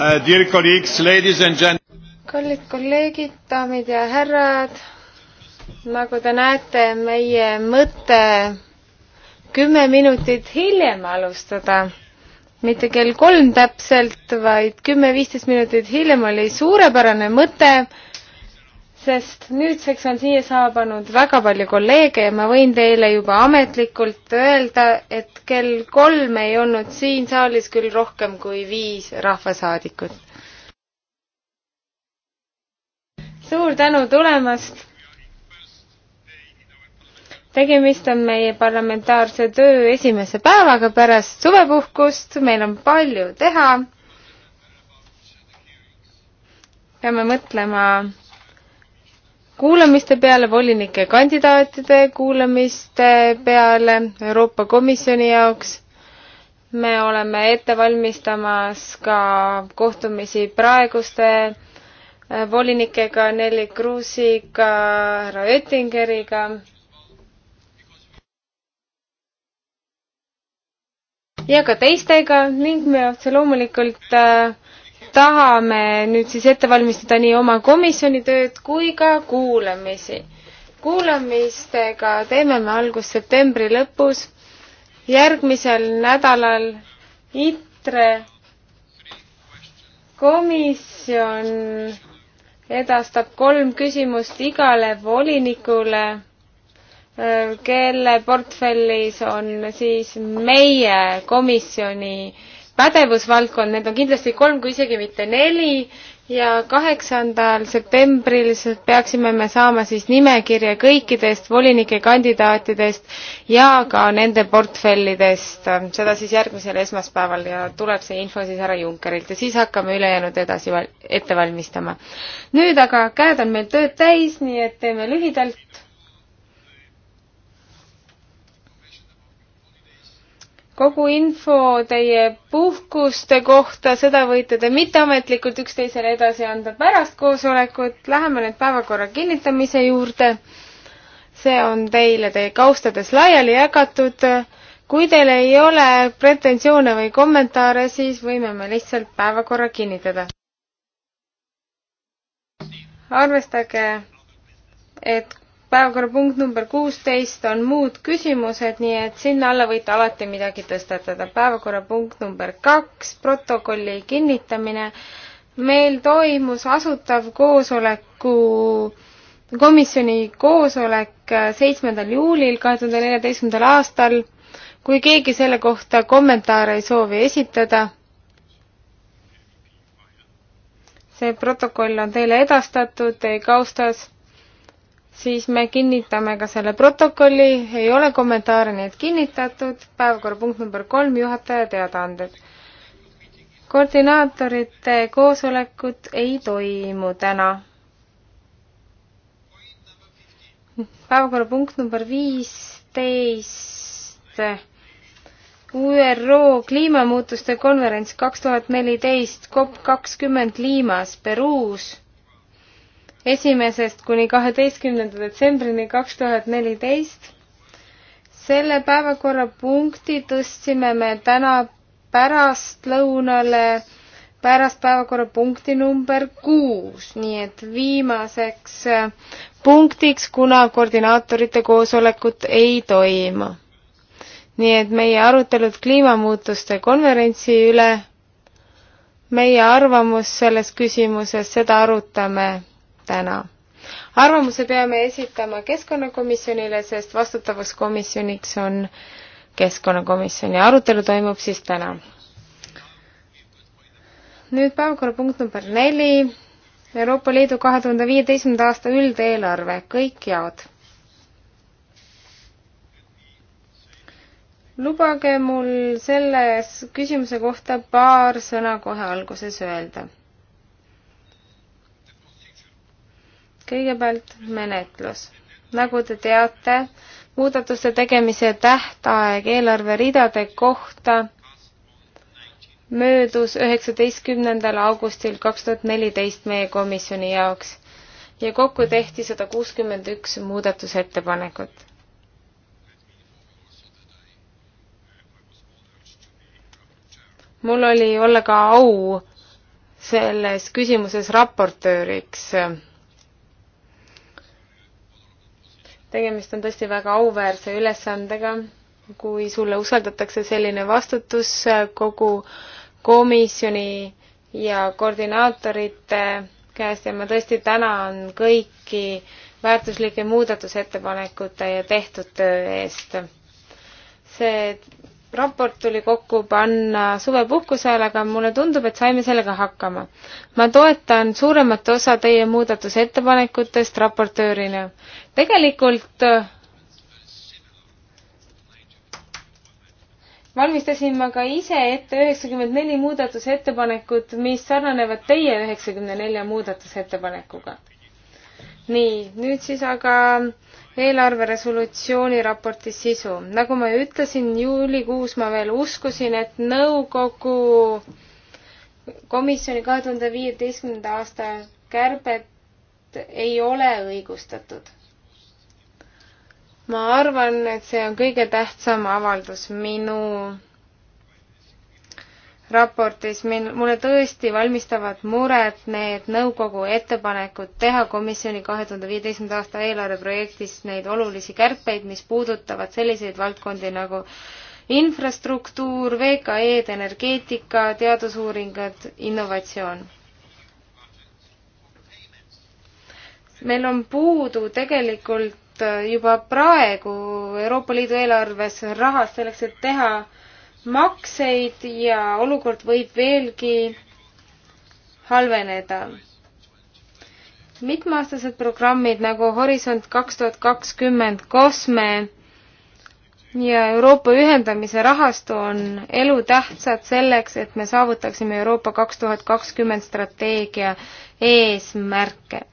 Uh, dear colleagues, ladies and gentlemen. kallid kolleegid, daamid ja härrad, nagu te näete, meie mõte kümme minutit hiljem alustada, mitte kell kolm täpselt, vaid kümme-viisteist minutit hiljem oli suurepärane mõte sest nüüdseks on siia saabunud väga palju kolleege ja ma võin teile juba ametlikult öelda, et kell kolm ei olnud siin saalis küll rohkem kui viis rahvasaadikut. suur tänu tulemast! tegemist on meie parlamentaarse töö esimese päevaga pärast suvepuhkust, meil on palju teha. peame mõtlema kuulamiste peale, volinike kandidaatide kuulamiste peale Euroopa Komisjoni jaoks. me oleme ette valmistamas ka kohtumisi praeguste äh, volinikega, Nelli Kruusiga, härra Oettingeriga. ja ka teistega ning me otse loomulikult äh, tahame nüüd siis ette valmistada nii oma komisjoni tööd kui ka kuulamisi. kuulamistega teeme me algust septembri lõpus, järgmisel nädalal ITRE komisjon edastab kolm küsimust igale volinikule, kelle portfellis on siis meie komisjoni äh, pädevusvaldkond, need on kindlasti kolm, kui isegi mitte neli ja kaheksandal septembril peaksime me saama siis nimekirja kõikidest volinike kandidaatidest ja ka nende portfellidest, seda siis järgmisel esmaspäeval ja tuleb see info siis härra Junckerilt ja siis hakkame ülejäänud edasi ette valmistama. nüüd aga käed on meil tööd täis, nii et teeme lühidalt kogu info teie puhkuste kohta, seda võite te mitteametlikult üksteisele edasi anda pärast koosolekut. Läheme nüüd päevakorra kinnitamise juurde. see on teile teie kaustades laiali jagatud. kui teil ei ole pretensioone või kommentaare, siis võime me lihtsalt päevakorra kinnitada. arvestage, et päevakorrapunkt number kuusteist on muud küsimused, nii et sinna alla võite alati midagi tõstatada. päevakorrapunkt number kaks, protokolli kinnitamine. meil toimus asutav koosoleku, komisjoni koosolek seitsmendal juulil kahe tuhande neljateistkümnendal aastal. kui keegi selle kohta kommentaare ei soovi esitada, see protokoll on teile edastatud teie kaustas siis me kinnitame ka selle protokolli, ei ole kommentaare, nii et kinnitatud, päevakorrapunkt number kolm, juhataja teadaanded. koordinaatorite koosolekut ei toimu täna. päevakorrapunkt number viisteist, ÜRO kliimamuutuste konverents kaks tuhat neliteist, COP kakskümmend Liimas, Peruus esimesest kuni kaheteistkümnenda detsembrini kaks tuhat neliteist. selle päevakorrapunkti tõstsime me täna pärastlõunale pärast päevakorrapunkti number kuus, nii et viimaseks äh, punktiks, kuna koordinaatorite koosolekut ei toimu. nii et meie arutelud kliimamuutuste konverentsi üle, meie arvamus selles küsimuses, seda arutame täna. arvamuse peame esitama Keskkonnakomisjonile, sest vastutavaks komisjoniks on Keskkonnakomisjon ja arutelu toimub siis täna. nüüd päevakorrapunkt number neli, Euroopa Liidu kahe tuhande viieteistkümnenda aasta üldeelarve, kõik jaod lubage mul selles küsimuse kohta paar sõna kohe alguses öelda. kõigepealt menetlus. nagu te teate, muudatuste tegemise tähtaeg eelarveridade kohta möödus üheksateistkümnendal augustil kaks tuhat neliteist meie komisjoni jaoks ja kokku tehti sada kuuskümmend üks muudatusettepanekut. mul oli olla ka au selles küsimuses raportööriks tegemist on tõesti väga auväärse ülesandega, kui sulle usaldatakse selline vastutus kogu komisjoni ja koordinaatorite käest ja ma tõesti tänan kõiki väärtuslike muudatusettepanekute ja tehtud töö eest. see raport tuli kokku panna suvepuhkuse ajal, aga mulle tundub, et saime sellega hakkama. ma toetan suuremat osa teie muudatusettepanekutest raportöörina. tegelikult äh, valmistasin ma ka ise ette üheksakümmend neli muudatusettepanekut, mis sarnanevad teie üheksakümne nelja muudatusettepanekuga. nii, nüüd siis aga äh, eelarveresolutsiooni raporti sisu. nagu ma ütlesin, juulikuus ma veel uskusin, et nõukogu komisjoni kahe tuhande viieteistkümnenda aasta kärbet ei ole õigustatud ma arvan, et see on kõige tähtsam avaldus minu raportis, min-, mulle tõesti valmistavad muret need nõukogu ettepanekud teha komisjoni kahe tuhande viieteistkümnenda aasta eelarve projektis neid olulisi kärpeid, mis puudutavad selliseid valdkondi nagu infrastruktuur, VKE-d, energeetika, teadusuuringud, innovatsioon. meil on puudu tegelikult juba praegu Euroopa Liidu eelarves rahast selleks, et teha makseid ja olukord võib veelgi halveneda. mitmeaastased programmid nagu Horisont kaks tuhat kakskümmend, COSME ja Euroopa ühendamise rahastu on elutähtsad selleks, et me saavutaksime Euroopa kaks tuhat kakskümmend strateegia eesmärke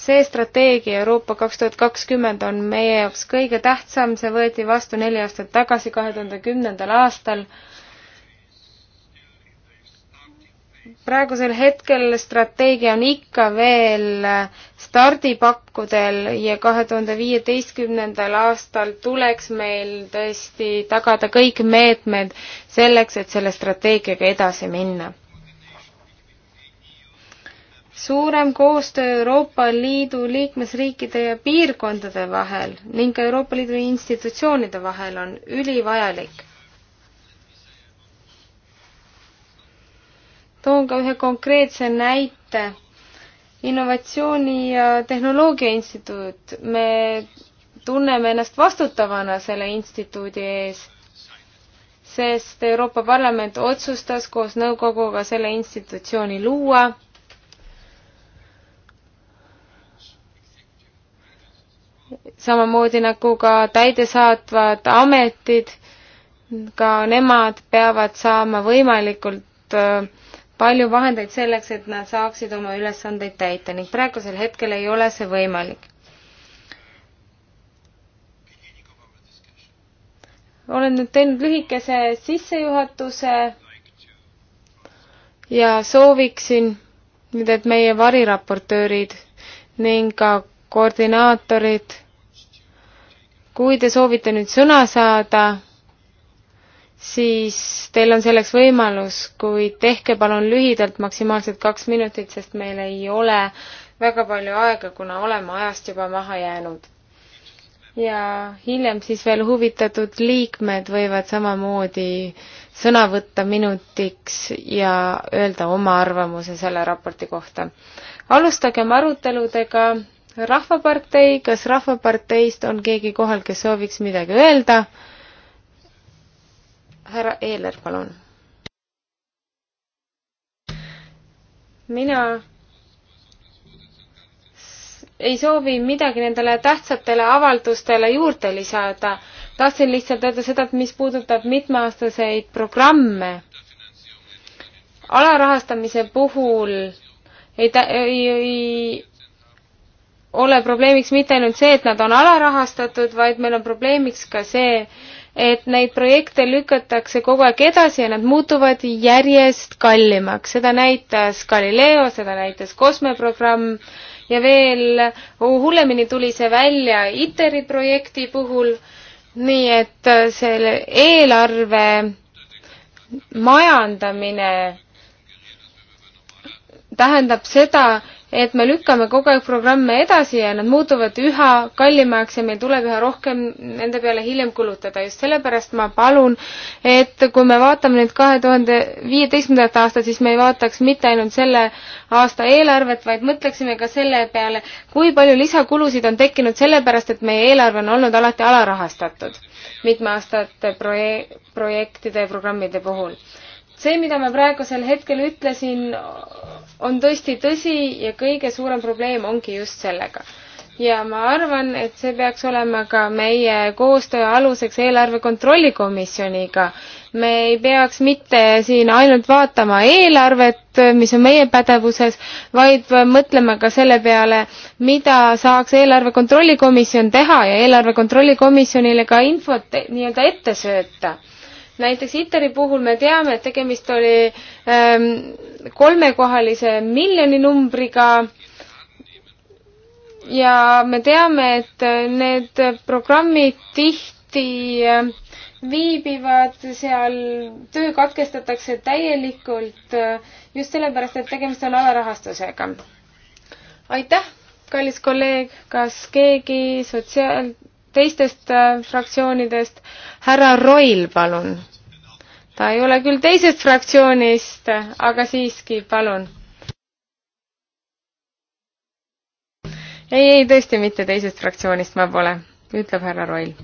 see strateegia Euroopa kaks tuhat kakskümmend on meie jaoks kõige tähtsam, see võeti vastu neli aastat tagasi, kahe tuhande kümnendal aastal. praegusel hetkel strateegia on ikka veel stardipakkudel ja kahe tuhande viieteistkümnendal aastal tuleks meil tõesti tagada kõik meetmed selleks, et selle strateegiaga edasi minna suurem koostöö Euroopa Liidu liikmesriikide ja piirkondade vahel ning ka Euroopa Liidu institutsioonide vahel on ülivajalik. toon ka ühe konkreetse näite. innovatsiooni ja tehnoloogia instituut, me tunneme ennast vastutavana selle instituudi ees, sest Euroopa Parlament otsustas koos nõukoguga selle institutsiooni luua samamoodi nagu ka täidesaatvad ametid, ka nemad peavad saama võimalikult palju vahendeid selleks, et nad saaksid oma ülesandeid täita ning praegusel hetkel ei ole see võimalik. olen nüüd teinud lühikese sissejuhatuse ja sooviksin nüüd, et meie variraportöörid ning ka koordinaatorid kui te soovite nüüd sõna saada, siis teil on selleks võimalus, kuid tehke palun lühidalt, maksimaalselt kaks minutit, sest meil ei ole väga palju aega, kuna oleme ajast juba maha jäänud. ja hiljem siis veel huvitatud liikmed võivad samamoodi sõna võtta minutiks ja öelda oma arvamuse selle raporti kohta. alustagem aruteludega Rahvapartei, kas Rahvaparteist on keegi kohal, kes sooviks midagi öelda? härra Eeler, palun. mina ei soovi midagi nendele tähtsatele avaldustele juurde lisada. tahtsin lihtsalt öelda seda, et mis puudutab mitmeaastaseid programme. alarahastamise puhul ei ta-, ei, ei ole probleemiks mitte ainult see, et nad on alarahastatud, vaid meil on probleemiks ka see, et neid projekte lükatakse kogu aeg edasi ja nad muutuvad järjest kallimaks. seda näitas Galileo, seda näitas Cosme programm ja veel hullemini tuli see välja ITER-i projekti puhul, nii et äh, selle eelarve majandamine tähendab seda, et me lükkame kogu aeg programme edasi ja nad muutuvad üha kallimaks ja meil tuleb üha rohkem nende peale hiljem kulutada. just sellepärast ma palun, et kui me vaatame nüüd kahe tuhande viieteistkümnendat aastat, siis me ei vaataks mitte ainult selle aasta eelarvet, vaid mõtleksime ka selle peale, kui palju lisakulusid on tekkinud sellepärast, et meie eelarve on olnud alati alarahastatud mitmeaastate proje-, projektide ja programmide puhul see, mida ma praegusel hetkel ütlesin, on tõesti tõsi ja kõige suurem probleem ongi just sellega. ja ma arvan, et see peaks olema ka meie koostöö aluseks eelarve kontrollikomisjoniga. me ei peaks mitte siin ainult vaatama eelarvet, mis on meie pädevuses, vaid mõtlema ka selle peale, mida saaks eelarve kontrollikomisjon teha ja eelarve kontrollikomisjonile ka infot nii-öelda ette sööta näiteks ITER-i puhul me teame, et tegemist oli ähm, kolmekohalise miljoni numbriga ja me teame, et need programmid tihti äh, viibivad, seal töö katkestatakse täielikult äh, just sellepärast, et tegemist on alarahastusega. aitäh, kallis kolleeg, kas keegi sotsiaal- teistest äh, fraktsioonidest. härra Roil, palun. ta ei ole küll teisest fraktsioonist, aga siiski, palun. ei, ei, tõesti mitte teisest fraktsioonist ma pole, ütleb härra Roil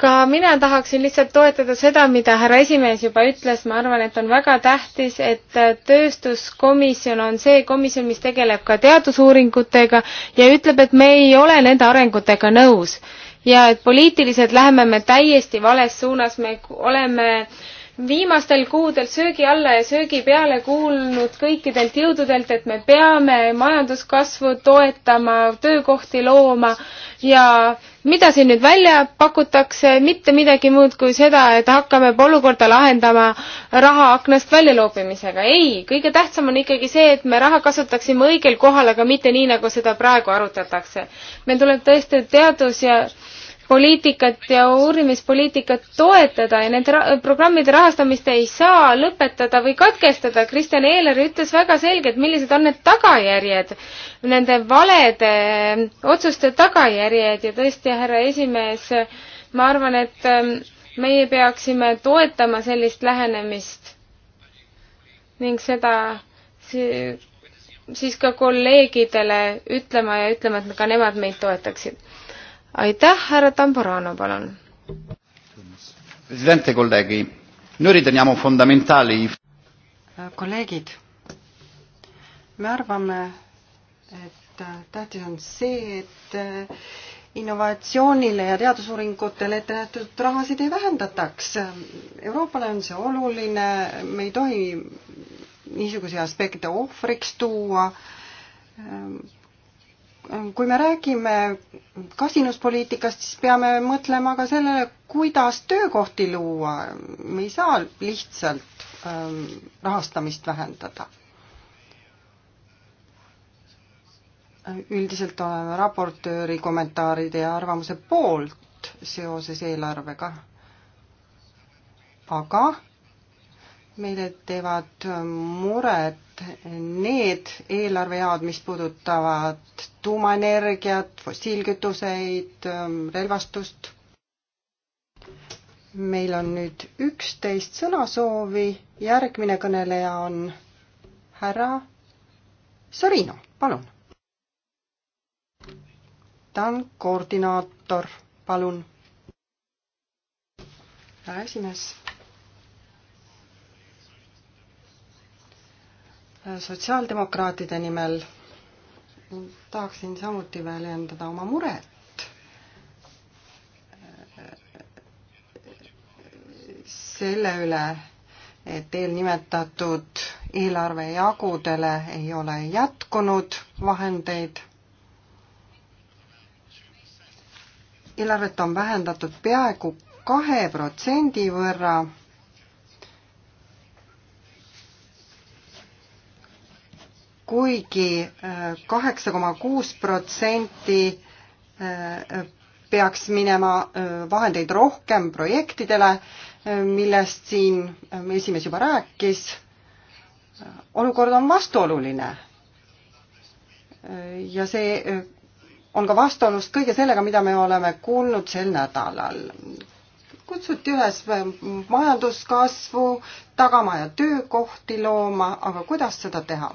ka mina tahaksin lihtsalt toetada seda, mida härra esimees juba ütles, ma arvan, et on väga tähtis, et tööstuskomisjon on see komisjon, mis tegeleb ka teadusuuringutega ja ütleb, et me ei ole nende arengutega nõus. ja et poliitiliselt läheme me täiesti vales suunas, me oleme äh, viimastel kuudel söögi alla ja söögi peale kuulnud kõikidelt jõududelt, et me peame majanduskasvu toetama, töökohti looma ja mida siin nüüd välja pakutakse, mitte midagi muud kui seda, et hakkame olukorda lahendama raha aknast välja loopimisega. ei, kõige tähtsam on ikkagi see, et me raha kasutaksime õigel kohal, aga mitte nii, nagu seda praegu arutatakse. meil tuleb tõesti teadus ja poliitikat ja uurimispoliitikat toetada ja nende ra programmide rahastamist ei saa lõpetada või katkestada. Kristjan Eeler ütles väga selgelt, millised on need tagajärjed, nende valede ähm, otsuste tagajärjed ja tõesti, härra esimees, ma arvan, et ähm, meie peaksime toetama sellist lähenemist ning seda siis ka kolleegidele ütlema ja ütlema, et ka nemad meid toetaksid aitäh, härra Tamburano, palun. presidente, kolleegi, noi riteniamo fondamentali. kolleegid, me arvame, et tähtis on see, et eh, innovatsioonile ja teadusuuringutele ette nähtud rahasid ei vähendataks. Euroopale on see oluline, me ei tohi niisuguseid aspekte ohvriks tuua kui me räägime kasinuspoliitikast, siis peame mõtlema ka sellele, kuidas töökohti luua. me ei saa lihtsalt ähm, rahastamist vähendada. üldiselt oleme raportööri kommentaaride ja arvamuse poolt seoses eelarvega. aga meile teevad muret need eelarvejaod, mis puudutavad tuumaenergiat, fossiilkütuseid, ähm, relvastust. meil on nüüd üksteist sõnasoovi, järgmine kõneleja on härra Sorino, palun. ta on koordinaator, palun. härra esimees sotsiaaldemokraatide nimel tahaksin samuti väljendada oma muret. selle üle, et eelnimetatud eelarvejagudele ei ole jätkunud vahendeid. eelarvet on vähendatud peaaegu kahe protsendi võrra kuigi äh, kaheksa koma kuus protsenti äh, peaks minema äh, vahendeid rohkem projektidele, millest siin esimees juba rääkis. olukord on vastuoluline. ja see on ka vastuolus kõige sellega, mida me oleme kuulnud sel nädalal. kutsuti üles majanduskasvu tagama ja töökohti looma, aga kuidas seda teha?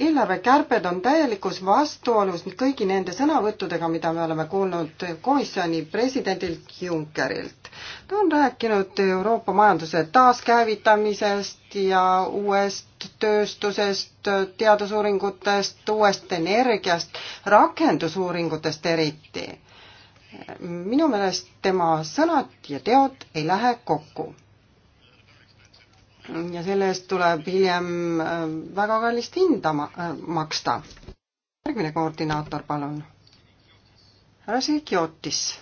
eelarvekärped on täielikus vastuolus kõigi nende sõnavõttudega, mida me oleme kuulnud komisjoni presidendilt Junckerilt. ta on rääkinud Euroopa majanduse taaskäivitamisest ja uuest tööstusest, teadusuuringutest, uuest energiast, rakendusuuringutest eriti. minu meelest tema sõnad ja teod ei lähe kokku ja selle eest tuleb hiljem äh, väga kallist hinda ma-, äh, maksta. järgmine koordinaator, palun. härra Sikiotis.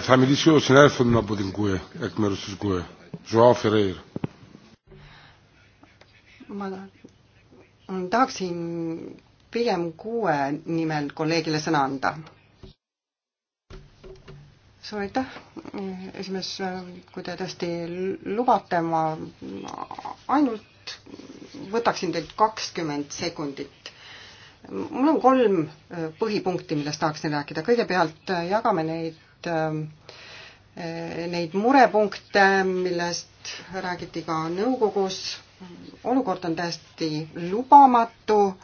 Θα μιλήσει ο συνάδελφος μου από την ΚΟΕ, εκ μέρους της ΚΟΕ, Ζωάο Φερέιρ. Μα tahaksin pigem kuue nimel kolleegile sõna anda suur aitäh, esimees, kui te tõesti lubate, ma ainult võtaksin teilt kakskümmend sekundit. mul on kolm äh, põhipunkti, millest tahaksin rääkida, kõigepealt äh, jagame neid, äh, neid murepunkte, millest räägiti ka nõukogus, olukord on täiesti lubamatu,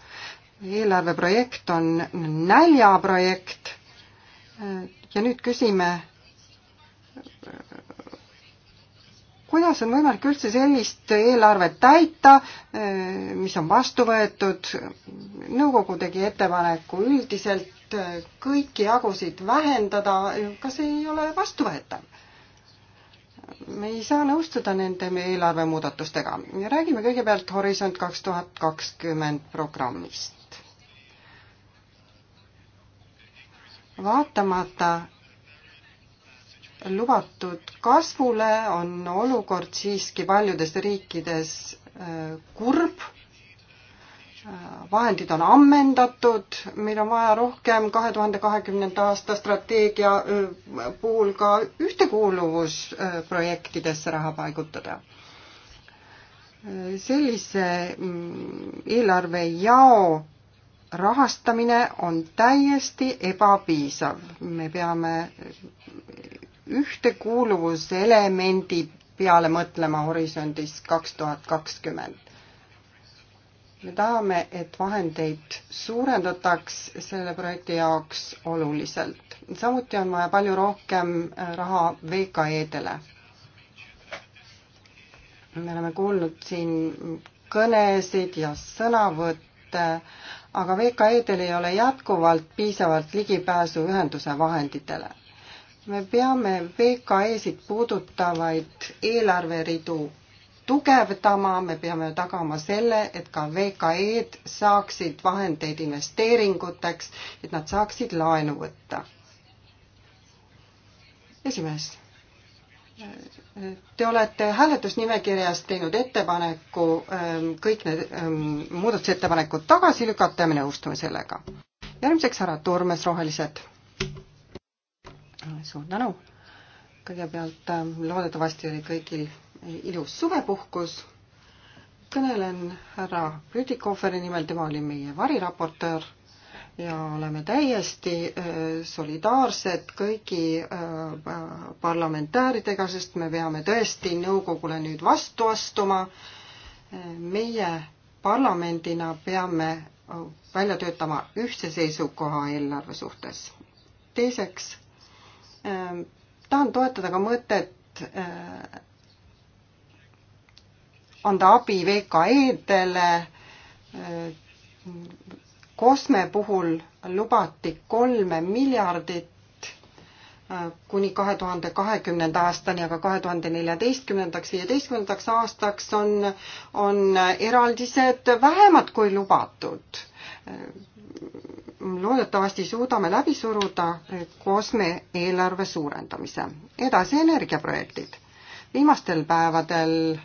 eelarveprojekt on näljaprojekt ja nüüd küsime, kuidas on võimalik üldse sellist eelarvet täita, mis on vastu võetud? nõukogu tegi ettepaneku üldiselt kõiki jagusid vähendada, kas ei ole vastuvõetav? me ei saa nõustuda nende eelarvemuudatustega. räägime kõigepealt Horisont kaks tuhat kakskümmend programmist. vaatamata lubatud kasvule, on olukord siiski paljudes riikides äh, kurb. Äh, vahendid on ammendatud, meil on vaja rohkem kahe tuhande kahekümnenda aasta strateegia äh, puhul ka ühtekuuluvusprojektidesse raha paigutada sellise mm, eelarvejao rahastamine on täiesti ebapiisav. me peame ühtekuuluvuselemendi peale mõtlema horisondis kaks tuhat kakskümmend. me tahame, et vahendeid suurendataks selle projekti jaoks oluliselt. samuti on vaja palju rohkem äh, raha VKE-dele. me oleme kuulnud siin kõnesid ja sõnavõtte, aga VKE-del ei ole jätkuvalt piisavalt ligipääsu ühenduse vahenditele me peame VKE-sid puudutavaid eelarveridu tugevdama, me peame tagama selle, et ka VKE-d saaksid vahendeid investeeringuteks, et nad saaksid laenu võtta. esimees, te olete hääletusnimekirjas teinud ettepaneku ähm, kõik need ähm, muudatusettepanekud tagasi lükata ja me nõustume sellega. järgmiseks härra Turmes, Rohelised Äh, suur tänu. kõigepealt äh, loodetavasti oli kõigil ilus suvepuhkus. kõnelen härra Prüdikoferi nimel, tema oli meie variraportöör ja oleme täiesti äh, solidaarsed kõigi parlamentääridega, sest me peame tõesti nõukogule nüüd vastu astuma. meie parlamendina peame välja töötama ühtse seisukoha eelarve suhtes. teiseks Ähm, tahan toetada ka mõtet äh, anda abi VKE-dele. Äh, kosme puhul lubati kolme miljardit äh, kuni kahe tuhande kahekümnenda aastani, aga kahe tuhande neljateistkümnendaks, viieteistkümnendaks aastaks on, on eraldised vähemad kui lubatud loodetavasti suudame läbi suruda kosme eelarve suurendamise. edasi energiaprojektid. viimastel päevadel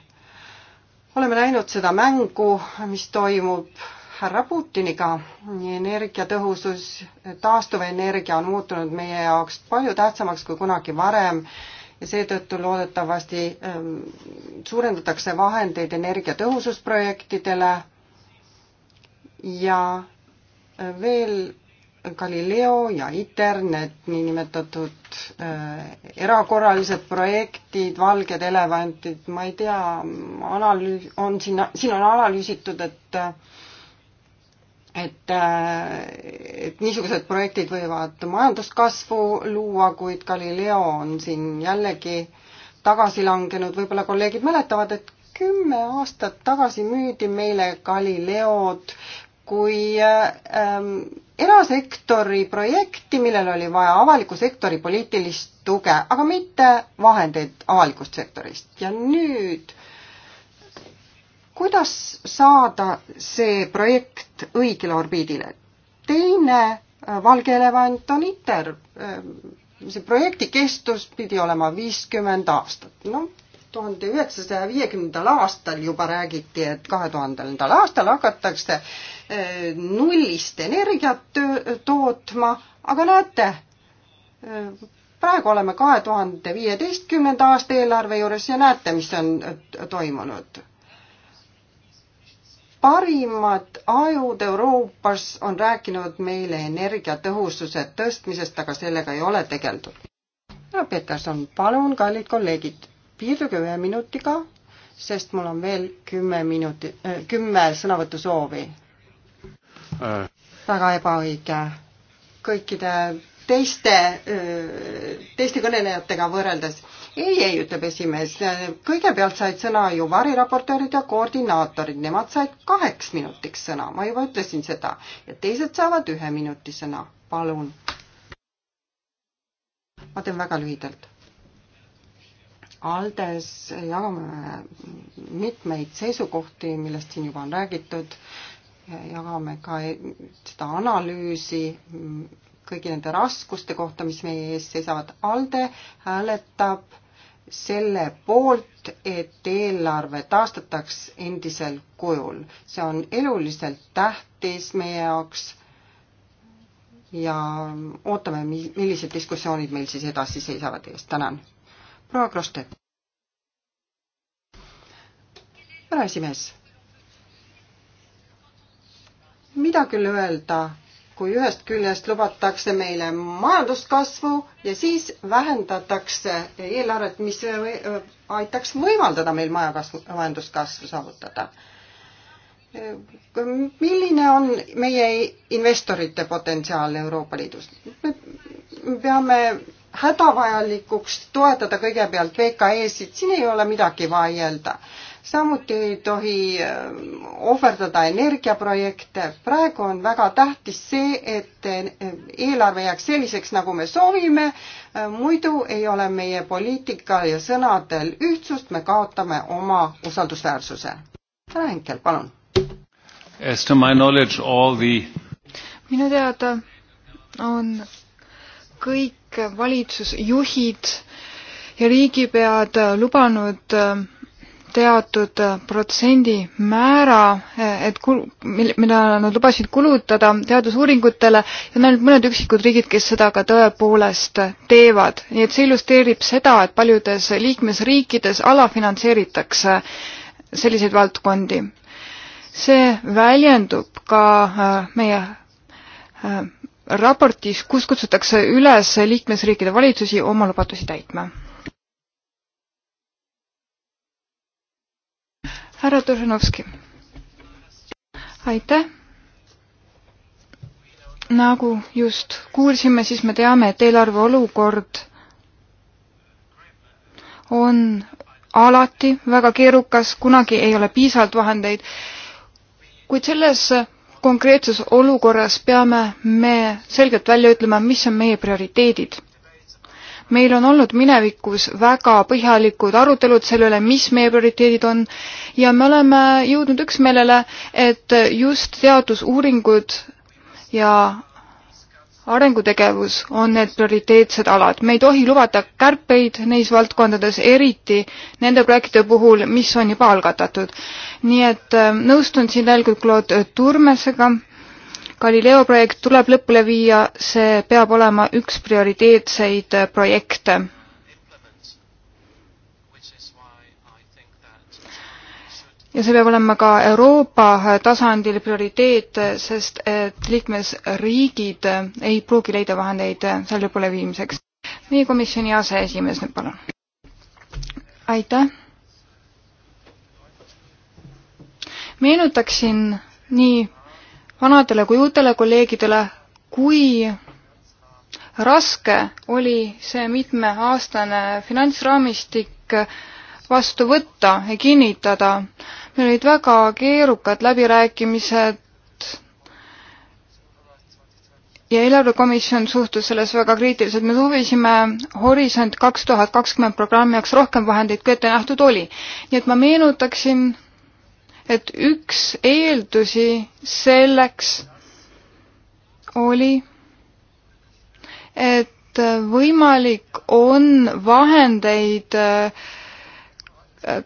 oleme näinud seda mängu, mis toimub härra Putiniga. energiatõhusus, taastuvenergia on muutunud meie jaoks palju tähtsamaks kui kunagi varem ja seetõttu loodetavasti ähm, suurendatakse vahendeid energiatõhususprojektidele ja veel Galileo ja ITER, need niinimetatud äh, erakorralised projektid, valged elevantid, ma ei tea, analüü-, on siin, siin on analüüsitud, et et, äh, et niisugused projektid võivad majanduskasvu luua, kuid Galileo on siin jällegi tagasi langenud, võib-olla kolleegid mäletavad, et kümme aastat tagasi müüdi meile Galileod kui ähm, erasektori projekti, millel oli vaja avaliku sektori poliitilist tuge, aga mitte vahendeid avalikust sektorist. ja nüüd, kuidas saada see projekt õigele orbiidile? teine äh, valge elevant on ITER. Ähm, see projekti kestus pidi olema viiskümmend aastat. no tuhande üheksasaja viiekümnendal aastal juba räägiti, et kahe tuhandendal aastal hakatakse eh, nullist energiat tootma, aga näete, eh, praegu oleme kahe tuhande viieteistkümnenda aasta eelarve juures ja näete, mis on eh, toimunud. parimad ajud Euroopas on rääkinud meile energiatõhususe tõstmisest, aga sellega ei ole tegeldud. härra Peterson, palun, kallid kolleegid, piirduge ühe minutiga, sest mul on veel kümme minuti äh,, kümme sõnavõtusoovi äh.. väga ebaõige. kõikide teiste, äh, teiste kõnelejatega võrreldes. ei, ei, ütleb esimees, kõigepealt said sõna ju variraportöörid ja koordinaatorid, nemad said kaheks minutiks sõna, ma juba ütlesin seda. ja teised saavad ühe minuti sõna, palun. ma teen väga lühidalt ALDES jagame mitmeid seisukohti, millest siin juba on räägitud, jagame ka seda analüüsi kõigi nende raskuste kohta, mis meie ees seisavad. ALDE hääletab selle poolt, et eelarve taastataks endisel kujul. see on eluliselt tähtis meie jaoks ja ootame, millised diskussioonid meil siis edasi seisavad ees. tänan proua Krostet. härra esimees. mida küll öelda, kui ühest küljest lubatakse meile majanduskasvu ja siis vähendatakse eelarvet, mis või, äh, äh, aitaks võimaldada meil majakasvu, majanduskasvu saavutada milline on meie investorite potentsiaal Euroopa Liidus? me peame hädavajalikuks toetada kõigepealt VKE-sid, siin ei ole midagi vaielda. samuti ei tohi äh, ohverdada energiaprojekte. praegu on väga tähtis see, et äh, eelarve jääks selliseks, nagu me soovime. Äh, muidu ei ole meie poliitikal ja sõnadel ühtsust, me kaotame oma usaldusväärsuse. härra Henkel, palun. As to my knowledge all the minu teada on kõik kõik valitsusjuhid ja riigipead lubanud äh, teatud äh, protsendi määra, äh, et kul-, mil-, mida nad lubasid kulutada teadusuuringutele ja on ainult mõned üksikud riigid, kes seda ka tõepoolest teevad. nii et see illustreerib seda, et paljudes liikmesriikides alafinantseeritakse selliseid valdkondi. see väljendub ka meie raportis, kus kutsutakse üles liikmesriikide valitsusi oma lubadusi täitma. härra Tošenovski. aitäh. nagu just kuulsime, siis me teame, et eelarve olukord on alati väga keerukas, kunagi ei ole piisavalt vahendeid, kuid selles konkreetses olukorras peame me selgelt välja ütlema, mis on meie prioriteedid. meil on olnud minevikus väga põhjalikud arutelud selle üle, mis meie prioriteedid on ja me oleme jõudnud üksmeelele, et just teadusuuringud ja arengutegevus on need prioriteetsed alad. me ei tohi lubada kärpeid neis valdkondades, eriti nende projektide puhul, mis on juba algatatud. nii et äh, nõustun siin tegelikult Claude Turmesega. Galileo projekt tuleb lõpule viia, see peab olema üks prioriteetseid projekte ja see peab olema ka Euroopa tasandil prioriteet, sest et liikmesriigid ei pruugi leida vahendeid selle lõpule viimiseks. meie komisjoni aseesimees nüüd palun. aitäh. meenutaksin nii vanadele kui uutele kolleegidele, kui raske oli see mitmeaastane finantsraamistik, kõik vastu võtta ja kinnitada. meil olid väga keerukad läbirääkimised ja eelarvekomisjon suhtus selles väga kriitiliselt. me soovisime Horisont kaks tuhat kakskümmend programmi jaoks rohkem vahendeid, kui ette nähtud oli. nii et ma meenutaksin, et üks eeldusi selleks oli, et võimalik on vahendeid äh,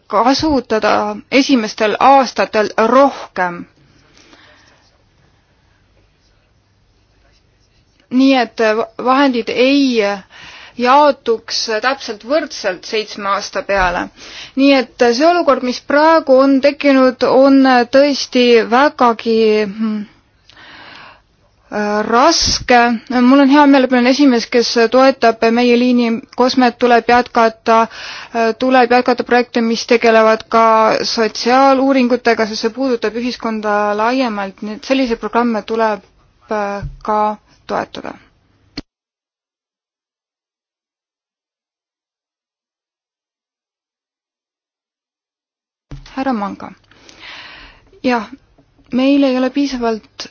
kasutada esimestel aastatel rohkem. nii et vahendid ei jaotuks täpselt võrdselt seitsme aasta peale. nii et see olukord, mis praegu on tekkinud, on tõesti vägagi hmm, raske. mul on hea meel, et ma olen esimees, kes toetab meie liini. kosmet tuleb jätkata, tuleb jätkata projekte, mis tegelevad ka sotsiaaluuringutega, sest see puudutab ühiskonda laiemalt, nii et selliseid programme tuleb äh, ka toetada. härra Manga. jah, meil ei ole piisavalt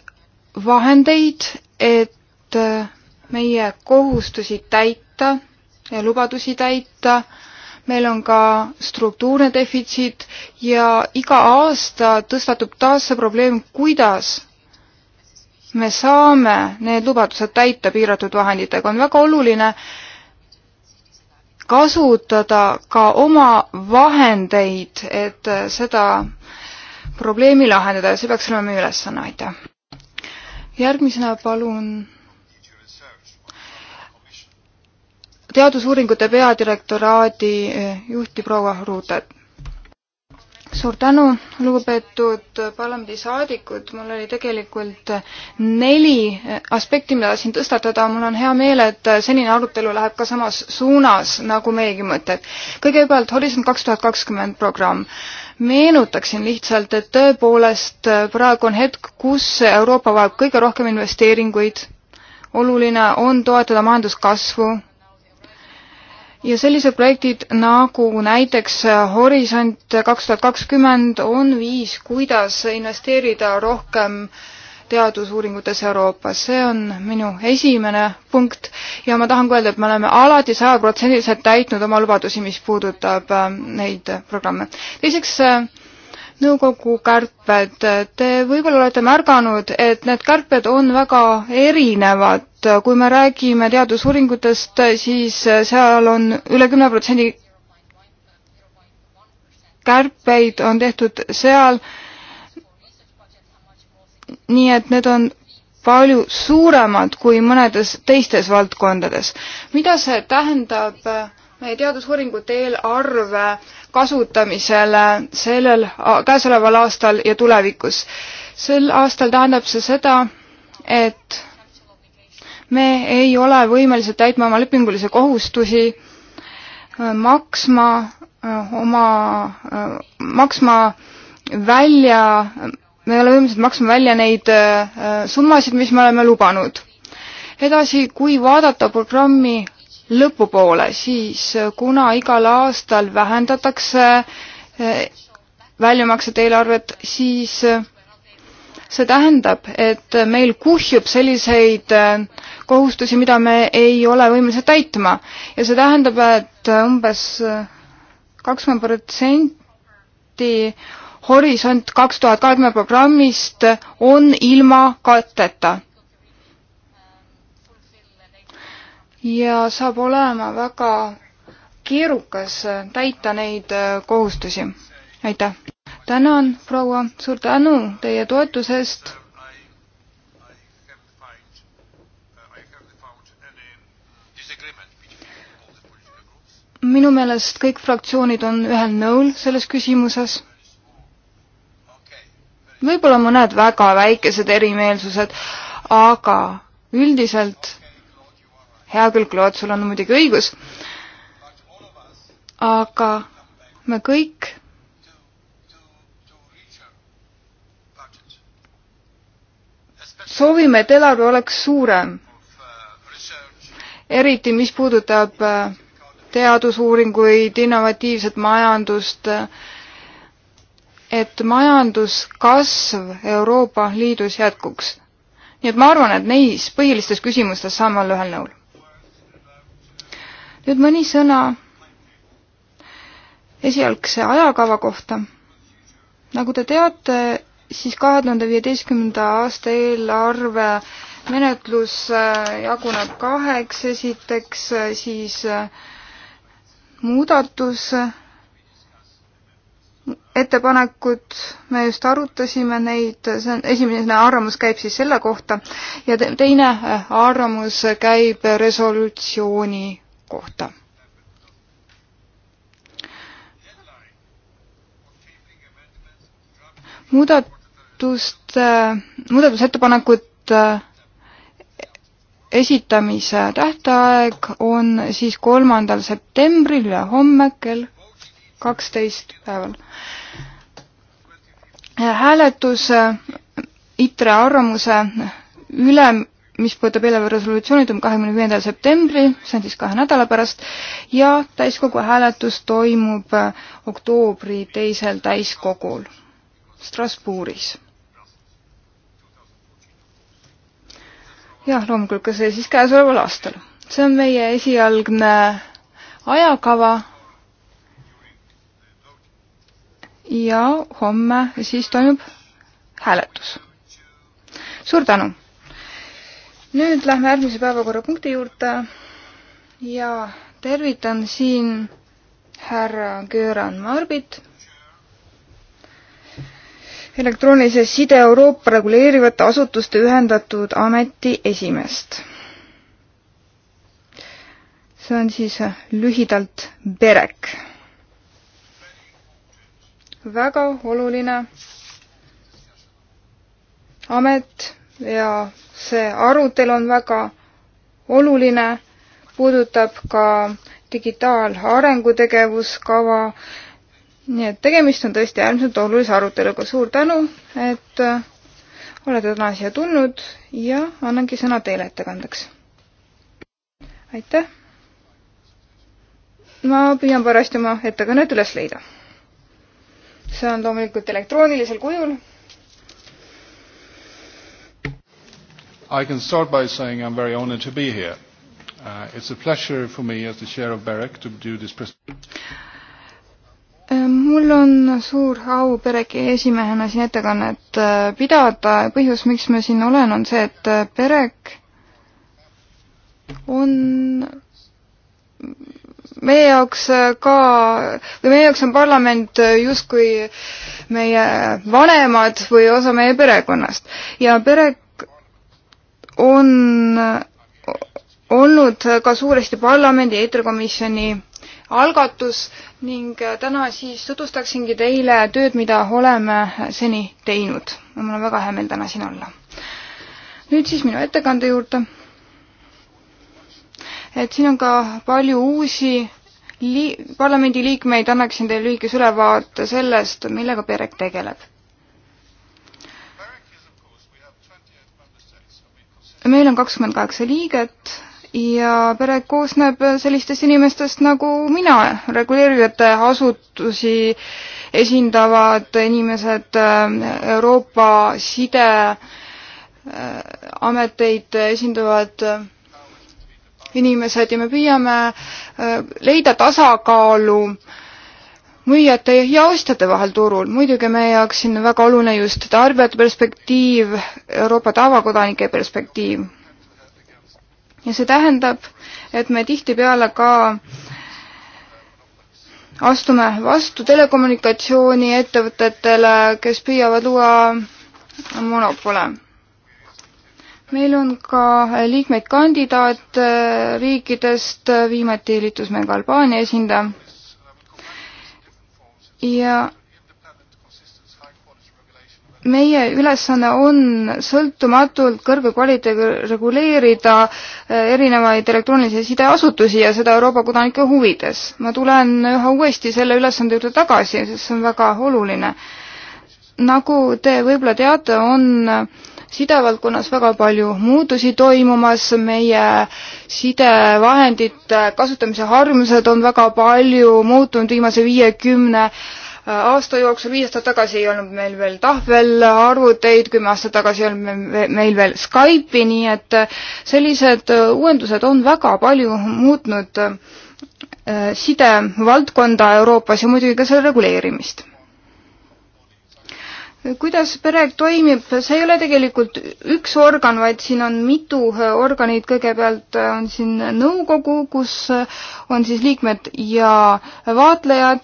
vahendeid, et äh, meie kohustusi täita ja lubadusi täita. meil on ka struktuurne defitsiit ja iga aasta tõstatub taas see probleem, kuidas me saame need lubadused täita piiratud vahenditega. on väga oluline kasutada ka oma vahendeid, et äh, seda probleemi lahendada ja see peaks olema meie ülesanne, aitäh! järgmisena palun teadusuuringute peadirektoraadi eh, juhti proua Ruutet suur tänu, lugupeetud parlamendisaadikud, mul oli tegelikult neli aspekti, mida tahtsin tõstatada, mul on hea meel, et senine arutelu läheb ka samas suunas nagu meiegi mõtted. kõigepealt Horisont kaks tuhat kakskümmend programm. meenutaksin lihtsalt, et tõepoolest praegu on hetk, kus Euroopa vajab kõige rohkem investeeringuid, oluline on toetada majanduskasvu, ja sellised projektid nagu näiteks äh, Horisont kaks tuhat kakskümmend on viis, kuidas investeerida rohkem teadusuuringutes Euroopas, see on minu esimene punkt ja ma tahan ka öelda, et me oleme alati sajaprotsendiliselt täitnud oma lubadusi, mis puudutab äh, neid programme. teiseks äh, nõukogu kärped. Te võib-olla olete märganud, et need kärped on väga erinevad. kui me räägime teadusuuringutest, siis seal on üle kümne protsendi kärpeid on tehtud seal. nii et need on palju suuremad kui mõnedes teistes valdkondades. mida see tähendab meie teadusuuringute eelarve äh, kasutamisele sellel, käesoleval aastal ja tulevikus. sel aastal tähendab see seda, et me ei ole võimelised täitma oma lepingulisi kohustusi, maksma äh, oma, äh, maksma välja, me ei ole võimelised maksma välja neid äh, summasid, mis me oleme lubanud. edasi, kui vaadata programmi lõpupoole, siis kuna igal aastal vähendatakse eh, väljamaksete eelarvet, siis eh, see tähendab, et meil kuhjub selliseid eh, kohustusi, mida me ei ole võimelised täitma ja see tähendab, et umbes kakskümmend protsenti Horisont kaks tuhat kahekümne programmist on ilma katteta ja saab olema väga keerukas täita neid äh, kohustusi. aitäh! tänan, proua, suur tänu teie toetuse eest. minu meelest kõik fraktsioonid on ühel nõul selles küsimuses. võib-olla mõned väga väikesed erimeelsused, aga üldiselt hea küll, Claude, sul on muidugi õigus, aga me kõik soovime, et eelarve oleks suurem. eriti, mis puudutab äh, teadusuuringuid, innovatiivset majandust, et majanduskasv Euroopa Liidus jätkuks. nii et ma arvan, et neis põhilistes küsimustes saame olla ühel nõul nüüd mõni sõna esialgse ajakava kohta. nagu te teate, siis kahe tuhande viieteistkümnenda aasta eelarve menetlus äh, jaguneb kaheks, esiteks äh, siis äh, muudatus, ettepanekud, me just arutasime neid, see on, esimene arvamus käib siis selle kohta ja teine arvamus käib resolutsiooni kohta. muudatust, muudatusettepanekut esitamise tähtaeg on siis kolmandal septembril ülehomme kell kaksteist päeval. hääletus äh, ITRE arvamuse üle mis puudutab eelarve resolutsiooni, toimub kahekümne viiendal septembril, see on siis kahe nädala pärast, ja täiskogu hääletus toimub äh, oktoobri teisel täiskogul Strasbourgis. jah, loomulikult ka see siis käesoleval aastal. see on meie esialgne ajakava ja homme siis toimub hääletus. suur tänu! nüüd lähme järgmise päevakorrapunkti juurde ja tervitan siin härra Göran Marbit, elektroonilise side Euroopa reguleerivate asutuste ühendatud ameti esimeest. see on siis lühidalt BEREK. väga oluline amet ja see arutelu on väga oluline, puudutab ka digitaalarengutegevuskava, nii et tegemist on tõesti äärmiselt olulise aruteluga, suur tänu, et äh, olete täna siia tulnud ja annangi sõna teile ettekandeks. aitäh! ma püüan parajasti oma ettekannet üles leida. see on loomulikult elektroonilisel kujul I can start by saying I'm very honored to be here. Uh, it's a pleasure for me as the chair of BEREC to do this äh, mul on suur au Pereki esimehena siin ettekannet äh, pidada. põhjus, miks ma siin olen, on see, et Perek äh, on meie jaoks ka, või meie jaoks on parlament justkui meie vanemad või osa meie perekonnast ja Perek on olnud ka suuresti parlamendi eetrikomisjoni algatus ning täna siis tutvustaksingi teile tööd, mida oleme seni teinud. mul on väga hea meel täna siin olla. nüüd siis minu ettekande juurde. et siin on ka palju uusi li-, parlamendiliikmeid, annaksin teile lühikese ülevaate sellest, millega PEREK tegeleb meil on kakskümmend kaheksa liiget ja pere koosneb sellistest inimestest nagu mina, reguleerivate asutusi esindavad inimesed, äh, Euroopa sideameteid äh, esindavad äh, inimesed ja me püüame leida tasakaalu äh, müüjate ja ostjate vahel turul. muidugi meie jaoks siin on väga oluline just tarbijate perspektiiv, Euroopa tavakodanike perspektiiv. ja see tähendab, et me tihtipeale ka astume vastu telekommunikatsiooniettevõtetele, kes püüavad luua monopole. meil on ka liikmeid kandidaatriikidest, eh, viimati liitus meiega Albaania esindaja ja meie ülesanne on sõltumatult kõrge kvaliteediga reguleerida äh, erinevaid elektroonilise side asutusi ja seda Euroopa kodanike huvides. ma tulen üha uuesti selle ülesande juurde tagasi, sest see on väga oluline. nagu te võib-olla teate, on sidevaldkonnas väga palju muutusi toimumas, meie sidevahendite kasutamise harjumused on väga palju muutunud viimase viiekümne äh, aasta jooksul, viis aastat tagasi ei olnud meil veel tahvelarvuteid, kümme aastat tagasi ei olnud meil veel Skype'i, nii et äh, sellised äh, uuendused on väga palju muutnud sidevaldkonda Euroopas ja muidugi ka selle reguleerimist kuidas pere toimib, see ei ole tegelikult üks organ, vaid siin on mitu äh, organit, kõigepealt äh, on siin nõukogu, kus äh, on siis liikmed ja vaatlejad,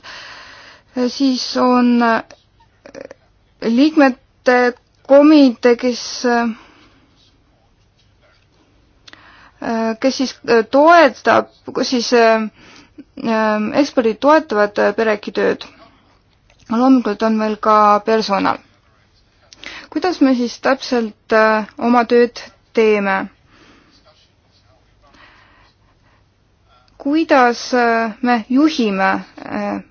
siis on liikmete komitee, kes kes siis toetab, kus siis eksperdid toetavad perekitööd loomulikult on meil ka personal kuidas me siis täpselt äh, oma tööd teeme? kuidas äh, me juhime äh,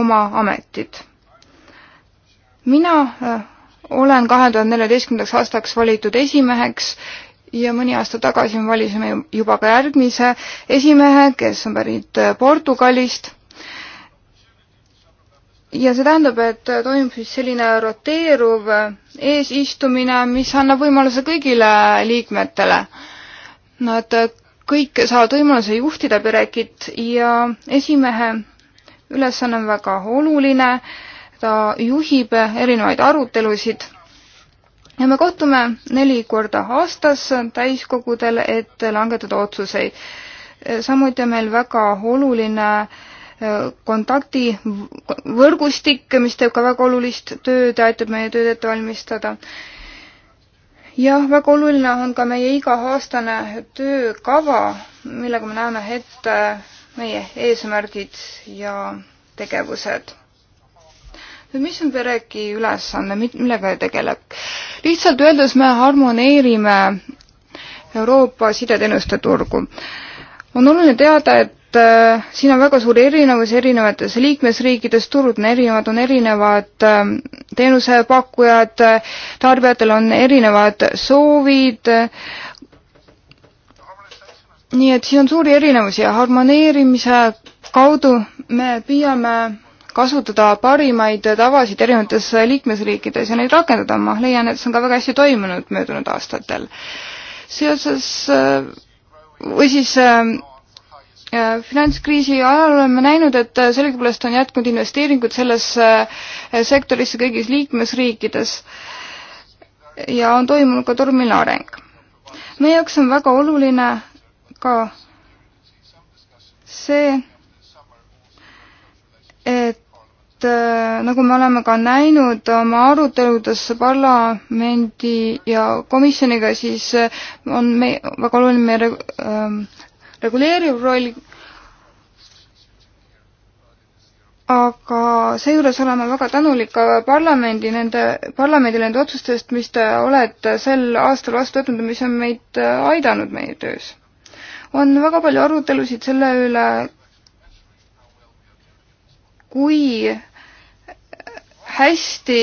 oma ametit? mina olen kahe tuhande neljateistkümnendaks aastaks valitud esimeheks ja mõni aasta tagasi me valisime juba ka järgmise esimehe, kes on pärit Portugalist ja see tähendab, et toimub siis selline roteeruv eesistumine, mis annab võimaluse kõigile liikmetele. Nad kõik saavad võimaluse juhtida Perekit ja esimehe ülesanne on väga oluline, ta juhib erinevaid arutelusid ja me kohtume neli korda aastas täiskogudel, et langetada otsuseid. samuti on meil väga oluline äh, Äh, kontaktivõrgustik, mis teeb ka väga olulist tööd ja aitab meie tööd ette valmistada. jah, väga oluline on ka meie iga-aastane töökava, millega me näeme ette meie eesmärgid ja tegevused nüüd mis on pereki ülesanne, millega tegeleb? lihtsalt öeldes me harmoneerime Euroopa sideteenuste turgu. on oluline teada, et Äh, siin on väga suur erinevus erinevates liikmesriikides, turud on erinevad, on erinevad ähm, teenusepakkujad, äh, tarbijatel on erinevad soovid. Äh. nii et siin on suuri erinevusi ja harmoneerimise kaudu me püüame kasutada parimaid tavasid erinevates liikmesriikides ja neid rakendada, ma leian, et see on ka väga hästi toimunud möödunud aastatel. seoses või siis Äh, finantskriisi ajal oleme näinud, et äh, sellegipoolest on jätkunud investeeringud sellesse äh, sektorisse kõigis liikmesriikides ja on toimunud ka tormiline areng. meie jaoks on väga oluline ka see, et nagu me oleme ka näinud oma aruteludes parlamendi ja komisjoniga, siis on me, väga oluline meie ähm, reguleeriv roll, aga seejuures oleme väga tänulik ka parlamendi nende, parlamendile nende otsustest, mis te olete sel aastal vastu võtnud ja mis on meid aidanud meie töös. on väga palju arutelusid selle üle, kui hästi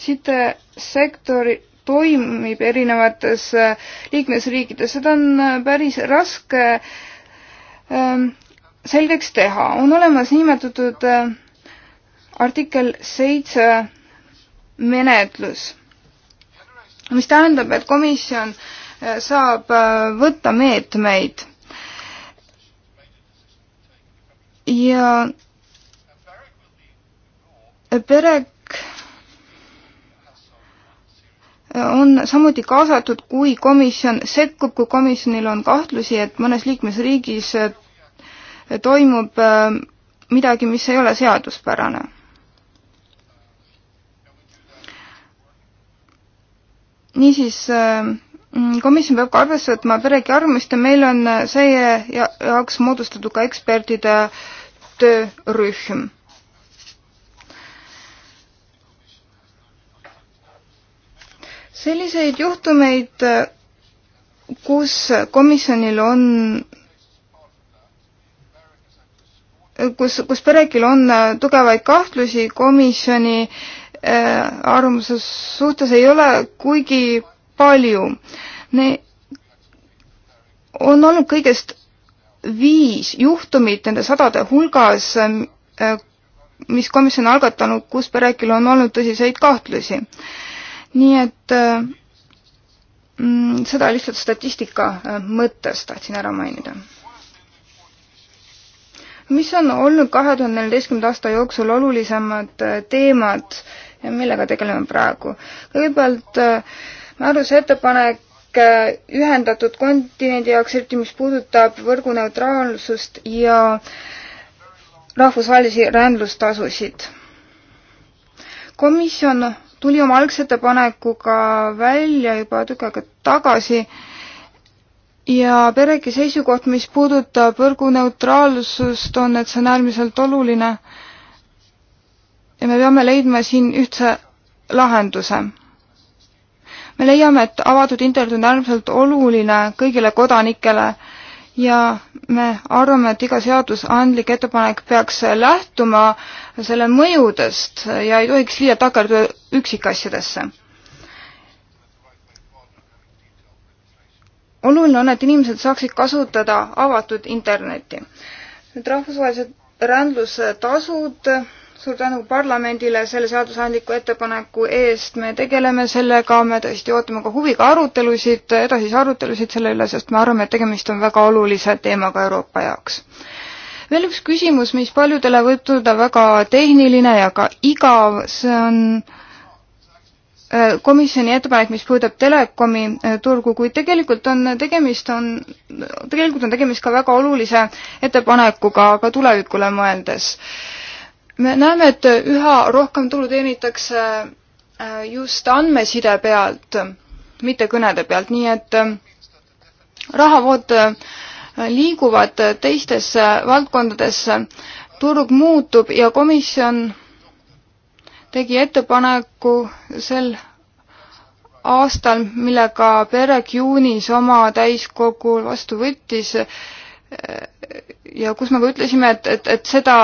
sidesektori toimib erinevates äh, liikmesriikides, seda on äh, päris raske ähm, selgeks teha. on olemas nimetatud äh, artikkel seitse menetlus, mis tähendab, et komisjon saab võtta meetmeid ja pere on samuti kaasatud, kui komisjon sekkub, kui komisjonil on kahtlusi, et mõnes liikmesriigis äh, toimub äh, midagi, mis ei ole seaduspärane. niisiis, äh, komisjon peab ka arvesse võtma peregi arvamust ja meil on selle jaoks moodustatud ka ekspertide töörühm selliseid juhtumeid, äh, kus komisjonil on, äh, kus, kus perekil on äh, tugevaid kahtlusi komisjoni arvamuse suhtes, ei ole kuigi palju. on olnud kõigest viis juhtumit nende sadade hulgas, mis komisjon on algatanud, kus perekil on olnud tõsiseid kahtlusi nii et äh, mm, seda lihtsalt statistika äh, mõttes tahtsin ära mainida. mis on olnud kahe tuhande neljateistkümnenda aasta jooksul olulisemad äh, teemad, millega tegeleme praegu? kõigepealt määruse ettepanek ühendatud kontinendi jaoks, eriti mis puudutab võrguneutraalsust ja rahvusvahelisi rändlustasusid. komisjon tuli oma algse ettepanekuga välja juba tükk aega tagasi ja pereki seisukoht, mis puudutab võrguneutraalsust, on, et see on äärmiselt oluline. ja me peame leidma siin ühtse lahenduse. me leiame, et avatud internet on äärmiselt oluline kõigile kodanikele ja me arvame, et iga seadusandlik ettepanek peaks lähtuma selle mõjudest ja ei tohiks liialt takerduda üksikasjadesse. oluline on, et inimesed saaksid kasutada avatud internetti. nüüd rahvusvahelised rändlustasud suur tänu parlamendile selle seadusandliku ettepaneku eest, me tegeleme sellega, me tõesti ootame ka huviga arutelusid, edasisi arutelusid selle üle, sest me arvame, et tegemist on väga olulise teemaga Euroopa jaoks. veel üks küsimus, mis paljudele võib tunduda väga tehniline ja ka igav, see on äh, komisjoni ettepanek, mis puudutab telekomi äh, turgu, kuid tegelikult on tegemist, on, tegelikult on tegemist ka väga olulise ettepanekuga ka tulevikule mõeldes me näeme, et üha rohkem tulu teenitakse äh, just andmeside pealt, mitte kõnede pealt, nii et äh, rahavood äh, liiguvad teistesse valdkondadesse, turg muutub ja komisjon tegi ettepaneku sel aastal, millega PEREK juunis oma täiskogul vastu võttis ja kus me ka ütlesime, et, et, et seda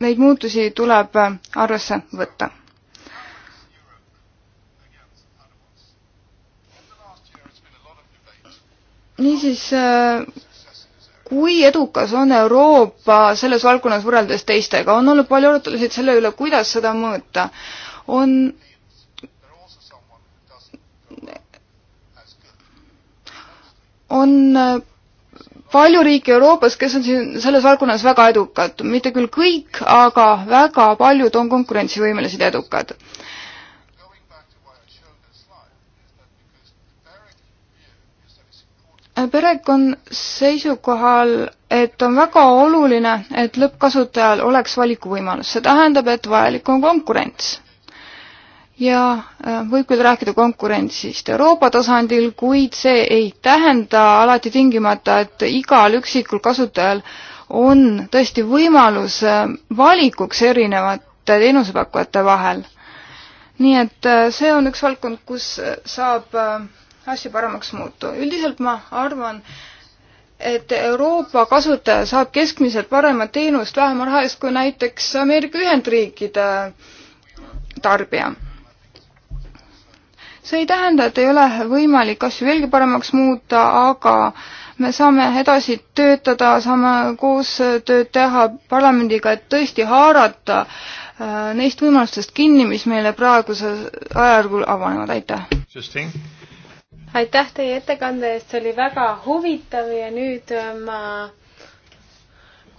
neid muutusi tuleb arvesse võtta. niisiis, kui edukas on Euroopa selles valdkonnas võrreldes teistega, on olnud palju arutelusid selle üle, kuidas seda mõõta. on on palju riike Euroopas, kes on siin selles valdkonnas väga edukad, mitte küll kõik, aga väga paljud on konkurentsivõimelised ja edukad. Perek on seisukohal, et on väga oluline, et lõppkasutajal oleks valikuvõimalus, see tähendab, et vajalik on konkurents ja äh, võib küll rääkida konkurentsist Euroopa tasandil, kuid see ei tähenda alati tingimata, et igal üksikul kasutajal on tõesti võimalus äh, valikuks erinevate teenusepakkujate vahel. nii et äh, see on üks valdkond, kus saab asju paremaks muuta. üldiselt ma arvan, et Euroopa kasutaja saab keskmiselt paremat teenust vähema raha eest kui näiteks Ameerika Ühendriikide tarbija see ei tähenda, et ei ole võimalik asju veelgi paremaks muuta, aga me saame edasi töötada, saame koostööd teha parlamendiga, et tõesti haarata äh, neist võimalustest kinni, mis meile praegusel ajajärgul avanevad, aitäh! aitäh teie ettekande eest, see oli väga huvitav ja nüüd äh, ma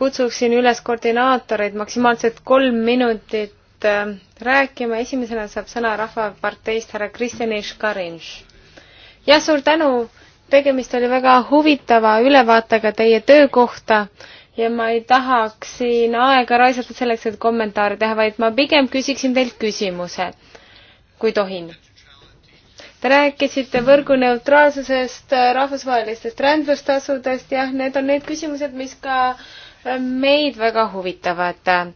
kutsuksin üles koordinaatoreid maksimaalselt kolm minutit nüüd äh, rääkima, esimesena saab sõna Rahvaparteist härra Kristjan Iškarinš. jah, suur tänu, tegemist oli väga huvitava ülevaatega teie töö kohta ja ma ei tahaks siin aega raisata selleks, et kommentaare teha, vaid ma pigem küsiksin teilt küsimuse, kui tohin. Te rääkisite võrguneutraalsusest, rahvusvahelistest rändlustasudest, jah, need on need küsimused, mis ka äh, meid väga huvitavad.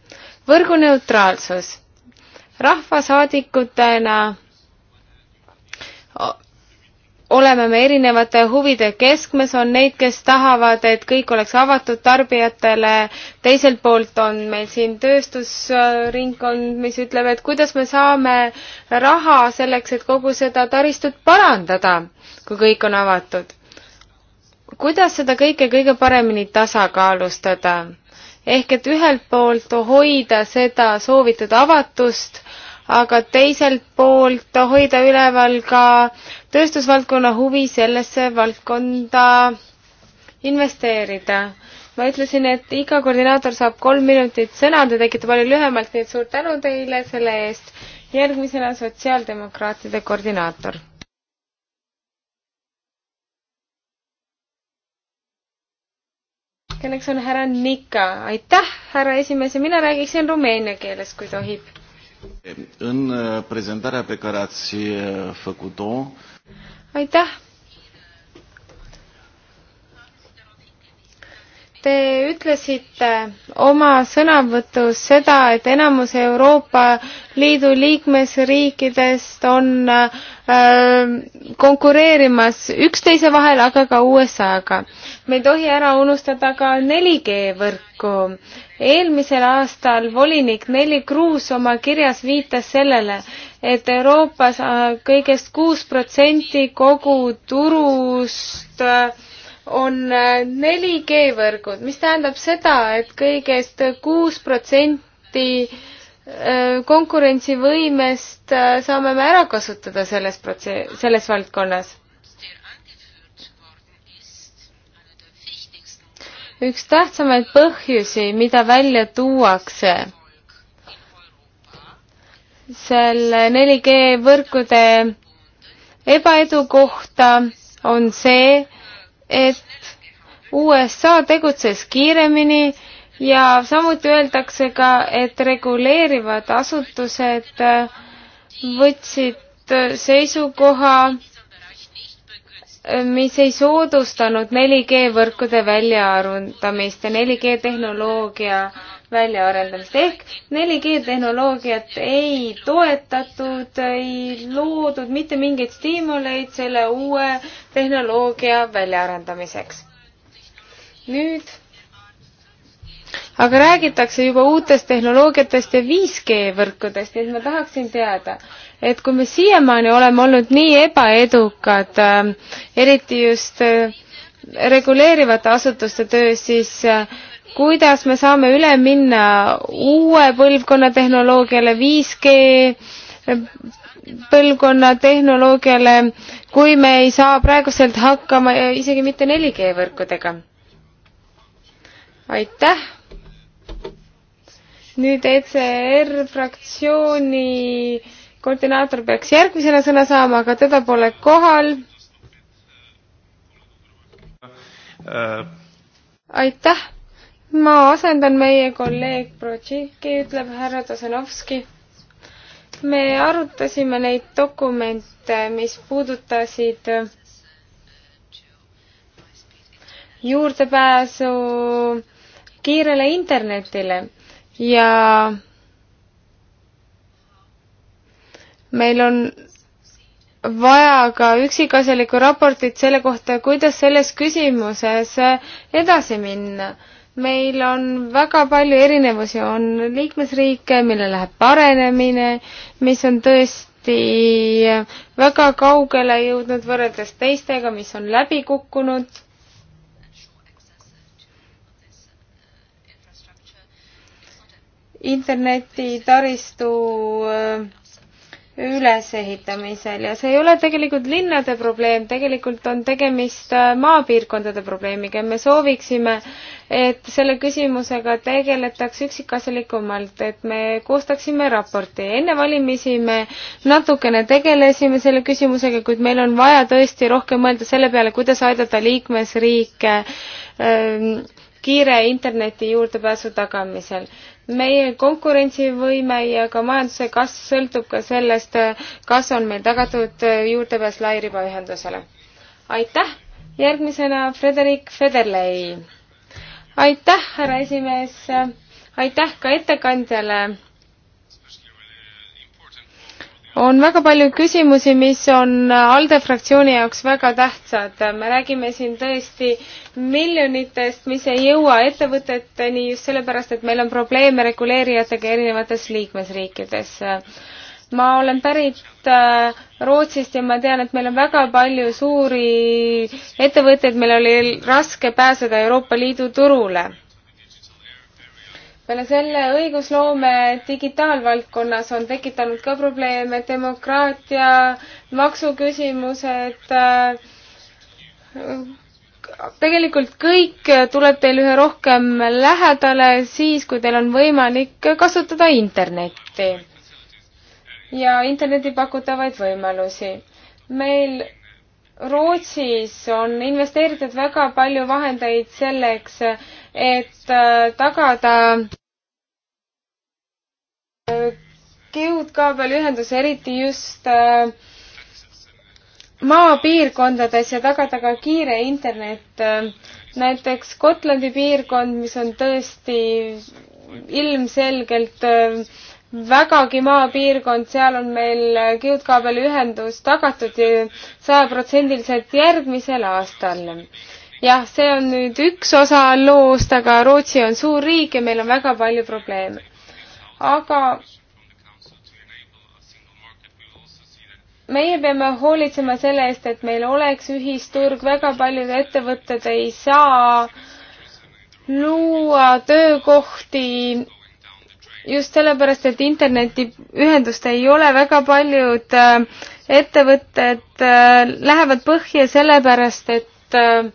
võrguneutraalsus. rahvasaadikutena oleme me erinevate huvide keskmes, on neid, kes tahavad, et kõik oleks avatud tarbijatele, teiselt poolt on meil siin tööstusringkond, mis ütleb, et kuidas me saame raha selleks, et kogu seda taristut parandada, kui kõik on avatud kuidas seda kõike kõige paremini tasakaalustada? ehk et ühelt poolt hoida seda soovitud avatust, aga teiselt poolt hoida üleval ka tööstusvaldkonna huvi sellesse valdkonda investeerida. ma ütlesin, et iga koordinaator saab kolm minutit sõna, te tegite palju lühemalt, nii et suur tänu teile selle eest. järgmisena sotsiaaldemokraatide koordinaator kelleks on härra Nika. aitäh, härra esimees ja mina räägiksin rumeenia keeles, kui tohib. În eh, prezentarea pe care ați eh, făcut-o aitäh Te ütlesite oma sõnavõtus seda, et enamus Euroopa Liidu liikmesriikidest on äh, konkureerimas üksteise vahel, aga ka USA-ga. me ei tohi ära unustada ka 4G võrku. eelmisel aastal volinik Nelli Kruus oma kirjas viitas sellele, et Euroopas äh, kõigest kuus protsenti kogu turust äh, on 4G äh, võrgud, mis tähendab seda et, et kõigest kuus protsenti äh, konkurentsivõimest äh, saame me ära kasutada selles protse-, selles valdkonnas. üks tähtsamaid põhjusi, mida välja tuuakse selle 4G võrkude ebaedu kohta, on see, et USA tegutses kiiremini ja samuti öeldakse ka, et reguleerivad asutused võtsid seisukoha, mis ei soodustanud 4G võrkude väljaarvundamist ja 4G tehnoloogia äh, väljaarendamist ehk 4G tehnoloogiat ei toetatud, ei loodud mitte mingeid stiimuleid selle uue tehnoloogia väljaarendamiseks. nüüd aga räägitakse juba uutest tehnoloogiatest ja 5G võrkudest, nii et ma tahaksin teada, et kui me siiamaani oleme olnud nii ebaedukad äh,, eriti just äh, reguleerivate asutuste töös, siis äh, kuidas me saame üle minna uue põlvkonna tehnoloogiale, 5G põlvkonna tehnoloogiale, kui me ei saa praeguselt hakkama isegi mitte 4G võrkudega. aitäh! nüüd ECR fraktsiooni koordinaator peaks järgmisena sõna saama, aga teda pole kohal. Äh. aitäh! ma asendan meie kolleeg Brodžiki, ütleb härra Tosanovski. me arutasime neid dokumente, mis puudutasid juurdepääsu kiirele internetile ja meil on vaja ka üksikasjalikku raportit selle kohta, kuidas selles küsimuses edasi minna meil on väga palju erinevusi, on liikmesriike, millel läheb parenemine, mis on tõesti väga kaugele jõudnud võrreldes teistega, mis on läbi kukkunud. internetitaristu äh, ülesehitamisel ja see ei ole tegelikult linnade probleem, tegelikult on tegemist äh, maapiirkondade probleemiga ja me sooviksime, et selle küsimusega tegeletaks üksikasjalikumalt, et me koostaksime raporti. enne valimisi me natukene tegelesime selle küsimusega, kuid meil on vaja tõesti rohkem mõelda selle peale, kuidas aidata liikmesriike öö, ähm, kiire interneti juurdepääsu tagamisel. meie konkurentsivõime ja ka majanduse kasv sõltub ka sellest, kas on meil tagatud juurdepääs lairibaühendusele. aitäh, järgmisena Frederik Federley. aitäh, härra esimees, aitäh ka ettekandjale on väga palju küsimusi, mis on ALDE fraktsiooni jaoks väga tähtsad. me räägime siin tõesti miljonitest, mis ei jõua ettevõteteni just sellepärast, et meil on probleeme reguleerijatega erinevates liikmesriikides. ma olen pärit äh, Rootsist ja ma tean, et meil on väga palju suuri ettevõtteid, meil oli raske pääseda Euroopa Liidu turule peale selle õigusloome digitaalvaldkonnas on tekitanud ka probleeme demokraatia, maksuküsimused. Äh, tegelikult kõik tuleb teil üha rohkem lähedale siis, kui teil on võimalik kasutada internetti ja interneti pakutavaid võimalusi. meil Rootsis on investeeritud väga palju vahendeid selleks, et äh, tagada äh, kiudkaabeliühendus, eriti just äh, maapiirkondades ja tagada ka kiire internet. näiteks Gotlandi piirkond, mis on tõesti ilmselgelt vägagi maapiirkond, seal on meil kiudkaabeliühendus tagatud sajaprotsendiliselt järgmisel aastal jah, see on nüüd üks osa loost, aga Rootsi on suur riik ja meil on väga palju probleeme. aga meie peame hoolitsema selle eest, et meil oleks ühisturg, väga paljud ettevõtted ei saa luua töökohti just sellepärast, et internetiühendust ei ole, väga paljud äh, ettevõtted äh, lähevad põhja sellepärast, et äh,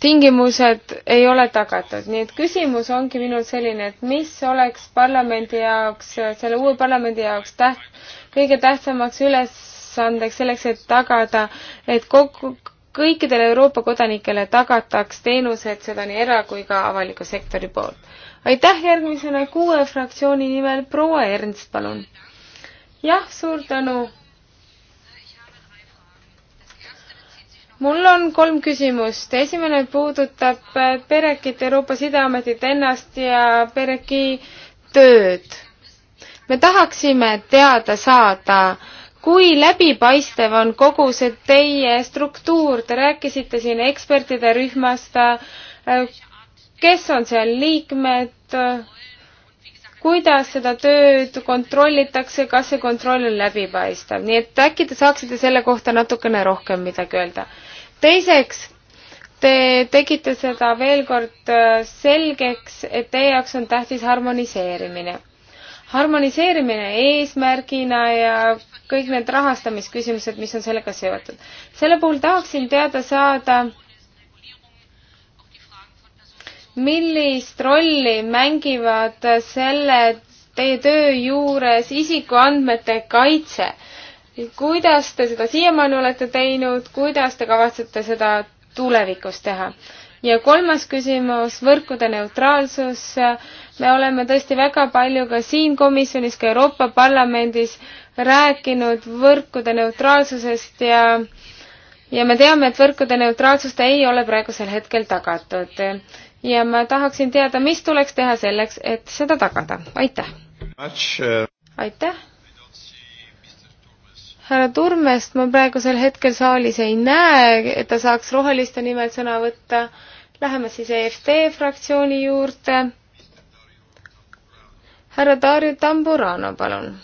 tingimused ei ole tagatud, nii et küsimus ongi minul selline, et mis oleks parlamendi jaoks, selle uue parlamendi jaoks täht-, kõige tähtsamaks ülesandeks selleks, et tagada, et kogu, kõikidele Euroopa kodanikele tagataks teenused, seda nii era- kui ka avaliku sektori poolt. aitäh, järgmisena kuue fraktsiooni nimel proua Ernst, palun. jah, suur tänu mul on kolm küsimust. esimene puudutab äh, Perekit, Euroopa Sideametit ennast ja Pereki tööd. me tahaksime teada saada, kui läbipaistev on kogu see teie struktuur, te rääkisite siin ekspertide rühmast, äh, kes on seal liikmed, kuidas seda tööd kontrollitakse, kas see kontroll on läbipaistev, nii et äkki te saaksite selle kohta natukene rohkem midagi öelda teiseks, te tegite seda veel kord äh, selgeks, et teie jaoks on tähtis harmoniseerimine. harmoniseerimine eesmärgina ja kõik need rahastamisküsimused, mis on sellega seotud. selle puhul tahaksin teada saada, millist rolli mängivad selle teie töö juures isikuandmete kaitse kuidas te seda siiamaani olete teinud, kuidas te kavatsete seda tulevikus teha? ja kolmas küsimus, võrkude neutraalsus. me oleme tõesti väga palju ka siin komisjonis, ka Euroopa Parlamendis rääkinud võrkude neutraalsusest ja ja me teame, et võrkude neutraalsust ei ole praegusel hetkel tagatud. ja ma tahaksin teada, mis tuleks teha selleks, et seda tagada. aitäh! Uh, aitäh! härra Turmest ma praegusel hetkel saalis ei näe, et ta saaks roheliste nimel sõna võtta. Läheme siis EFT fraktsiooni juurde. härra Darju Tamburano, palun.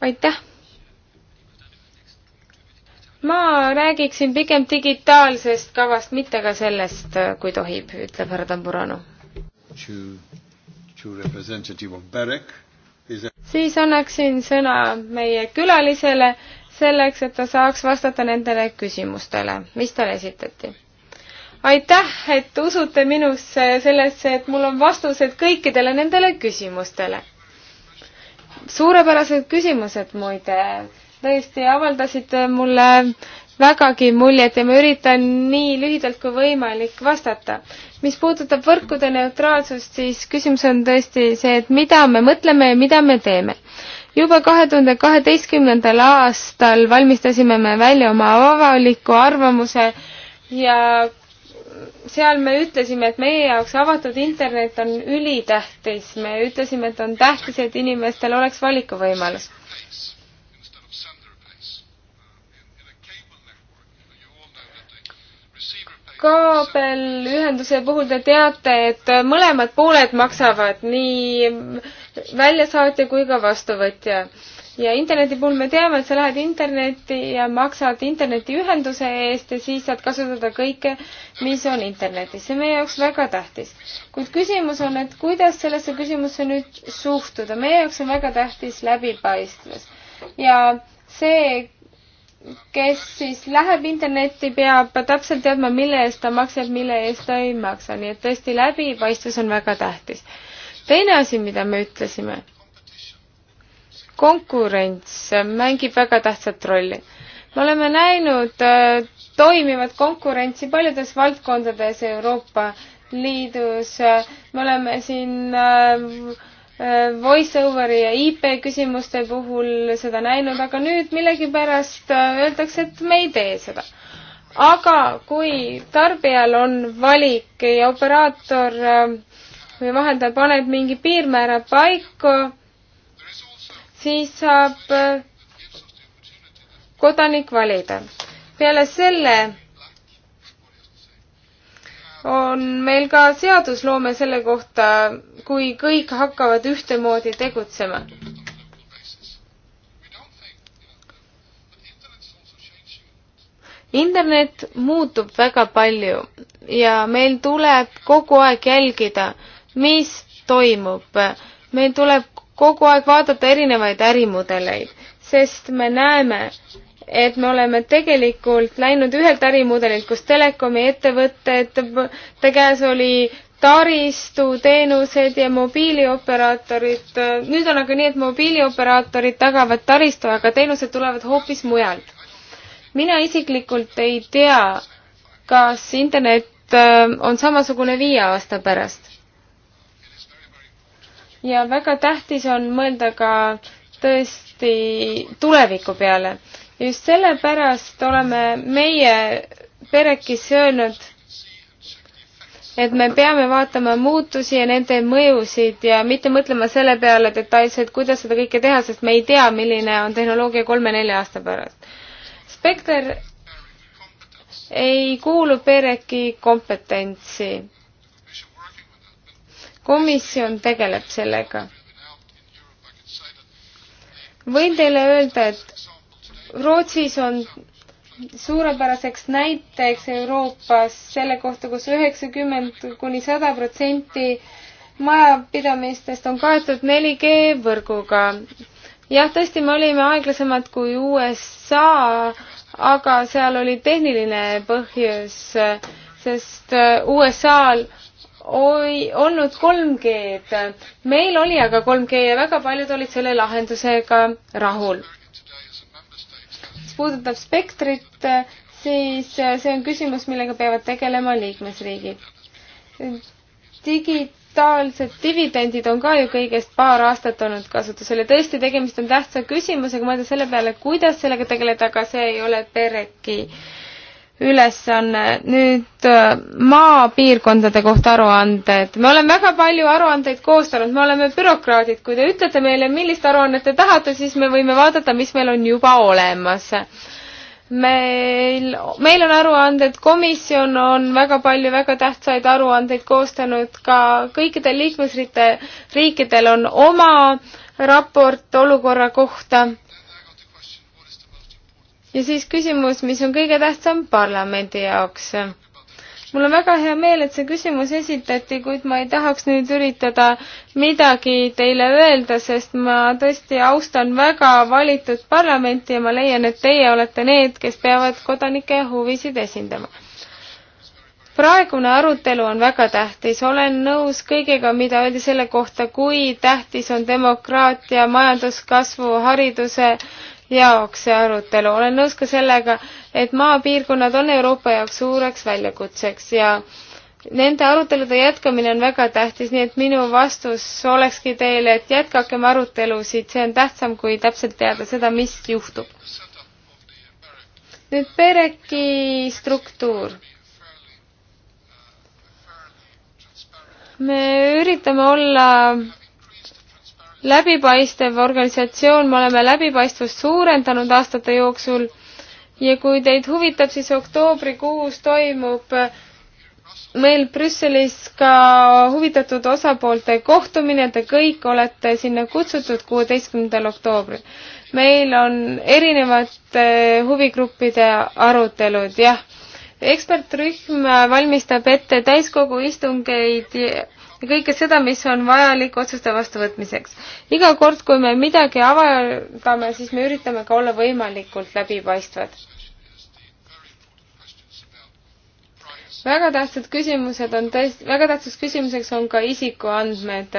aitäh. ma räägiksin pigem digitaalsest kavast, mitte ka sellest, kui tohib, ütleb härra Tamburano. To, to representative of BEREC siis annaksin sõna meie külalisele selleks, et ta saaks vastata nendele küsimustele, mis talle esitati. aitäh, et usute minusse sellesse, et mul on vastused kõikidele nendele küsimustele. suurepärased küsimused muide, tõesti avaldasite mulle vägagi muljet ja ma üritan nii lühidalt kui võimalik vastata mis puudutab võrkude neutraalsust, siis küsimus on tõesti see, et mida me mõtleme ja mida me teeme. juba kahe tuhande kaheteistkümnendal aastal valmistasime me välja oma avaliku arvamuse ja seal me ütlesime, et meie jaoks avatud internet on ülitähtis, me ütlesime, et on tähtis, et inimestel oleks valikuvõimalus kaabelühenduse puhul te teate, et mõlemad pooled maksavad, nii väljasaatja kui ka vastuvõtja. ja interneti puhul me teame, et sa lähed internetti ja maksad internetiühenduse eest ja siis saad kasutada kõike, mis on internetis. see on meie jaoks väga tähtis. kuid küsimus on, et kuidas sellesse küsimusse nüüd suhtuda. meie jaoks on väga tähtis läbipaistvus ja see, kes siis läheb internetti, peab täpselt teadma, mille eest ta maksab, mille eest ta ei maksa, nii et tõesti läbipaistvus on väga tähtis. teine asi, mida me ütlesime, konkurents mängib väga tähtsat rolli. me oleme näinud äh, toimivat konkurentsi paljudes valdkondades Euroopa Liidus, me oleme siin äh, voice-overi ja IP küsimuste puhul seda näinud, aga nüüd millegipärast äh, öeldakse, et me ei tee seda. aga kui tarbijal on valik ja operaator äh, või vahendaja paneb mingi piirmäära paika, siis saab äh, kodanik valida. peale selle on meil ka seadusloome selle kohta, kui kõik hakkavad ühtemoodi tegutsema. internet muutub väga palju ja meil tuleb kogu aeg jälgida, mis toimub. meil tuleb kogu aeg vaadata erinevaid ärimudeleid, sest me näeme, et me oleme tegelikult läinud ühelt ärimudelilt, kus telekomi ettevõtted, ta käes oli taristuteenused ja mobiilioperaatorid. nüüd on aga nii, et mobiilioperaatorid tagavad taristu, aga teenused tulevad hoopis mujalt. mina isiklikult ei tea, kas internet äh, on samasugune viie aasta pärast. ja väga tähtis on mõelda ka tõesti tuleviku peale just sellepärast oleme meie perekis öelnud, et me peame vaatama muutusi ja nende mõjusid ja mitte mõtlema selle peale detailselt, kuidas seda kõike teha, sest me ei tea, milline on tehnoloogia kolme-nelja aasta pärast. Spekter ei kuulu pereki kompetentsi. komisjon tegeleb sellega. võin teile öelda, et Rootsis on suurepäraseks näiteks Euroopas selle kohta kus, kus üheksakümmend kuni sada protsenti majapidamistest on kaetud 4G võrguga. jah, tõesti, me olime aeglasemad kui USA, aga seal oli tehniline põhjus, sest USA-l ei olnud 3G-d. meil oli aga 3G ja väga paljud olid selle lahendusega rahul puudutab spektrit, siis see on küsimus, millega peavad tegelema liikmesriigid. digitaalsed dividendid on ka ju kõigest paar aastat olnud kasutusel ja tõesti, tegemist on tähtsa küsimusega, mõelda selle peale, kuidas sellega tegeleda, aga see ei ole pereki äh, ülesanne. nüüd äh, maapiirkondade kohta aruanded. me oleme väga palju aruandeid koostanud, me oleme bürokraadid. kui te ütlete meile, millist aruannet te tahate, siis me võime vaadata, mis meil on juba olemas. meil, meil on aruanded, komisjon on väga palju väga tähtsaid aruandeid koostanud, ka kõikidel liikmesriikidel on oma raport olukorra kohta ja siis küsimus, mis on kõige tähtsam parlamendi jaoks. mul on väga hea meel, et see küsimus esitati, kuid ma ei tahaks nüüd üritada midagi teile öelda, sest ma tõesti austan väga valitud parlamenti ja ma leian, et teie olete need, kes peavad kodanike huvisid esindama praegune arutelu on väga tähtis, olen nõus kõigega, mida öeldi selle kohta, kui tähtis on demokraatia, majanduskasvu, hariduse äh, jaoks see arutelu. olen nõus ka sellega, et maapiirkonnad on Euroopa jaoks suureks väljakutseks ja nende arutelude jätkamine on väga tähtis, nii et minu vastus olekski teile, et jätkakem arutelusid, see on tähtsam kui täpselt teada seda, mis juhtub. nüüd pereki struktuur. me üritame olla läbipaistev organisatsioon, me oleme läbipaistvust suurendanud aastate jooksul ja kui teid huvitab, siis oktoobrikuus toimub meil Brüsselis ka huvitatud osapoolte kohtumine, te kõik olete sinna kutsutud kuueteistkümnendal oktoobril. meil on erinevate huvigruppide arutelud, jah. ekspertrühm valmistab ette täiskogu istungeid ja kõike seda, mis on vajalik otsuste vastuvõtmiseks. iga kord, kui me midagi avaldame, siis me üritame ka olla võimalikult läbipaistvad. väga tähtsad küsimused on tõesti, väga tähtsaks küsimuseks on ka isikuandmed.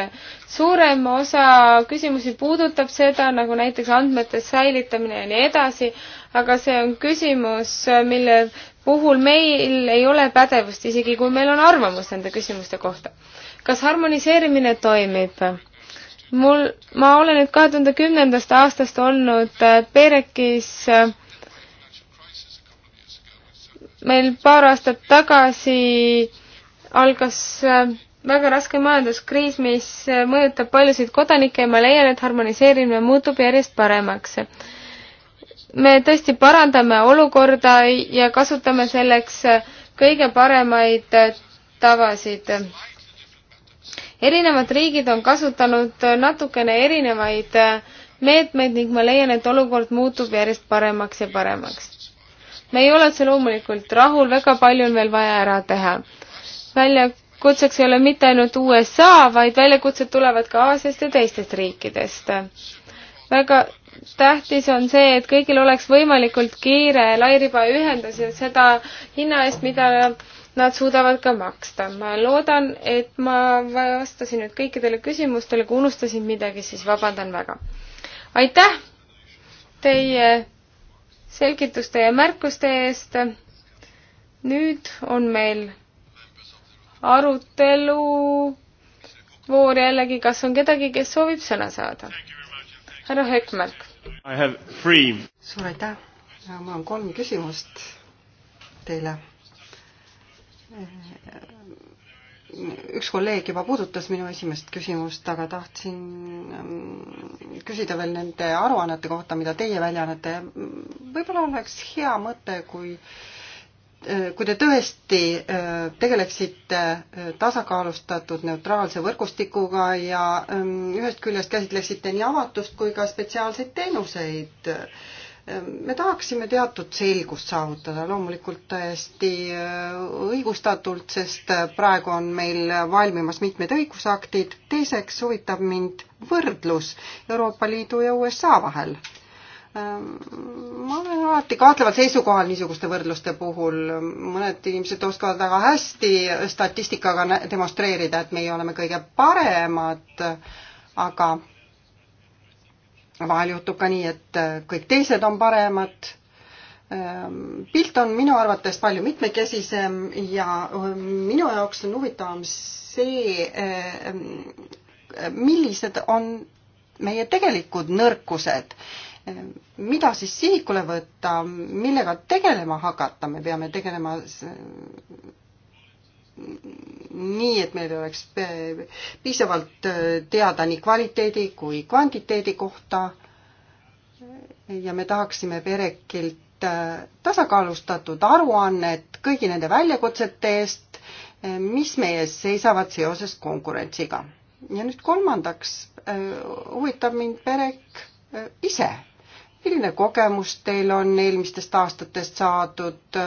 suurem osa küsimusi puudutab seda, nagu näiteks andmete säilitamine ja nii edasi, aga see on küsimus, mille puhul meil ei ole pädevust, isegi kui meil on arvamus nende küsimuste kohta kas harmoniseerimine toimib? mul, ma olen nüüd kahe tuhande kümnendast aastast olnud äh, Perekis äh, meil paar aastat tagasi algas äh, väga raske majanduskriis, mis mõjutab paljusid kodanikke ja ma leian, et harmoniseerimine muutub järjest paremaks. me tõesti parandame olukorda ja kasutame selleks kõige paremaid tavasid erinevad riigid on kasutanud natukene erinevaid äh, meetmeid ning ma leian, et olukord muutub järjest paremaks ja paremaks. me ei ole otse loomulikult rahul, väga palju on veel vaja ära teha. väljakutseks ei ole mitte ainult USA, vaid väljakutsed tulevad ka Aasiast ja teistest riikidest. väga tähtis on see, et kõigil oleks võimalikult kiire lairibaühendus ja seda hinna eest, mida nad suudavad ka maksta. ma loodan, et ma vastasin nüüd kõikidele küsimustele, kui unustasin midagi, siis vabandan väga. aitäh teie selgituste ja märkuste eest. nüüd on meil arutelu voor jällegi, kas on kedagi, kes soovib sõna saada? härra Hökmark. suur aitäh, mul on kolm küsimust teile üks kolleeg juba puudutas minu esimest küsimust, aga tahtsin ähm, küsida veel nende aruannete kohta, mida teie välja annate. võib-olla oleks hea mõte, kui, äh, kui te tõesti äh, tegeleksite äh, tasakaalustatud neutraalse võrgustikuga ja ähm, ühest küljest käsitleksite nii avatust kui ka spetsiaalseid teenuseid me tahaksime teatud selgust saavutada, loomulikult täiesti äh, õigustatult, sest äh, praegu on meil valmimas mitmed õigusaktid. teiseks huvitab mind võrdlus Euroopa Liidu ja USA vahel. Ähm, ma olen alati kahtleval seisukohal niisuguste võrdluste puhul, mõned inimesed oskavad väga hästi statistikaga demonstreerida, et meie oleme kõige paremad, aga vahel juhtub ka nii, et äh, kõik teised on paremad. Ähm, pilt on minu arvates palju mitmekesisem ja ähm, minu jaoks on huvitavam see, äh, äh, millised on meie tegelikud nõrkused, ähm, mida siis sihikule võtta, millega tegelema hakata, me peame tegelema nii, et meil oleks piisavalt äh, teada nii kvaliteedi kui kvantiteedi kohta. ja me tahaksime Perekilt äh, tasakaalustatud aruannet kõigi nende väljakutsete eest, äh, mis meie ees seisavad seoses konkurentsiga. ja nüüd kolmandaks huvitab mind Perek ise milline kogemus teil on eelmistest aastatest saadud,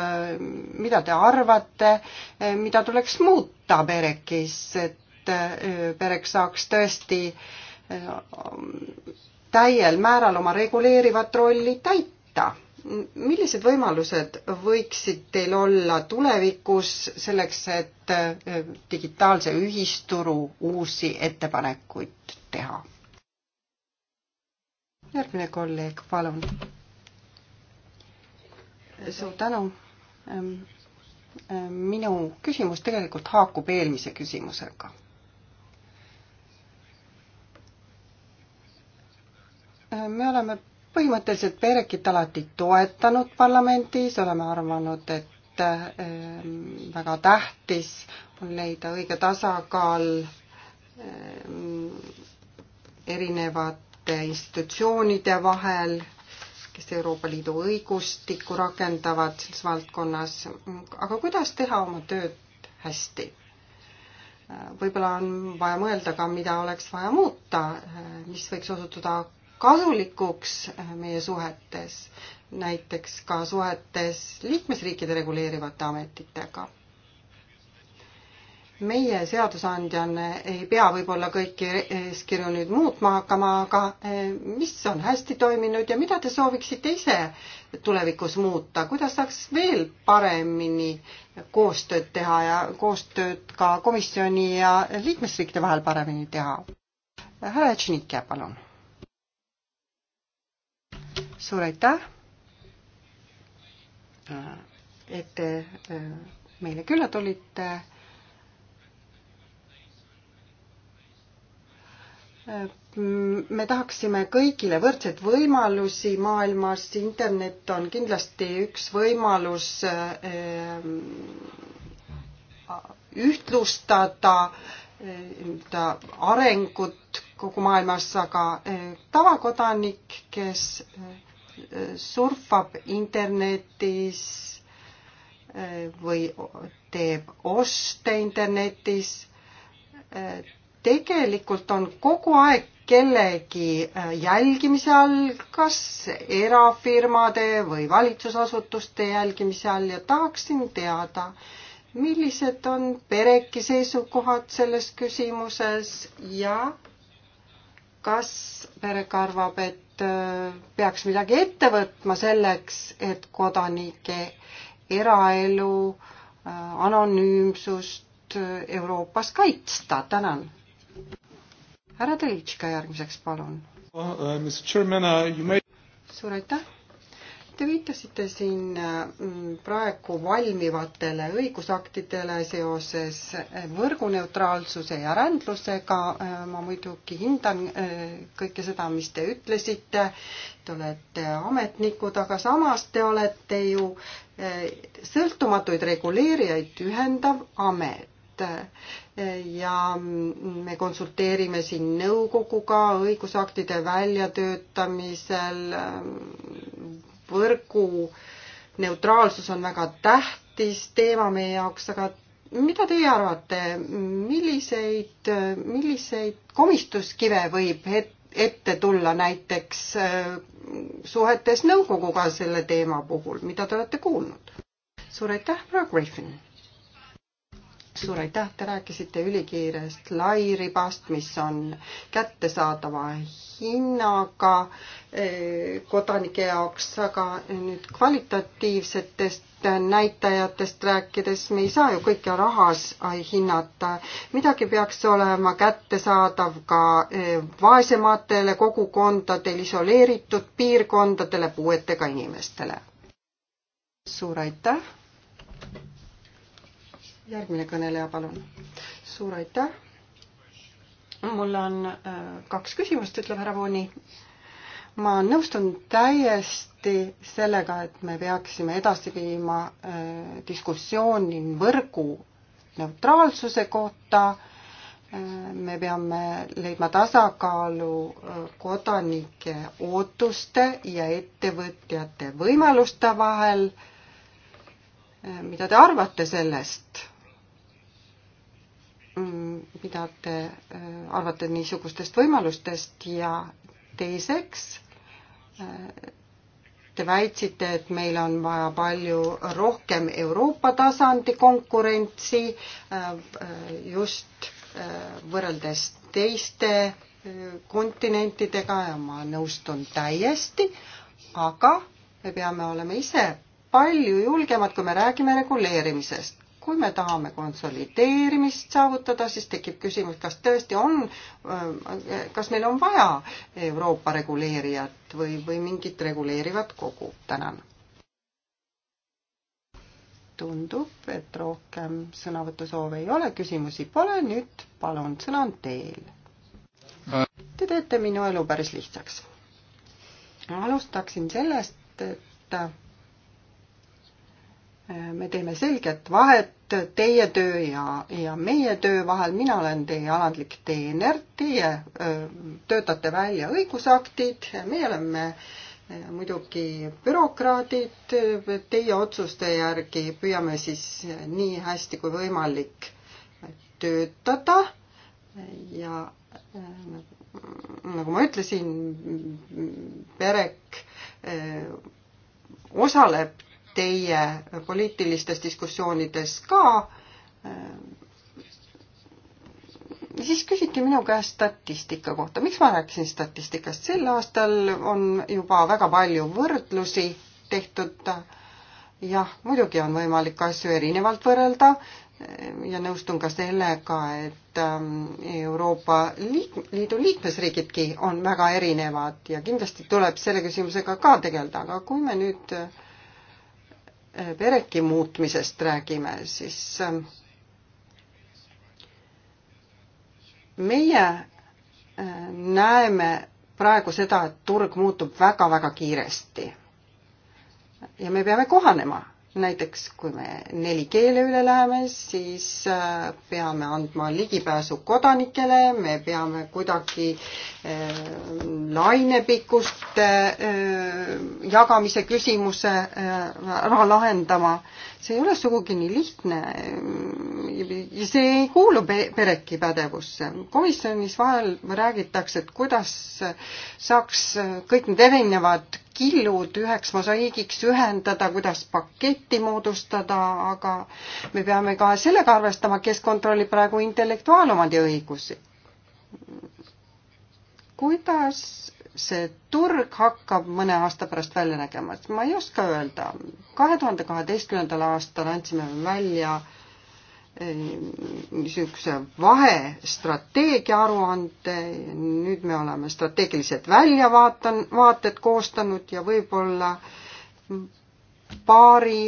mida te arvate, mida tuleks muuta Perekis, et Perek äh, saaks tõesti äh, täiel määral oma reguleerivat rolli täita? millised võimalused võiksid teil olla tulevikus selleks, et äh, digitaalse ühisturu uusi ettepanekuid teha? järgmine kolleeg, palun. suur tänu. Ehm, ehm, minu küsimus tegelikult haakub eelmise küsimusega. Ehm, me oleme põhimõtteliselt Berekit alati toetanud parlamendis, oleme arvanud, et väga tähtis on leida õige tasakaal erinevat institutsioonide vahel, kes Euroopa Liidu õigustikku rakendavad selles valdkonnas, aga kuidas teha oma tööd hästi? võib-olla on vaja mõelda ka, mida oleks vaja muuta, mis võiks osutuda kasulikuks meie suhetes, näiteks ka suhetes liikmesriikide reguleerivate ametitega meie seadusandjana ei pea võib-olla kõiki eeskirju nüüd muutma hakkama, aga eh, mis on hästi toiminud ja mida te sooviksite ise tulevikus muuta, kuidas saaks veel paremini koostööd teha ja koostööd ka komisjoni ja liikmesriikide vahel paremini teha? härra Etšnike, palun. suur aitäh, et te eh, meile külla tulite Äh, me tahaksime kõigile võrdseid võimalusi maailmas, internet on kindlasti üks võimalus äh, ühtlustada nii-öelda äh, arengut kogu maailmas, aga tavakodanik, kes surfab internetis või teeb oste internetis, tegelikult on kogu aeg kellegi äh, jälgimise all, kas erafirmade või valitsusasutuste jälgimise all ja tahaksin teada, millised on pereki seisukohad selles küsimuses ja kas perek arvab, et äh, peaks midagi ette võtma selleks, et kodanike eraelu äh, anonüümsust Euroopas kaitsta, tänan härra Telitška järgmiseks, palun oh,. Uh, uh, uh may... suur aitäh. Te viitasite siin uh, mm, praegu valmivatele õigusaktidele seoses eh, võrguneutraalsuse ja rändlusega. Eh, ma muidugi hindan eh, kõike seda, mis te ütlesite. Te olete ametnikud, aga samas te olete ju sõltumatuid reguleerijaid ühendav amet Eh, ja me konsulteerime siin nõukoguga õigusaktide väljatöötamisel. võrgu neutraalsus on väga tähtis teema meie jaoks, aga mida teie arvate, milliseid, milliseid komistuskive võib het, ette tulla näiteks eh, suhetes nõukoguga selle teema puhul, mida te olete kuulnud? suur aitäh, proua Griffin! suur aitäh, te rääkisite ülikiirest lairibast, mis on kättesaadava hinnaga eh, kodanike jaoks, aga nüüd kvalitatiivsetest näitajatest rääkides me ei saa ju kõike rahas hinnata. midagi peaks olema kättesaadav ka eh, vaesematele kogukondadele, isoleeritud piirkondadele, puuetega inimestele. suur aitäh! järgmine kõneleja, palun. suur aitäh. mul on äh, kaks küsimust, ütleb härra Vooni. ma nõustun täiesti sellega, et me peaksime edasi viima äh, diskussiooni võrgu neutraalsuse kohta. Äh, me peame leidma tasakaalu kodanike ootuste ja ettevõtjate võimaluste vahel mida te arvate sellest? Mm, mida te äh, arvate niisugustest võimalustest ja teiseks äh, te väitsite, et meil on vaja palju rohkem Euroopa tasandi konkurentsi äh, just võrreldes teiste kontinentidega ja ma nõustun täiesti, aga me peame olema ise palju julgemad, kui me räägime reguleerimisest kui me tahame konsolideerimist saavutada, siis tekib küsimus, kas tõesti on, kas meil on vaja Euroopa reguleerijat või, või mingit reguleerivat kogu. tänan. tundub, et rohkem sõnavõtusoove ei ole, küsimusi pole, nüüd palun, sõna on teil. Te teete minu elu päris lihtsaks. alustaksin sellest, et me teeme selget vahet teie töö ja, ja meie töö vahel, mina olen teie alandlik teener, teie öö, töötate välja õigusaktid, meie oleme muidugi bürokraadid, teie otsuste järgi püüame siis nii hästi kui võimalik töötada ja nagu ma ütlesin, perek osaleb teie poliitilistes diskussioonides ka. siis küsiti minu käest statistika kohta. miks ma rääkisin statistikast? sel aastal on juba väga palju võrdlusi tehtud. jah, muidugi on võimalik asju erinevalt võrrelda ja nõustun ka sellega, et ähm, Euroopa Liidu liikmesriigidki on väga erinevad ja kindlasti tuleb selle küsimusega ka tegeleda, aga kui me nüüd äh, Äh, pereki muutmisest räägime, siis ähm, meie äh, näeme praegu seda, et turg muutub väga-väga kiiresti. ja me peame kohanema näiteks kui me neli keele üle läheme, siis äh, peame andma ligipääsu kodanikele, me peame kuidagi äh, lainepikkuste äh, jagamise küsimuse ära lahendama. see ei ole sugugi nii lihtne. see ei kuulu pereki pädevusse. komisjonis vahel räägitakse, et kuidas saaks kõik need erinevad killud üheks mosaiigiks ühendada, kuidas paketti moodustada, aga me peame ka sellega arvestama, kes kontrollib praegu intellektuaalomandi õigusi. kuidas see turg hakkab mõne aasta pärast välja nägema, et ma ei oska öelda. kahe tuhande kaheteistkümnendal aastal andsime välja Äh, niisuguse vahestrateegia aruande, nüüd me oleme strateegilised väljavaatan-, vaated koostanud ja võib-olla paari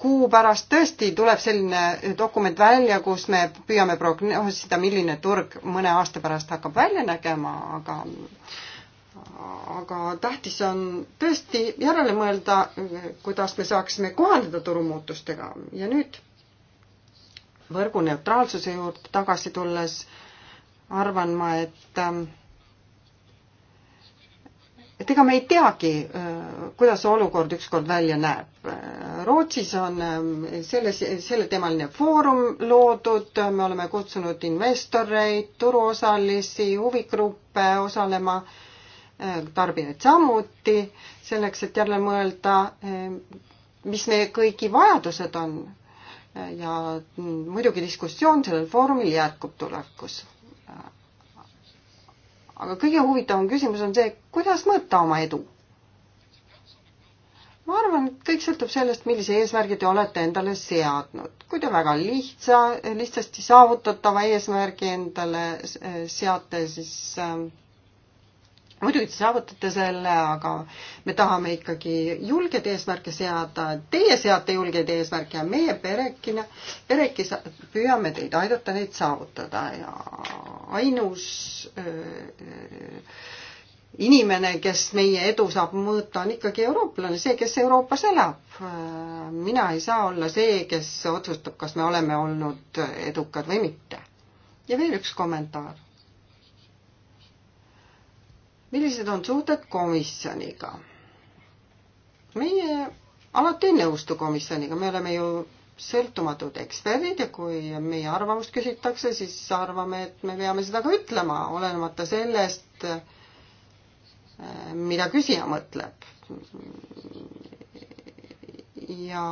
kuu pärast tõesti tuleb selline dokument välja, kus me püüame prognoosida, milline turg mõne aasta pärast hakkab välja nägema, aga aga tähtis on tõesti järele mõelda, kuidas me saaksime kohandada turumuutustega ja nüüd võrgu neutraalsuse juurde tagasi tulles arvan ma, et ähm, et ega me ei teagi, äh, kuidas see olukord ükskord välja näeb. Rootsis on ähm, selles, selleteemaline foorum loodud, me oleme kutsunud investoreid, turuosalisi, huvigruppe osalema, äh, tarbijaid samuti, selleks et jälle mõelda, äh, mis meie kõigi vajadused on ja muidugi diskussioon sellel foorumil jätkub tulevikus. aga kõige huvitavam küsimus on see, kuidas mõõta oma edu? ma arvan, et kõik sõltub sellest, millise eesmärgi te olete endale seadnud. kui te väga lihtsa, lihtsasti saavutatava eesmärgi endale seate, siis ähm, muidugi te saavutate selle, aga me tahame ikkagi julgeid eesmärke seada, teie seate julgeid eesmärke ja meie perekina, pereki püüame teid aidata neid saavutada ja ainus öö, äh, inimene, kes meie edu saab mõõta, on ikkagi eurooplane, see, kes Euroopas elab. mina ei saa olla see, kes otsustab, kas me oleme olnud edukad või mitte. ja veel üks kommentaar millised on suhted komisjoniga? meie alati ei nõustu komisjoniga, me oleme ju sõltumatud eksperdid ja kui meie arvamust küsitakse, siis arvame, et me peame seda ka ütlema, olenemata sellest, eh, mida küsija mõtleb ja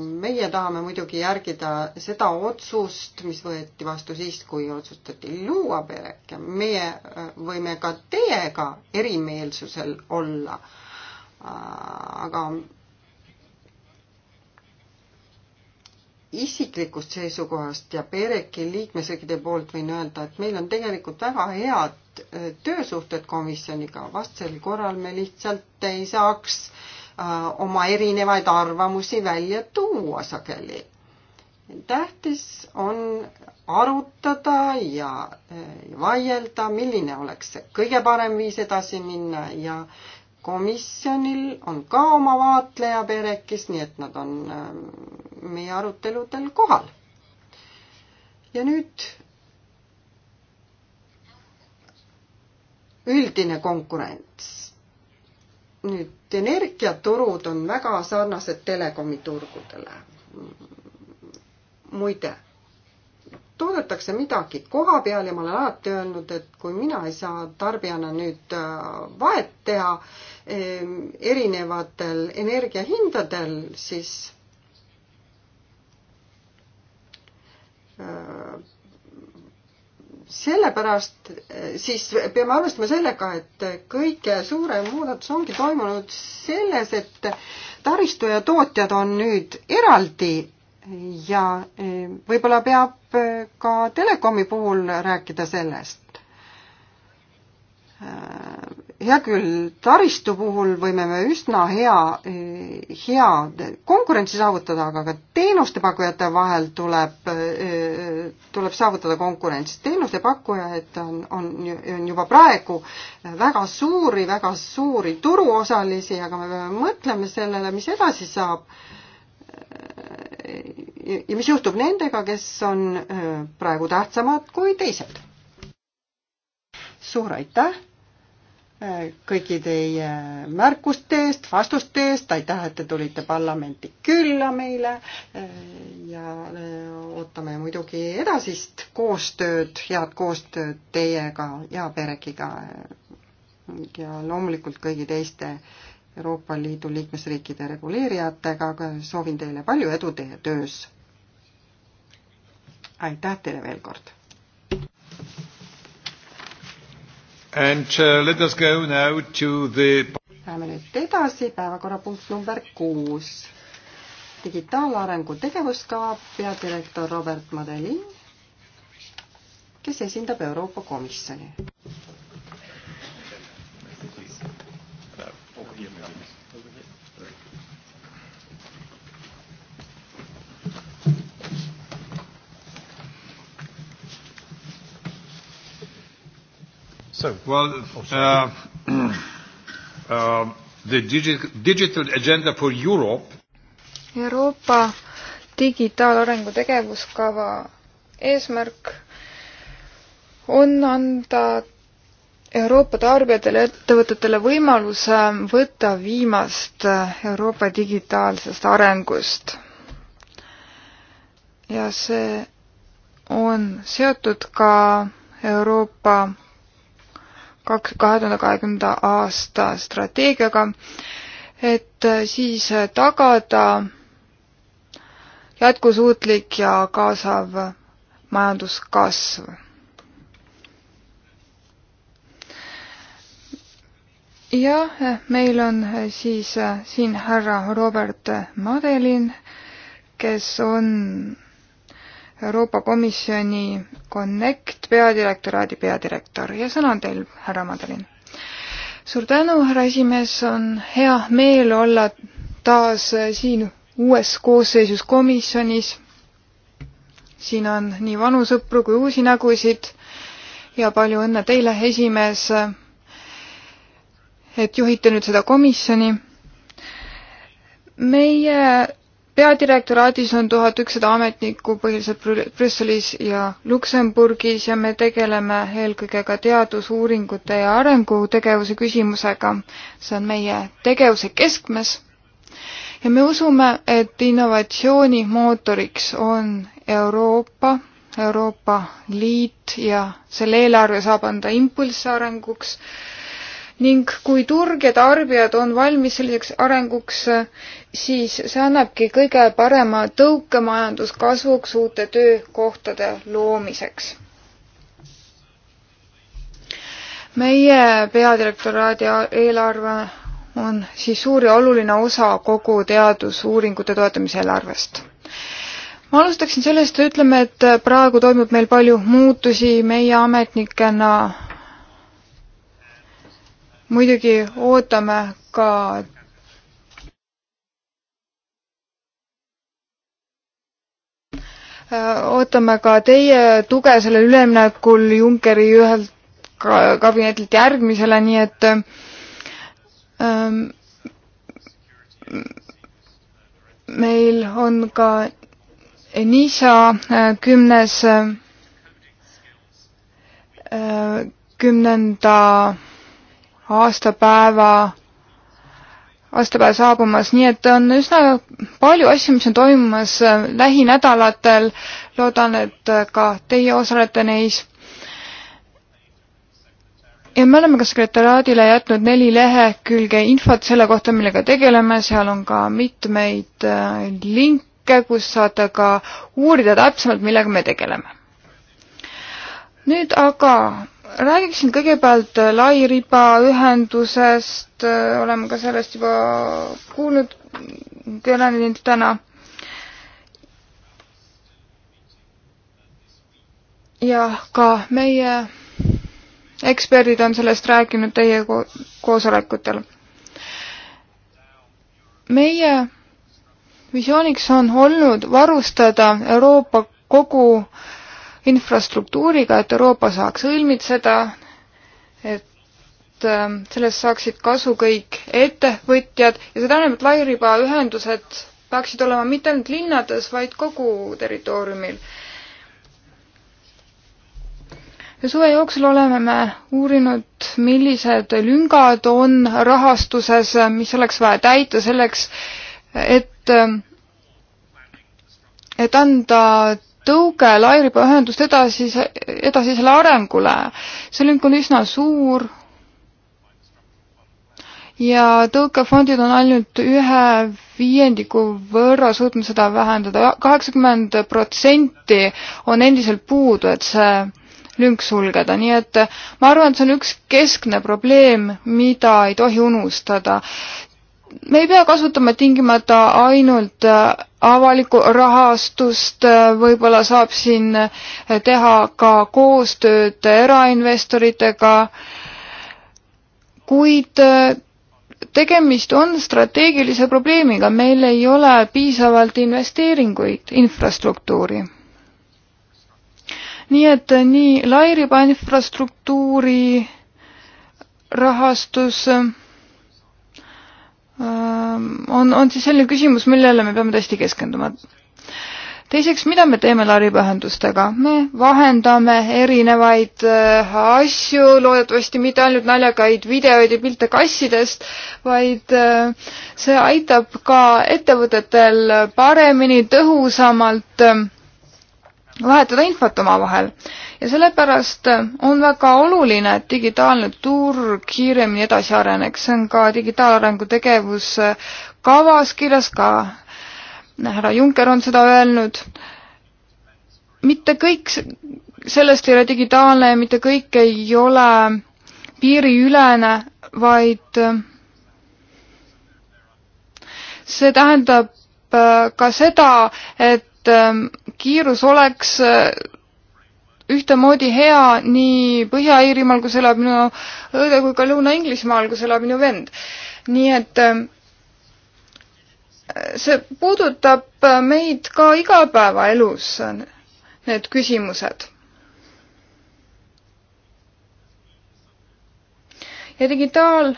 meie tahame muidugi järgida seda otsust, mis võeti vastu siis, kui otsustati luua peret ja meie äh, võime ka teiega erimeelsusel olla. Äh, aga isiklikust seisukohast ja pereki liikmesriikide poolt võin öelda, et meil on tegelikult väga head äh, töösuhted komisjoniga, vastasel korral me lihtsalt ei saaks Äh, oma erinevaid arvamusi välja tuua sageli. tähtis on arutada äh, ja vaielda, milline oleks see kõige parem viis edasi minna ja komisjonil on ka oma vaatleja perekis, nii et nad on äh, meie aruteludel kohal. ja nüüd üldine konkurents nüüd energiaturud on väga sarnased telekomi turgudele. muide, toodetakse midagi koha peal ja ma olen alati öelnud, et kui mina ei saa tarbijana nüüd äh, vahet teha erinevatel energiahindadel, siis äh, sellepärast siis peame arvestama sellega, et kõige suurem muudatus ongi toimunud selles, et taristu ja tootjad on nüüd eraldi ja e, võib-olla peab e, ka telekomi puhul rääkida sellest hea küll, taristu puhul võime me üsna hea, hea konkurentsi saavutada, aga ka teenustepakkujate vahel tuleb, tuleb saavutada konkurents. teenusepakkujaid on, on, on juba praegu väga suuri, väga suuri turuosalisi, aga me peame mõtlema sellele, mis edasi saab. ja mis juhtub nendega, kes on äh, praegu tähtsamad kui teised. suur aitäh kõigi teie märkuste eest, vastuste eest, aitäh, et te tulite parlamenti külla meile ja äh, ootame muidugi edasist koostööd, head koostööd teiega ja Perekiga ja loomulikult kõigi teiste Euroopa Liidu liikmesriikide reguleerijatega, aga soovin teile palju edu teie töös. aitäh teile veel kord! And uh, let us go now to the Läheme nüüd edasi, päevakorrapunkt number kuus. digitaalarengu tegevuskava peadirektor Robert Madelin, kes esindab Euroopa Komisjoni. So, well, uh, uh, uh, the digi digital agenda for Europe. Euroopa digitaalarengu tegevuskava eesmärk on anda Euroopa tarbijatele ja ettevõtetele võimaluse võtta viimast Euroopa digitaalsest arengust. ja see on seotud ka Euroopa kaks, kahe tuhande kahekümnenda aasta strateegiaga, et äh, siis äh, tagada jätkusuutlik ja kaasav majanduskasv. jah, meil on äh, siis siin härra Robert Madelin, kes on Euroopa Komisjoni Connect peadirektoraadi peadirektor ja sõna on teil, härra Madalin. suur tänu, härra esimees, on hea meel olla taas siin uues koosseisus komisjonis. siin on nii vanu sõpru kui uusi nägusid ja palju õnne teile, esimees, et juhite nüüd seda komisjoni meie peadirektoraadis on tuhat ükssada ametnikku põhiliselt Brüsselis ja Luksemburgis ja me tegeleme eelkõige ka teadusuuringute ja arengutegevuse küsimusega. see on meie tegevuse keskmes. ja me usume, et innovatsiooni mootoriks on Euroopa, Euroopa Liit ja selle eelarve saab anda impulsse arenguks ning kui turg ja tarbijad on valmis selliseks arenguks, siis see annabki kõige parema tõuke majanduskasvuks, uute töökohtade loomiseks. meie peadirektoraadi eelarve on siis suur ja oluline osa kogu teadusuuringute toetamise eelarvest ma alustaksin sellest, et ütleme, et praegu toimub meil palju muutusi, meie ametnikena muidugi ootame ka äh, ootame ka teie tuge sellel üleminekul Junckeri ühelt kabinetilt järgmisele, nii et ähm, meil on ka NISA äh, kümnes äh,, kümnenda aastapäeva, aastapäev saabumas, nii et on üsna palju asju, mis on toimumas äh, lähinädalatel. loodan, et äh, ka teie osalete neis. ja me oleme ka sekretäraadile jätnud neli lehekülge infot selle kohta, millega tegeleme, seal on ka mitmeid äh, linke, kus saate ka uurida täpsemalt, millega me tegeleme. nüüd aga räägiksin kõigepealt äh, lairibaühendusest, äh, oleme ka sellest juba kuulnud kõnelnud täna. ja ka meie eksperdid on sellest rääkinud teie ko koosolekutel. meie visiooniks on olnud varustada Euroopa kogu äh, infrastruktuuriga, et Euroopa saaks õilmitseda, et ähm, sellest saaksid kasu kõik ettevõtjad ja see tähendab, et lairibaühendused peaksid olema mitte ainult linnades, vaid kogu territooriumil. ja suve jooksul oleme me uurinud, millised lüngad on rahastuses, mis oleks vaja täita selleks, et, ähm, et anda tõuge lairibaühendust edasi, edasisele arengule. see lünk on üsna suur ja tõukefondid on ainult ühe viiendiku võrra suutnud seda vähendada, kaheksakümmend protsenti on endiselt puudu, et see lünk sulgeda, nii et ma arvan, et see on üks keskne probleem, mida ei tohi unustada. me ei pea kasutama tingimata ainult avalikku rahastust, äh, võib-olla saab siin äh, teha ka koostööd erainvestoritega, kuid äh, tegemist on strateegilise probleemiga, meil ei ole piisavalt investeeringuid infrastruktuuri. nii et nii lairiba infrastruktuuri rahastus on, on siis selline küsimus, millele me peame tõesti keskenduma. teiseks, mida me teeme laripühendustega? me vahendame erinevaid asju, loodetavasti mitte ainult naljakaid videoid ja pilte kassidest, vaid see aitab ka ettevõtetel paremini, tõhusamalt vahetada infot omavahel ja sellepärast on väga oluline, et digitaalne turg kiiremini edasi areneks, see on ka digitaalarengu tegevuskavas kirjas, ka härra Juncker on seda öelnud. mitte kõik sellest ei ole digitaalne ja mitte kõik ei ole piiriülene, vaid see tähendab ka seda, et et ähm, kiirus oleks äh, ühtemoodi hea nii Põhja-Iirimaal, kus elab minu õde, kui ka Lõuna-Inglismaal, kus elab minu vend. nii et ähm, see puudutab äh, meid ka igapäevaelus, need küsimused. ja digitaal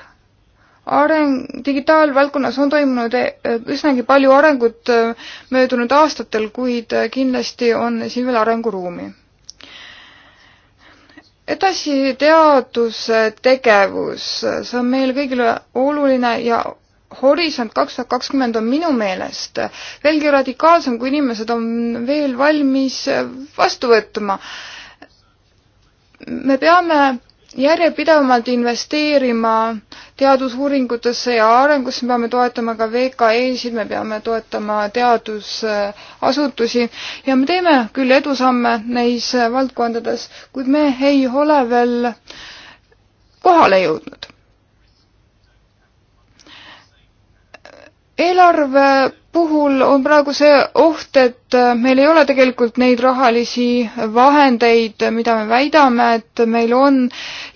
areng, digitaalvaldkonnas on toimunud eh, üsnagi palju arengut eh, möödunud aastatel, kuid eh, kindlasti on siin veel arenguruumi. edasi teadustegevus, see on meile kõigile oluline ja Horisont kaks tuhat kakskümmend on minu meelest veelgi radikaalsem, kui inimesed on veel valmis vastu võtma. me peame järjepidevamalt investeerima teadusuuringutesse ja arengusse, me peame toetama ka VKE-sid, me peame toetama teadusasutusi ja me teeme küll edusamme neis valdkondades, kuid me ei ole veel kohale jõudnud. eelarve puhul on praegu see oht, et äh, meil ei ole tegelikult neid rahalisi vahendeid, mida me väidame, et meil on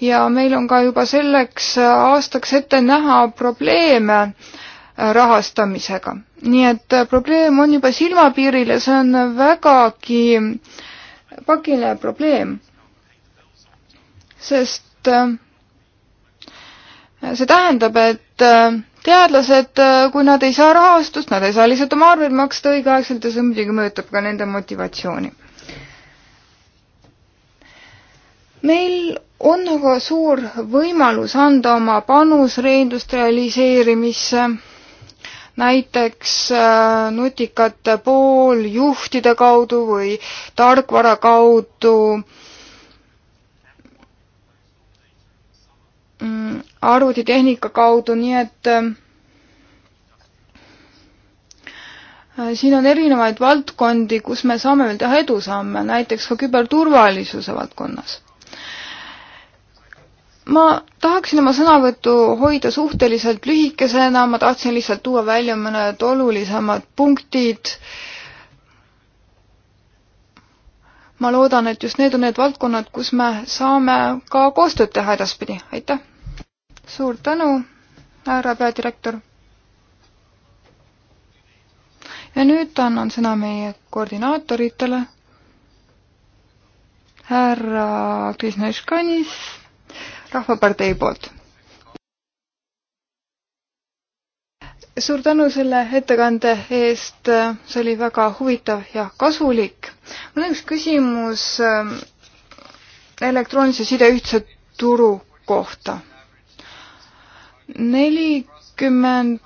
ja meil on ka juba selleks äh, aastaks ette näha probleeme äh, rahastamisega. nii et probleem on juba silmapiiril ja see on vägagi pakiline probleem. sest see tähendab, et teadlased, äh, kui nad ei saa rahastust, nad ei saa lihtsalt oma arveid maksta õigeaegselt ja see muidugi mõjutab ka nende motivatsiooni. meil on aga suur võimalus anda oma panus reindustrialiseerimisse, näiteks äh, nutikate pooljuhtide kaudu või tarkvara kaudu äh, Mm, arvutitehnika kaudu, nii et ähm, äh, siin on erinevaid valdkondi, kus me saame veel teha edusamme, näiteks ka küberturvalisuse valdkonnas. ma tahaksin oma sõnavõttu hoida suhteliselt lühikesena, ma tahtsin lihtsalt tuua välja mõned olulisemad punktid. ma loodan, et just need on need valdkonnad, kus me saame ka koostööd teha edaspidi, aitäh! suur tänu, härra peadirektor. ja nüüd annan sõna meie koordinaatoritele. härra Krisna Iškanis Rahvapartei poolt. suur tänu selle ettekande eest, see oli väga huvitav ja kasulik. mul on üks küsimus ähm, elektroonilise side ühtse turu kohta nelikümmend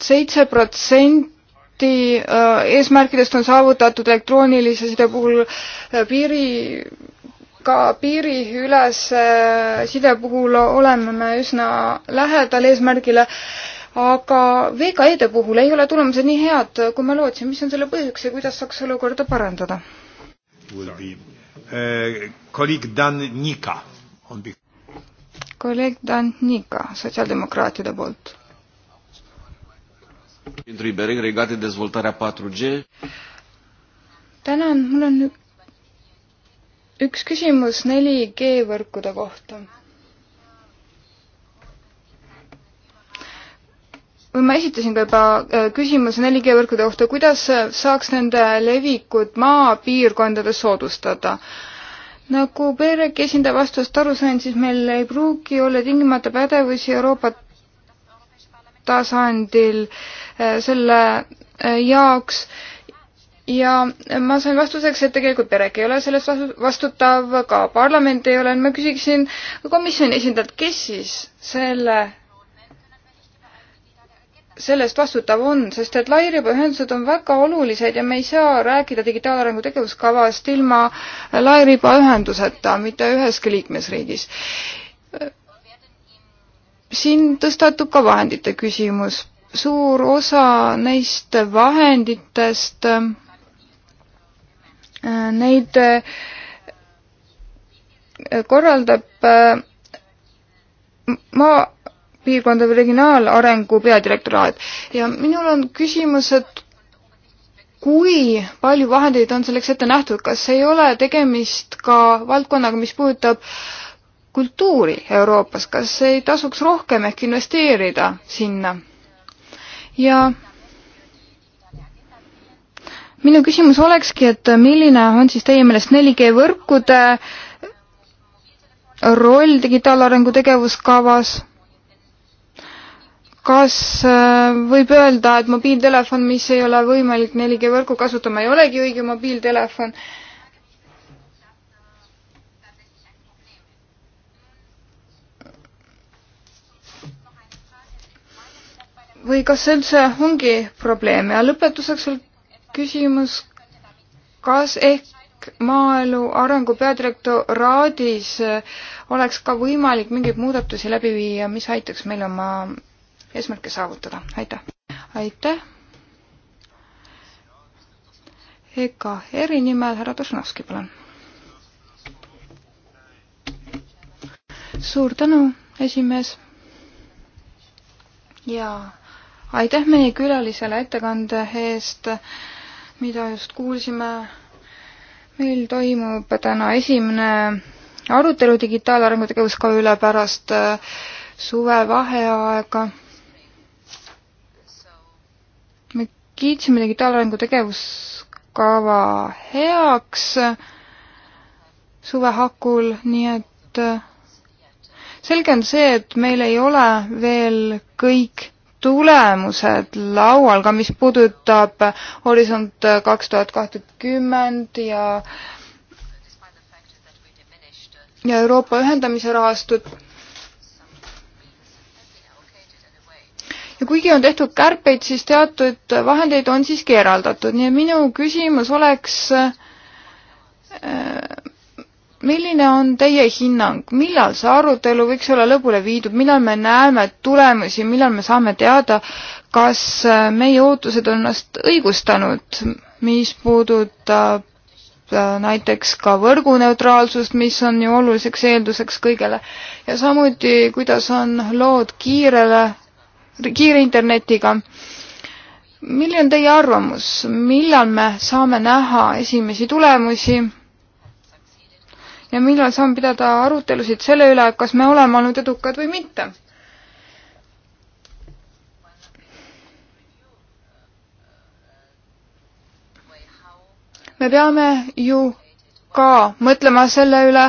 seitse protsenti äh, eesmärkidest on saavutatud elektroonilise side puhul äh, piiri, ka piiriülese äh, side puhul oleme me üsna lähedal eesmärgile, aga VKE-de puhul ei ole tulemused nii head, kui me lootsime, mis on selle põhjuseks ja kuidas saaks olukorda parandada? kolleeg Dan Nika on pikk kolleeg Dan Nika sotsiaaldemokraatide poolt. tänan, mul on üks küsimus 4G võrkude kohta. või ma esitasin ka juba äh, küsimuse 4G võrkude kohta, kuidas saaks nende levikut maapiirkondades soodustada? nagu Bereki esindaja vastust aru sain, siis meil ei pruugi olla tingimata pädevusi Euroopa tasandil äh, selle äh, jaoks ja ma sain vastuseks, et tegelikult Berek ei ole sellest vastutav, ka parlament ei ole, ma küsiksin komisjoni esindajalt, kes siis selle selle eest vastutav on, sest et lairibaühendused on väga olulised ja me ei saa rääkida digitaalarengu tegevuskavast ilma lairibaühenduseta mitte üheski liikmesriigis. siin tõstatub ka vahendite küsimus. suur osa neist vahenditest, neid korraldab äh, maa piirkondade regionaalarengu peadirektoraat ja minul on küsimus, et kui palju vahendeid on selleks ette nähtud, kas ei ole tegemist ka valdkonnaga, mis puudutab kultuuri Euroopas, kas ei tasuks rohkem ehk investeerida sinna? ja minu küsimus olekski, et milline on siis teie meelest 4G võrkude roll digitaalarengu tegevuskavas kas äh, võib öelda, et mobiiltelefon, mis ei ole võimalik 4G võrku kasutama, ei olegi õige mobiiltelefon? või kas see üldse ongi probleem ja lõpetuseks veel küsimus, kas ehk maaelu arengu peadirektoraadis äh, oleks ka võimalik mingeid muudatusi läbi viia, mis aitaks meil oma eesmärke saavutada, aitäh! aitäh! EKR-i nimel härra Tosunovski, palun! suur tänu, esimees! ja aitäh meie külalisele ettekande eest, mida just kuulsime. meil toimub täna esimene arutelu digitaalarengu tegevuskava üle pärast äh, suvevaheaega. kiitsime digitaalarengu tegevuskava heaks suve hakul, nii et äh, selge on see, et meil ei ole veel kõik tulemused laual ka, mis puudutab Horisont kaks tuhat kahtekümmend ja ja Euroopa ühendamise rahastut ja kuigi on tehtud kärpeid, siis teatud vahendeid on siiski eraldatud, nii et minu küsimus oleks, äh, milline on teie hinnang, millal see arutelu võiks olla lõpule viidud, millal me näeme tulemusi, millal me saame teada, kas äh, meie ootused on ennast õigustanud, mis puudutab äh, näiteks ka võrguneutraalsust, mis on ju oluliseks eelduseks kõigele ja samuti, kuidas on lood kiirele kiire internetiga. milline on teie arvamus, millal me saame näha esimesi tulemusi? ja millal saame pidada arutelusid selle üle, kas me oleme olnud edukad või mitte? me peame ju ka mõtlema selle üle,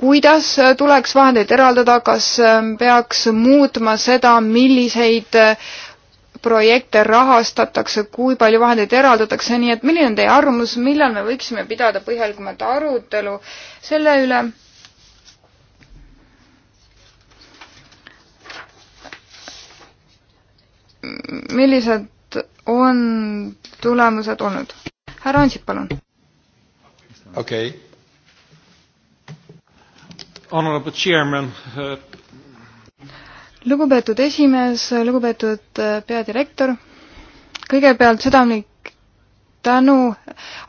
kuidas äh, tuleks vahendeid eraldada, kas äh, peaks muutma seda, milliseid äh, projekte rahastatakse, kui palju vahendeid eraldatakse, nii et milline on teie arvamus, millal me võiksime pidada põhjalikumat arutelu selle üle? millised on tulemused olnud? härra Ansip, palun. okei okay Honorable Chairman uh.... lugupeetud esimees, lugupeetud uh, peadirektor, kõigepealt südamlik tänu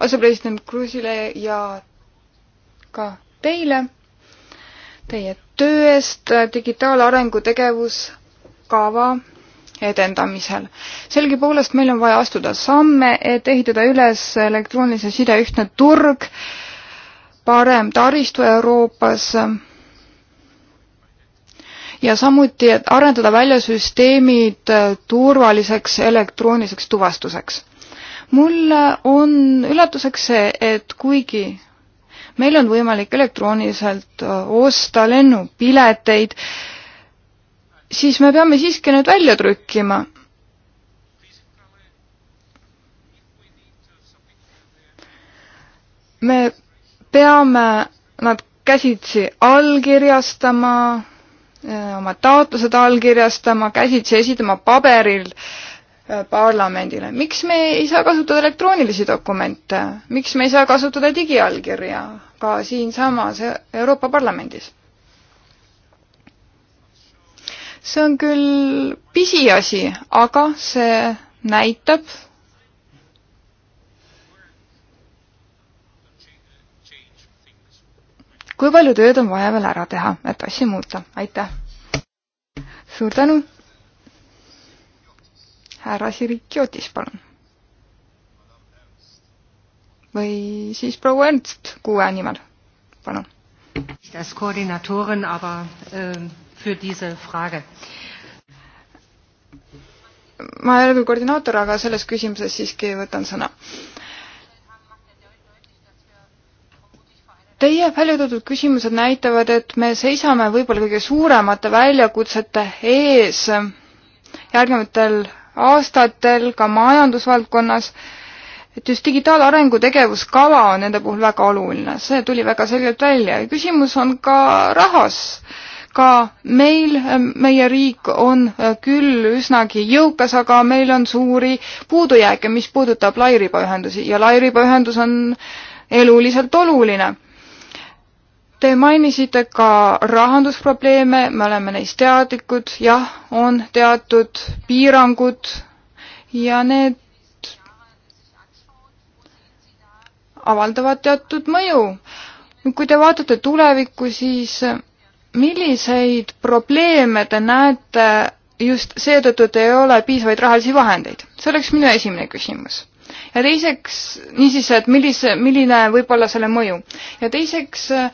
asepresident Kruusile ja ka teile teie töö eest digitaalarengu tegevuskava edendamisel. sellegipoolest meil on vaja astuda samme, et ehitada üles elektroonilise side ühtne turg, parem taristu Euroopas ja samuti, et arendada välja süsteemid äh, turvaliseks elektrooniliseks tuvastuseks. mulle on üllatuseks see, et kuigi meil on võimalik elektrooniliselt äh, osta lennupileteid, siis me peame siiski need välja trükkima. me peame nad käsitsi allkirjastama Äh, oma taotlused allkirjastama, käsitsi esitama paberil äh, parlamendile. miks me ei saa kasutada elektroonilisi dokumente, miks me ei saa kasutada digiallkirja ka siinsamas Euroopa Parlamendis? see on küll pisiasi, aga see näitab kui palju tööd on vaja veel ära teha, et asju muuta, aitäh! suur tänu! härra Sirikiotis, palun! või siis proua Ernst kuue nimel, palun! als Koordinatorin aber ähm, für diese Frage. ma ei ole küll koordinaator, aga selles küsimuses siiski võtan sõna. Teie välja toodud küsimused näitavad, et me seisame võib-olla kõige suuremate väljakutsete ees järgnevatel aastatel ka majandusvaldkonnas, et just digitaalarengu tegevuskava on nende puhul väga oluline, see tuli väga selgelt välja ja küsimus on ka rahas. ka meil, meie riik on küll üsnagi jõukas, aga meil on suuri puudujääke, mis puudutab lairibaühendusi ja lairibaühendus on eluliselt oluline Te mainisite ka rahandusprobleeme, me oleme neist teadlikud, jah, on teatud piirangud ja need avaldavad teatud mõju. kui te vaatate tulevikku, siis milliseid probleeme te näete just seetõttu, et ei ole piisavaid rahalisi vahendeid? see oleks minu esimene küsimus ja teiseks, niisiis, et millise, milline võib olla selle mõju. ja teiseks äh,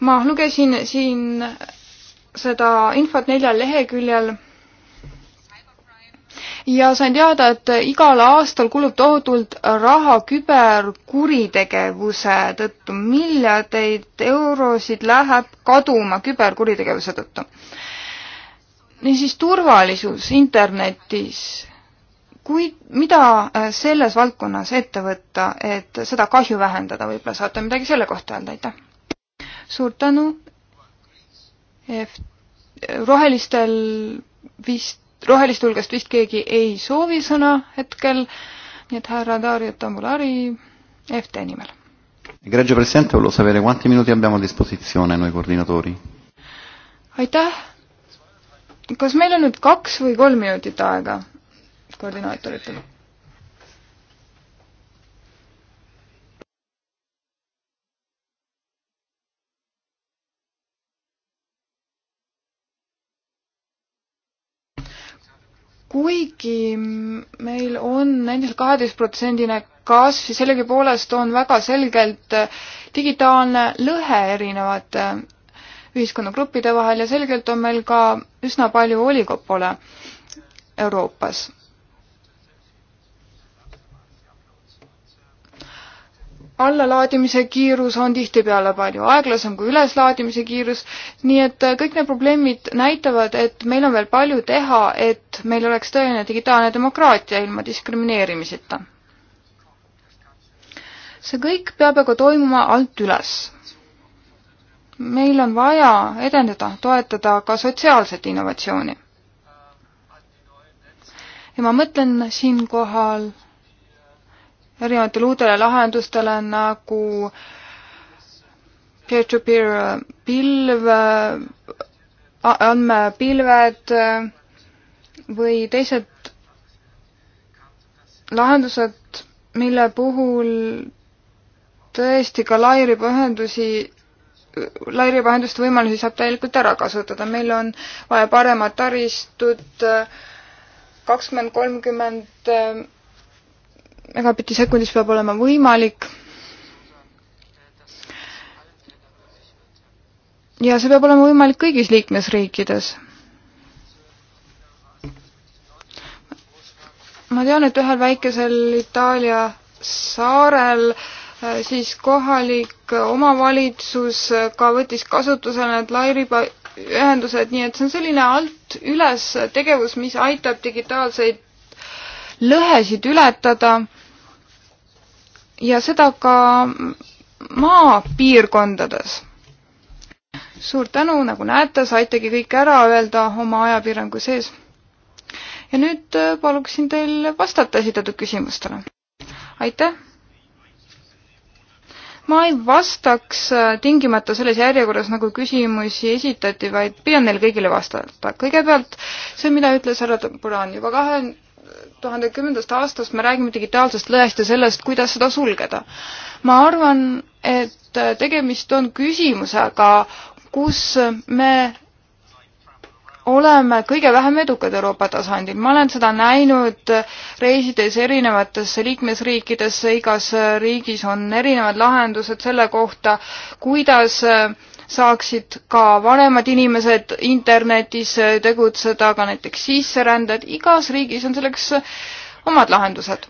ma lugesin siin seda infot neljal leheküljel ja sain teada, et igal aastal kulub tohutult raha küberkuritegevuse tõttu. miljardeid eurosid läheb kaduma küberkuritegevuse tõttu. niisiis turvalisus internetis, kui, mida selles valdkonnas ette võtta, et seda kahju vähendada, võib-olla saate midagi selle kohta öelda, aitäh? suur tänu. rohelistel vist, roheliste hulgast vist keegi ei soovi sõna hetkel, nii et härra Dario Tambolari EFT nimel. Egregio Presidente, volevo sapere quanti minuti abbiamo a disposizione noi coordinatori? aitäh. kas meil on nüüd kaks või kolm minutit aega koordinaatoritele? kuigi meil on endiselt kaheteistprotsendine kasv, siis sellegipoolest on väga selgelt digitaalne lõhe erinevate äh, ühiskonnagruppide vahel ja selgelt on meil ka üsna palju oligopole Euroopas. allalaadimise kiirus on tihtipeale palju aeglasem kui üleslaadimise kiirus, nii et äh, kõik need probleemid näitavad, et meil on veel palju teha, et meil oleks tõeline digitaalne demokraatia ilma diskrimineerimiseta. see kõik peab aga toimuma alt üles. meil on vaja edendada, toetada ka sotsiaalset innovatsiooni. ja ma mõtlen siinkohal erinevatele uutele lahendustele nagu peer-to-peer -peer pilv, andmepilved või teised lahendused, mille puhul tõesti ka lairibaühendusi, lairibaühenduste võimalusi saab täielikult ära kasutada, meil on vaja paremat taristut, kakskümmend, kolmkümmend megabitti sekundis peab olema võimalik. ja see peab olema võimalik kõigis liikmesriikides. ma tean, et ühel väikesel Itaalia saarel äh, siis kohalik omavalitsus äh, ka võttis kasutusele need lairiba ühendused, nii et see on selline alt üles tegevus, mis aitab digitaalseid lõhesid ületada ja seda ka maapiirkondades. suur tänu, nagu näete, saitegi kõik ära öelda oma ajapiirangu sees. ja nüüd äh, paluksin teil vastata esitatud küsimustele. aitäh! ma ei vastaks äh, tingimata selles järjekorras, nagu küsimusi esitati, vaid püüan neile kõigile vastata. kõigepealt see, mida ütles härra Buran juba kahe tuhande kümnendast aastast me räägime digitaalsest lõhest ja sellest, kuidas seda sulgeda. ma arvan, et tegemist on küsimusega, kus me oleme kõige vähem edukad Euroopa tasandil. ma olen seda näinud reisides erinevatesse liikmesriikidesse, igas riigis on erinevad lahendused selle kohta, kuidas äh, saaksid ka vanemad inimesed internetis tegutseda, ka näiteks sisserändajad, igas riigis on selleks omad lahendused.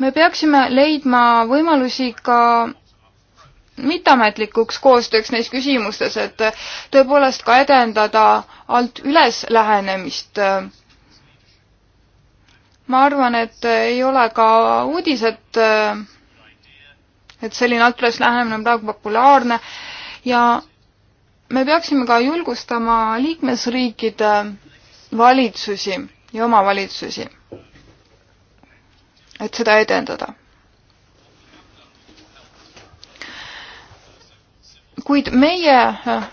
me peaksime leidma võimalusi ka mitteametlikuks koostööks neis küsimustes, et tõepoolest ka edendada alt üles lähenemist. ma arvan, et ei ole ka uudis, et et selline alt üles lähenemine on praegu populaarne ja me peaksime ka julgustama liikmesriikide valitsusi ja omavalitsusi, et seda edendada. kuid meie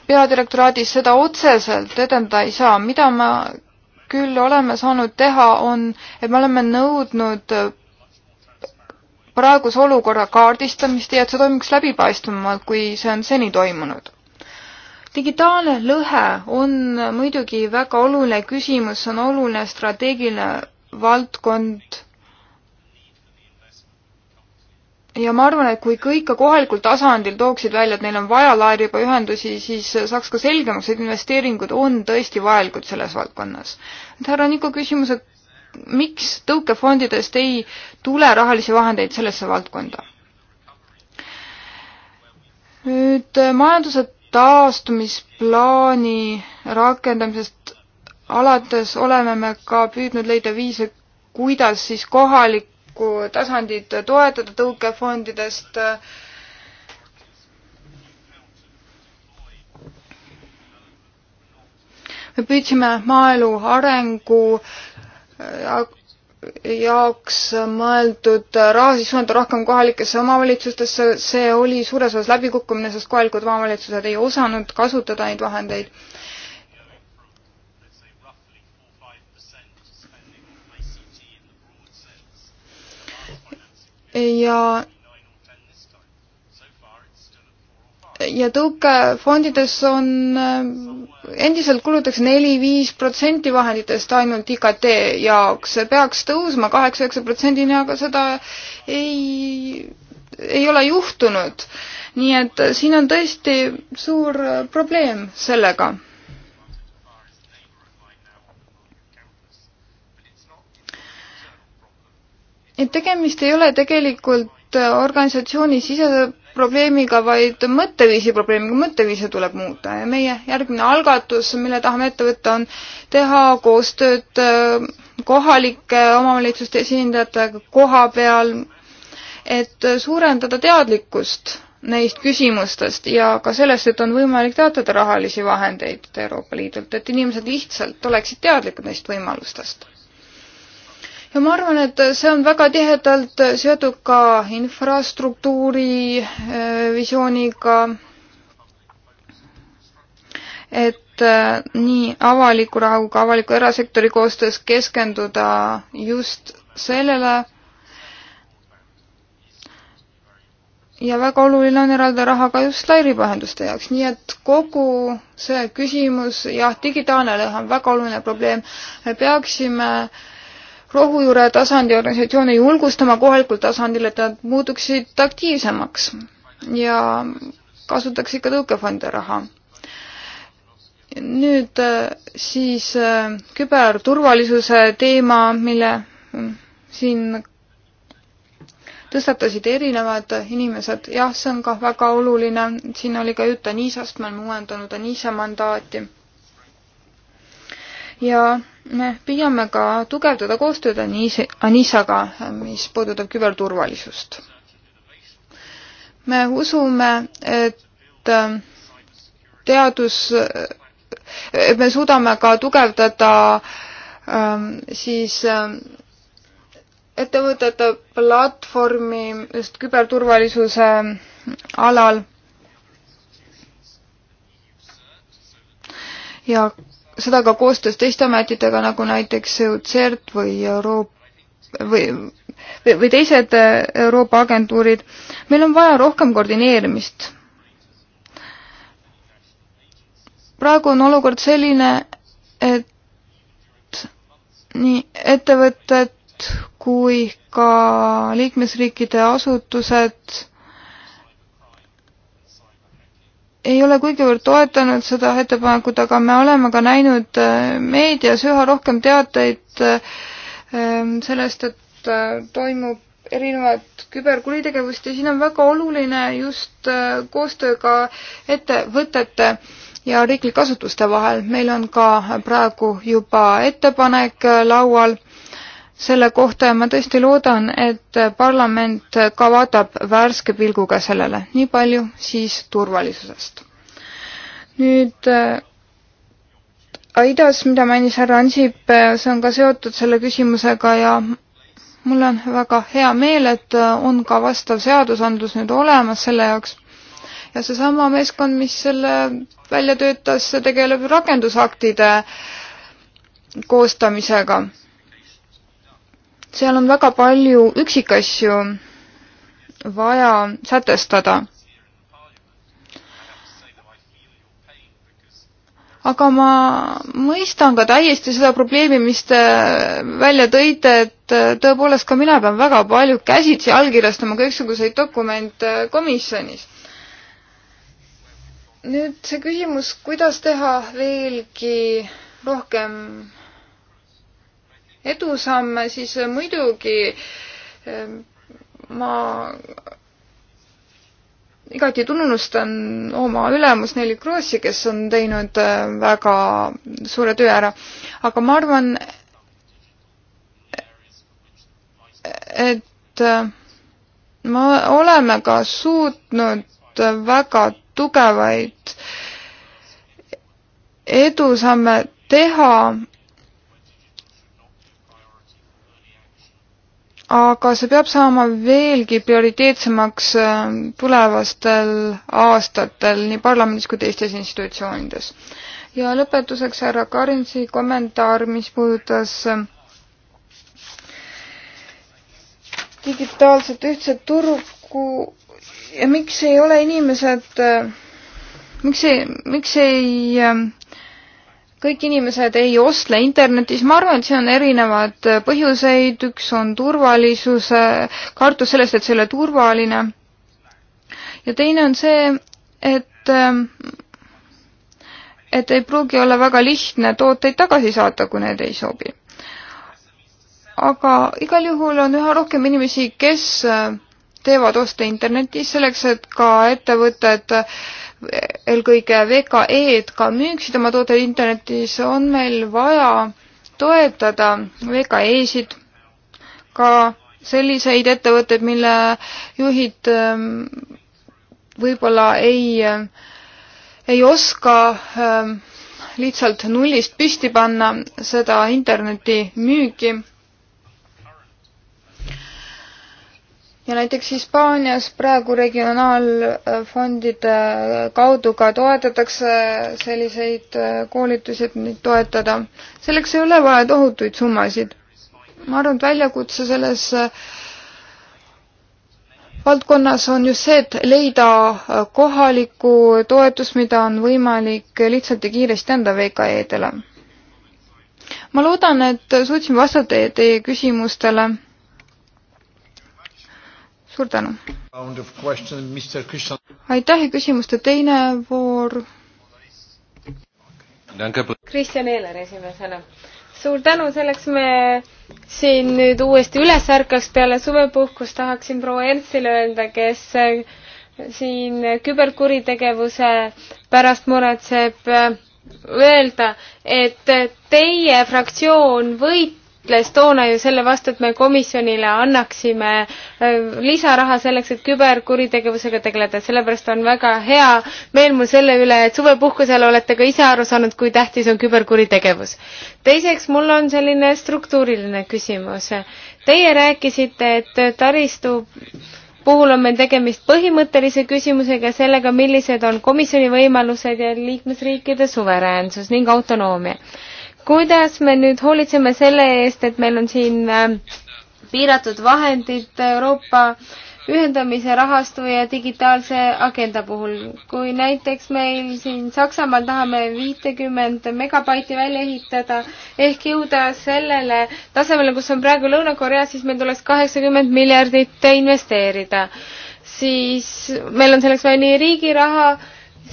peadirektoraadis seda otseselt edendada ei saa, mida me küll oleme saanud teha, on, et me oleme nõudnud praeguse olukorra kaardistamist ja et see toimuks läbipaistvamalt, kui see on seni toimunud. digitaalne lõhe on muidugi väga oluline küsimus, see on oluline strateegiline valdkond ja ma arvan, et kui kõik ka kohalikul tasandil tooksid välja, et neil on vaja lairibaühendusi, siis saaks ka selgemaks, et investeeringud on tõesti vajalikud selles valdkonnas. et härra Niko küsimuse miks tõukefondidest ei tule rahalisi vahendeid sellesse valdkonda? nüüd majanduse taastumisplaani rakendamisest alates oleme me ka püüdnud leida viise, kuidas siis kohalikku tasandit toetada tõukefondidest äh, me püüdsime maaelu arengu Äh, jaoks mõeldud äh, raha siis suunata rohkem kohalikesse omavalitsustesse, see oli suures osas läbikukkumine, sest kohalikud omavalitsused ei osanud kasutada neid vahendeid. ja ja tõukefondides on, äh, endiselt kulutakse neli-viis protsenti vahenditest ainult IKT jaoks, see peaks tõusma kaheksa-üheksa protsendini, aga seda ei, ei ole juhtunud. nii et siin on tõesti suur äh, probleem sellega. et tegemist ei ole tegelikult äh, organisatsiooni sise probleemiga, vaid mõtteviisi probleemiga, mõtteviise tuleb muuta ja meie järgmine algatus, mille tahame ette võtta, on teha koostööd äh, kohalike omavalitsuste esindajatega koha peal, et suurendada teadlikkust neist küsimustest ja ka sellest, et on võimalik taotleda rahalisi vahendeid Euroopa Liidult, et inimesed lihtsalt oleksid teadlikud neist võimalustest ja ma arvan, et see on väga tihedalt seotud ka infrastruktuuri äh, visiooniga, et äh, nii avaliku raha kui ka avaliku erasektori koostöös keskenduda just sellele ja väga oluline on eraldada raha ka just lairibahenduste jaoks, nii et kogu see küsimus, jah, digitaalne lõhe on väga oluline probleem, me peaksime äh, rohujuure tasandi organisatsioone julgustama kohalikul tasandil, et nad muutuksid aktiivsemaks ja kasutaks ikka tõukefondi raha. nüüd äh, siis äh, küberturvalisuse teema, mille mm, siin tõstatasid erinevad inimesed, jah, see on ka väga oluline, siin oli ka juttu Anisast, me oleme uuendanud Anisa mandaati. ja me püüame ka tugevdada koostööd Anisaga, mis puudutab küberturvalisust. me usume, et äh, teadus, äh, et me suudame ka tugevdada ähm, siis äh, ettevõtete platvormi just küberturvalisuse alal ja seda ka koostöös teiste ametitega, nagu näiteks CERT või Euroopa või, või, või teised äh, Euroopa agentuurid. meil on vaja rohkem koordineerimist. praegu on olukord selline, et nii ettevõtted kui ka liikmesriikide asutused ei ole kuigivõrd toetanud seda ettepanekut, aga me oleme ka näinud äh, meedias üha rohkem teateid äh, ähm, sellest, et äh, toimub erinevat küberkuritegevust ja siin on väga oluline just koostöö ka ettevõtete ja riiklike asutuste vahel. meil on ka praegu juba ettepanek laual selle kohta ja ma tõesti loodan, et parlament ka vaatab värske pilguga sellele. nii palju siis turvalisusest. nüüd Aidas, mida mainis härra Ansip, see on ka seotud selle küsimusega ja mul on väga hea meel, et on ka vastav seadusandlus nüüd olemas selle jaoks. ja seesama meeskond, mis selle välja töötas, tegeleb rakendusaktide koostamisega seal on väga palju üksikasju vaja sätestada. aga ma mõistan ka täiesti seda probleemi, mis te välja tõite, et tõepoolest ka mina pean väga palju käsitsi allkirjastama kõiksuguseid dokumente komisjonis. nüüd see küsimus, kuidas teha veelgi rohkem edusamme, siis muidugi ähm, ma igati tunnustan oma ülemust Nelli Krossi, kes on teinud äh, väga suure töö ära. aga ma arvan, et äh, me oleme ka suutnud väga tugevaid edusamme teha aga see peab saama veelgi prioriteetsemaks äh, tulevastel aastatel nii parlamendis kui teistes institutsioonides. ja lõpetuseks härra Karinsi kommentaar, mis puudutas äh, digitaalset ühtset turgu ja miks ei ole inimesed, äh, miks ei, miks ei kõik inimesed ei ostle internetis, ma arvan, et siin on erinevad põhjuseid, üks on turvalisuse, kartus sellest, et see ei ole turvaline. ja teine on see, et, et ei pruugi olla väga lihtne tooteid tagasi saata, kui need ei sobi. aga igal juhul on üha rohkem inimesi, kes teevad oste internetis selleks, et ka ettevõtted et eelkõige VKE-d ka müüksid oma tooteid internetis, on meil vaja toetada VKE-sid, ka selliseid ettevõtteid, mille juhid ähm, võib-olla ei, äh, ei oska ähm, lihtsalt nullist püsti panna seda internetimüüki ja näiteks Hispaanias praegu regionaalfondide kaudu ka toetatakse selliseid äh, koolitusi, et neid toetada. selleks ei ole vaja tohutuid summasid. ma arvan, et väljakutse selles äh, valdkonnas on just see, et leida äh, kohalikku toetust, mida on võimalik lihtsalt ja kiiresti anda VKE-dele. ma loodan, et suutsin vastata teie küsimustele suur tänu. aitäh ja küsimuste teine voor. Kristjan Eeler esimesena. suur tänu, selleks me siin nüüd uuesti üles ärkaks peale suvepuhkust, tahaksin proua Ernstile öelda, kes siin küberkuritegevuse pärast muretseb, öelda, et teie fraktsioon võitis võitles toona ju selle vastu, et me komisjonile annaksime äh, lisaraha selleks, et küberkuritegevusega tegeleda, sellepärast on väga hea meel mul selle üle, et suvepuhkusel olete ka ise aru saanud, kui tähtis on küberkuritegevus. teiseks, mul on selline struktuuriline küsimus. Teie rääkisite, et taristu puhul on meil tegemist põhimõttelise küsimusega sellega, millised on komisjoni võimalused ja liikmesriikide suveräänsus ning autonoomia kuidas me nüüd hoolitseme selle eest, et meil on siin äh, piiratud vahendid Euroopa ühendamise rahastu ja digitaalse agenda puhul. kui näiteks meil siin Saksamaal tahame viitekümmend megabaiti välja ehitada ehk jõuda sellele tasemele, kus on praegu Lõuna-Koreas, siis meil tuleks kaheksakümmend miljardit investeerida. siis meil on selleks vaja nii riigi raha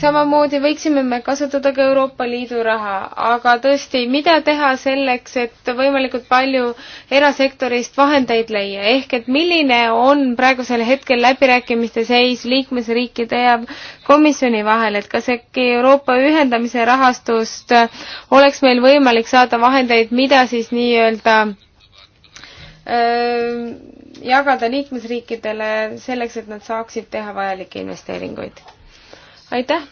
samamoodi võiksime me kasutada ka Euroopa Liidu raha, aga tõesti, mida teha selleks, et võimalikult palju erasektorist vahendeid leia, ehk et milline on praegusel hetkel läbirääkimiste seis liikmesriikide ja komisjoni vahel, et kas äkki Euroopa ühendamise rahastust oleks meil võimalik saada vahendeid, mida siis nii-öelda jagada liikmesriikidele selleks, et nad saaksid teha vajalikke investeeringuid? aitäh!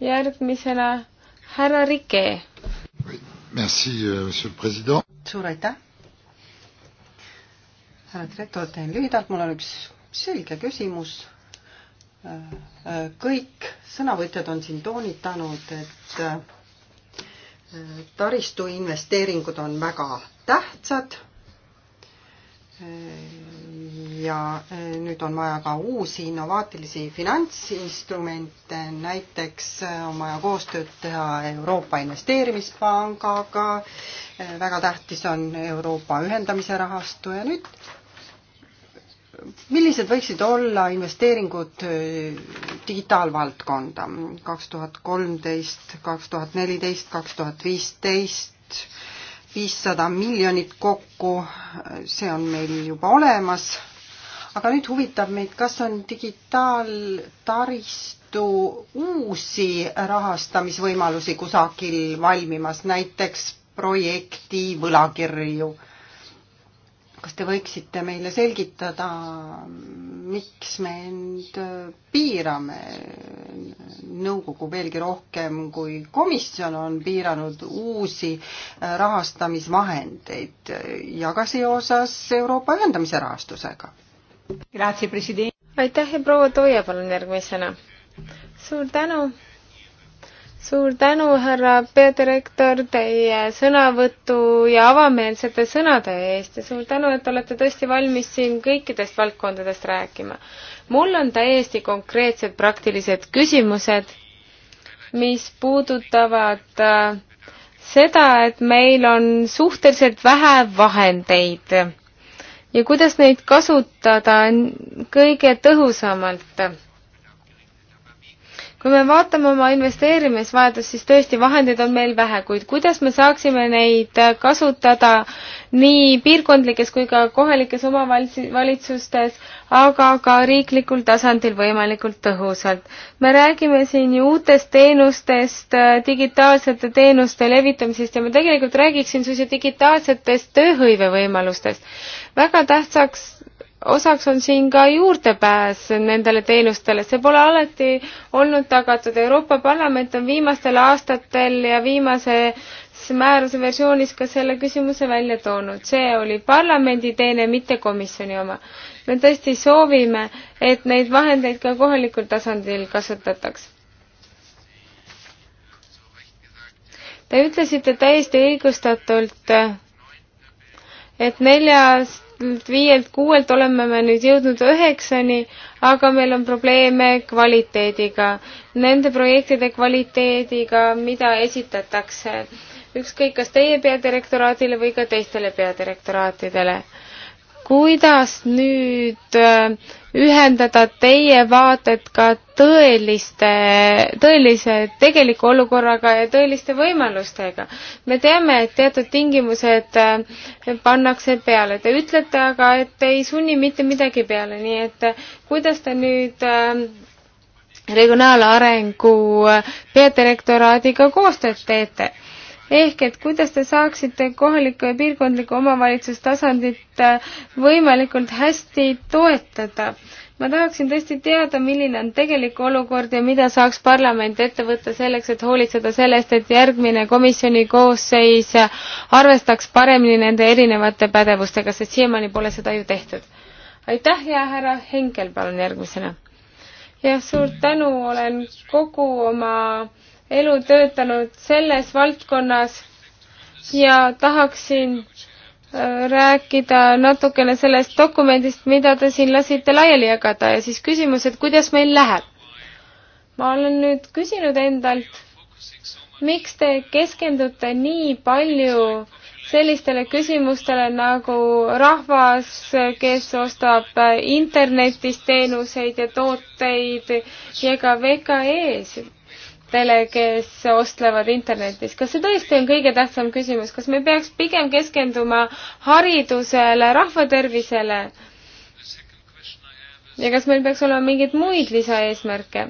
järgmisena härra Rike. Euh, suur aitäh! härra direktor, teen lühidalt, mul on üks selge küsimus. Äh, äh, kõik sõnavõtjad on siin toonitanud, et äh, taristu investeeringud on väga tähtsad ja eh, nüüd on vaja ka uusi innovaatilisi finantsinstrumente, näiteks eh, on vaja koostööd teha Euroopa Investeerimispangaga, eh, väga tähtis on Euroopa ühendamise rahastu ja nüüd millised võiksid olla investeeringud digitaalvaldkonda kaks tuhat kolmteist, kaks tuhat neliteist, kaks tuhat viisteist viissada miljonit kokku, see on meil juba olemas aga nüüd huvitab meid, kas on digitaaltaristu uusi rahastamisvõimalusi kusagil valmimas, näiteks projekti võlakirju. kas te võiksite meile selgitada, miks me end piirame nõukogu veelgi rohkem, kui komisjon on piiranud uusi rahastamisvahendeid ja ka seoses Euroopa ühendamise rahastusega? aitäh ja proua Toia, palun järgmisena. suur tänu. suur tänu, härra peadirektor, teie sõnavõtu ja avameelsete sõnade eest ja suur tänu, et olete tõesti valmis siin kõikidest valdkondadest rääkima. mul on täiesti konkreetsed praktilised küsimused, mis puudutavad äh, seda, et meil on suhteliselt vähe vahendeid ja kuidas neid kasutada kõige tõhusamalt. kui me vaatame oma investeerimisvajadust, siis tõesti, vahendeid on meil vähe, kuid kuidas me saaksime neid kasutada nii piirkondlikes kui ka kohalikes omavalitsustes, aga ka riiklikul tasandil võimalikult tõhusalt. me räägime siin ju uutest teenustest, digitaalsete teenuste levitamisest ja ma tegelikult räägiksin suisa digitaalsetest tööhõive võimalustest väga tähtsaks osaks on siin ka juurdepääs nendele teenustele, see pole alati olnud tagatud. Euroopa Parlament on viimastel aastatel ja viimases määruse versioonis ka selle küsimuse välja toonud. see oli parlamendi teene, mitte komisjoni oma. me tõesti soovime, et neid vahendeid ka kohalikul tasandil kasutataks. Te ütlesite täiesti õigustatult, et neljast viielt kuuelt oleme me nüüd jõudnud üheksani, aga meil on probleeme kvaliteediga, nende projektide kvaliteediga, mida esitatakse ükskõik kas teie peadirektoraadile või ka teistele peadirektoraatidele kuidas nüüd äh, ühendada teie vaated ka tõeliste, tõelise tegeliku olukorraga ja tõeliste võimalustega? me teame, et teatud tingimused äh, pannakse peale, te ütlete aga, et ei sunni mitte midagi peale, nii et äh, kuidas te nüüd regionaalarengu peadirektoraadiga koostööd teete? ehk et kuidas te saaksite kohalikku ja piirkondlikku omavalitsustasandit äh, võimalikult hästi toetada? ma tahaksin tõesti teada, milline on tegelik olukord ja mida saaks parlament ette võtta selleks, et hoolitseda sellest, et järgmine komisjoni koosseis arvestaks paremini nende erinevate pädevustega, sest siiamaani pole seda ju tehtud. aitäh ja härra Henkel, palun järgmisena. jah, suur tänu, olen kogu oma elu töötanud selles valdkonnas ja tahaksin äh, rääkida natukene sellest dokumendist, mida te siin lasite laiali jagada ja siis küsimus, et kuidas meil läheb. ma olen nüüd küsinud endalt, miks te keskendute nii palju sellistele küsimustele nagu rahvas, kes ostab äh, internetist teenuseid ja tooteid ja ka VKE-sid ettevõtetele, kes ostlevad internetis. kas see tõesti on kõige tähtsam küsimus, kas me peaks pigem keskenduma haridusele, rahvatervisele? ja kas meil peaks olema mingeid muid lisaeesmärke?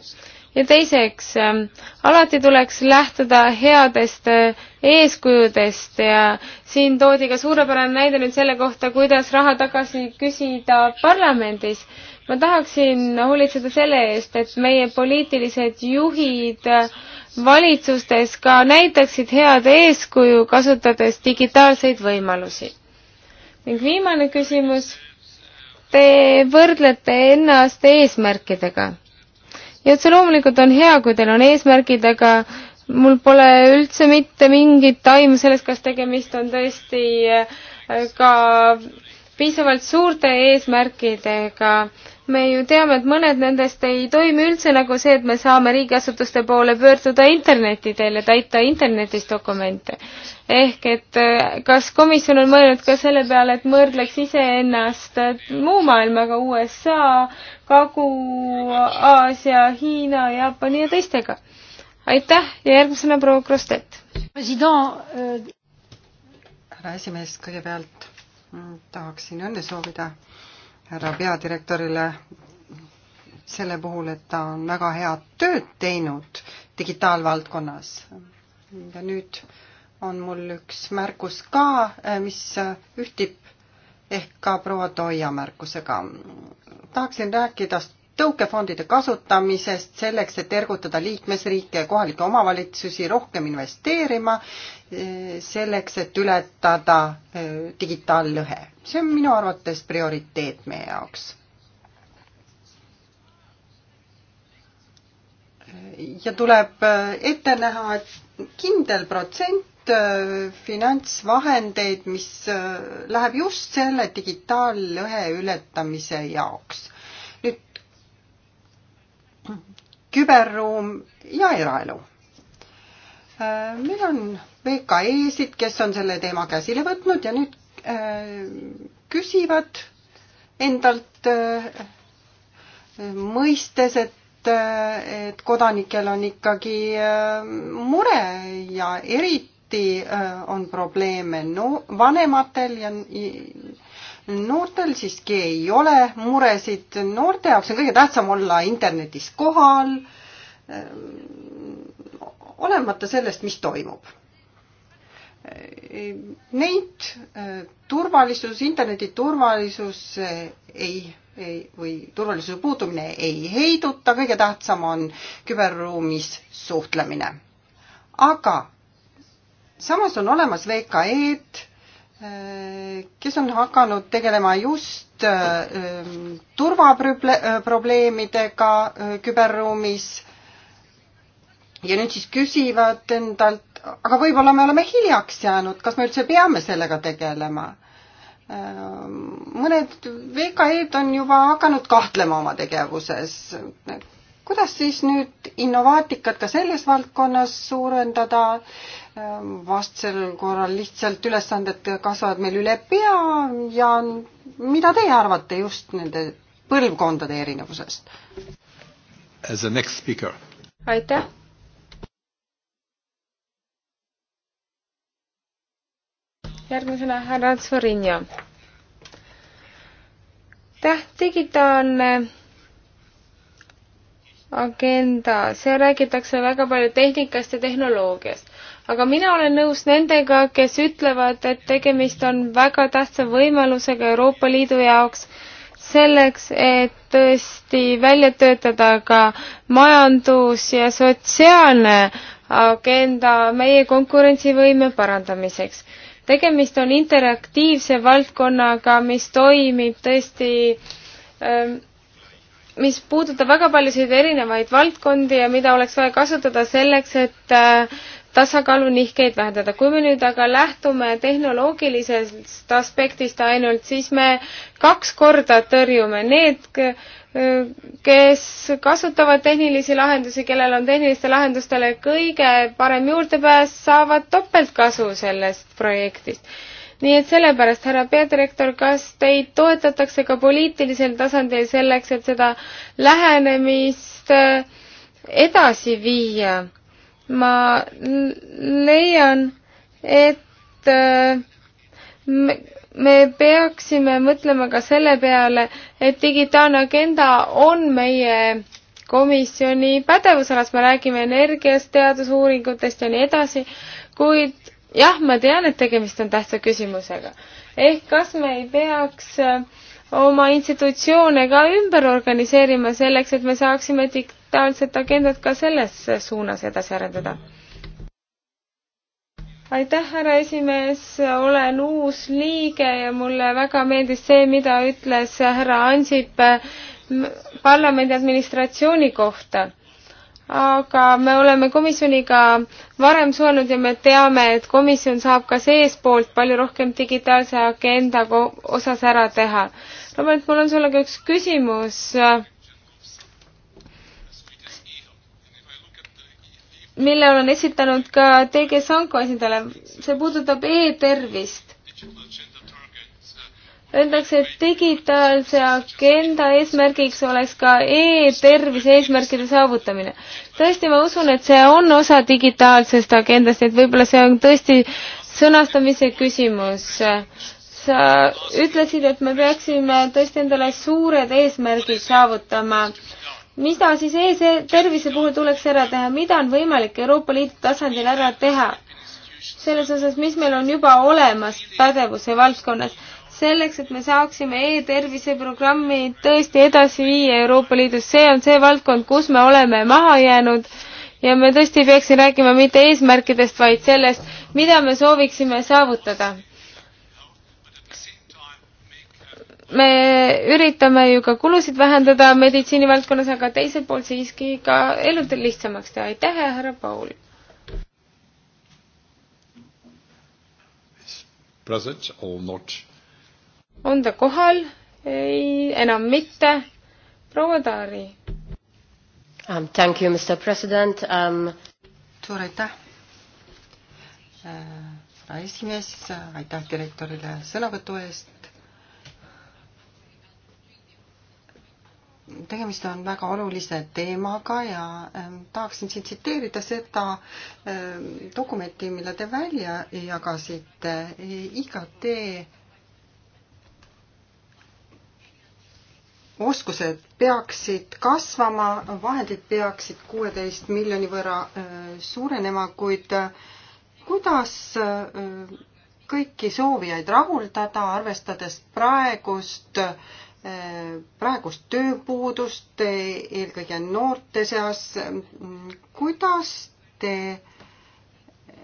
ja teiseks, ähm, alati tuleks lähtuda headest äh, eeskujudest ja siin toodi ka suurepärane näide nüüd selle kohta, kuidas raha tagasi küsida parlamendis ma tahaksin hoolitseda selle eest, et meie poliitilised juhid valitsustes ka näitaksid head eeskuju, kasutades digitaalseid võimalusi. ning viimane küsimus. Te võrdlete ennast eesmärkidega. ja otse loomulikult on hea, kui teil on eesmärgid, aga mul pole üldse mitte mingit aimu sellest, kas tegemist on tõesti äh, ka piisavalt suurte eesmärkidega me ju teame, et mõned nendest ei toimi üldse, nagu see, et me saame riigiasutuste poole pöörduda interneti teel ja täita internetis dokumente. ehk et äh, kas komisjon on mõelnud ka selle peale, et mõrdleks iseennast äh, muu maailmaga, USA, Kagu-Aasia, Hiina, Jaapani ja teistega? aitäh ja järgmisena proua Krostet. Äh, härra esimees, kõigepealt mm, tahaksin õnne soovida härra peadirektorile selle puhul, et ta on väga head tööd teinud digitaalvaldkonnas. ja nüüd on mul üks märkus ka, eh, mis ühtib ehk ka proua Toia märkusega. tahaksin rääkida tõukefondide kasutamisest selleks, et ergutada liikmesriike ja kohalikke omavalitsusi rohkem investeerima, eh, selleks, et ületada eh, digitaallõhe. see on minu arvates prioriteet meie jaoks. Eh, ja tuleb ette näha, et kindel protsent finantsvahendeid, mis läheb just selle digitaallõhe ületamise jaoks küberruum ja eraelu. Äh, meil on VKE-sid, kes on selle teema käsile võtnud ja nüüd äh, küsivad endalt äh, mõistes, et et kodanikel on ikkagi mure ja eriti on probleeme no vanematel ja noortel siiski ei ole muresid, noorte jaoks on kõige tähtsam olla internetis kohal, ehm, olemata sellest, mis toimub. Neid ehm, turvalisus, interneti turvalisus ei, ei või turvalisuse puudumine ei heiduta, kõige tähtsam on küberruumis suhtlemine. aga samas on olemas VKE-d kes on hakanud tegelema just ähm, turvaprobleemidega äh, äh, küberruumis ja nüüd siis küsivad endalt, aga võib-olla me oleme hiljaks jäänud, kas me üldse peame sellega tegelema? Ähm, mõned VKE-d on juba hakanud kahtlema oma tegevuses. kuidas siis nüüd innovaatikat ka selles valdkonnas suurendada Ehm, vastsel korral lihtsalt ülesanded kasvavad meil üle pea ja mida teie arvate just nende põlvkondade erinevusest? aitäh! järgmisena härra Sorinja. aitäh, digitaalne agenda, seal räägitakse väga palju tehnikast ja tehnoloogiast aga mina olen nõus nendega, kes ütlevad, et tegemist on väga tähtsa võimalusega Euroopa Liidu jaoks selleks, et tõesti välja töötada ka majandus ja sotsiaalne agenda meie konkurentsivõime parandamiseks. tegemist on interaktiivse valdkonnaga, mis toimib tõesti ähm, mis puudutab väga paljusid erinevaid valdkondi ja mida oleks vaja kasutada selleks, et äh, tasakaalunihkeid vähendada. kui me nüüd aga lähtume tehnoloogilisest aspektist ainult, siis me kaks korda tõrjume need, kes kasutavad tehnilisi lahendusi, kellel on tehniliste lahendustele kõige parem juurdepääs, saavad topeltkasu sellest projektist. nii et sellepärast, härra peadirektor, kas teid toetatakse ka poliitilisel tasandil selleks, et seda lähenemist edasi viia? ma leian, et äh, me, me peaksime mõtlema ka selle peale, et digitaalne agenda on meie komisjoni pädevusalas, me räägime energiast, teadusuuringutest ja nii edasi, kuid jah, ma tean, et tegemist on tähtsa küsimusega. ehk kas me ei peaks äh, oma institutsioone ka ümber organiseerima selleks, et me saaksime dig-, digitaalset agendat ka selles suunas edasi arendada? aitäh, härra esimees, olen uus liige ja mulle väga meeldis see, mida ütles härra Ansip parlamendi administratsiooni kohta. aga me oleme komisjoniga varem suhelnud ja me teame, et komisjon saab ka seespoolt palju rohkem digitaalse agenda osas ära teha. Robert, mul on sulle ka üks küsimus mille olen esitanud ka TG Sanko esindajale. see puudutab e-tervist. Öeldakse, et digitaalse agenda eesmärgiks oleks ka e-tervise eesmärkide saavutamine. tõesti, ma usun, et see on osa digitaalsest agendast, et võib-olla see on tõesti sõnastamise küsimus. sa ütlesid, et me peaksime tõesti endale suured eesmärgid saavutama mida siis e-tervise puhul tuleks ära teha, mida on võimalik Euroopa Liidu tasandil ära teha? selles osas, mis meil on juba olemas pädevuse valdkonnas, selleks, et me saaksime e-tervise programmi tõesti edasi viia Euroopa Liidus, see on see valdkond, kus me oleme maha jäänud ja me tõesti ei peaks siin rääkima mitte eesmärkidest, vaid sellest, mida me sooviksime saavutada me üritame ju ka kulusid vähendada meditsiinivaldkonnas, aga teiselt poolt siiski ka elud lihtsamaks teha. aitäh, härra Paul! on ta kohal? ei, enam mitte. proua Taari um,. Thank you, Mr President um.... suur aitäh äh,, härra esimees, aitäh direktorile sõnavõtu eest tegemist on väga olulise teemaga ja ähm, tahaksin siin tsiteerida seda ähm, dokumenti, mille te välja jagasite, IKT oskused peaksid kasvama, vahendid peaksid kuueteist miljoni võrra äh, suurenema, kuid äh, kuidas äh, kõiki soovijaid rahuldada, arvestades praegust äh, praegust tööpuudust, eelkõige noorte seas. kuidas te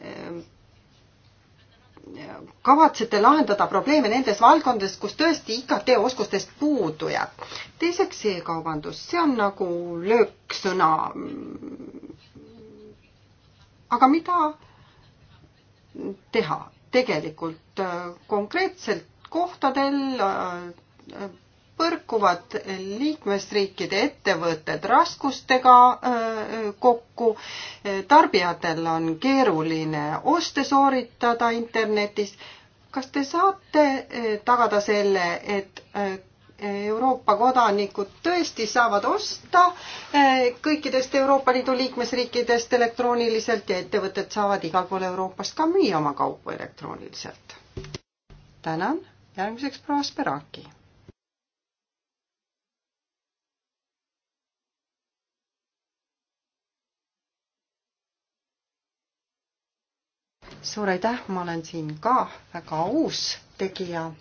eh, kavatsete lahendada probleeme nendes valdkondades, kus tõesti IKT oskustest puudu jääb? teiseks e-kaubandus, see on nagu lööksõna. aga mida teha tegelikult eh, konkreetselt kohtadel eh, põrkuvad liikmesriikide ettevõtted raskustega kokku, tarbijatel on keeruline oste sooritada internetis. kas te saate tagada selle, et Euroopa kodanikud tõesti saavad osta kõikidest Euroopa Liidu liikmesriikidest elektrooniliselt ja ettevõtted saavad igal pool Euroopast ka müüa oma kaupu elektrooniliselt. tänan, järgmiseks proua Speraki suur aitäh, ma olen siin ka väga uus tegija.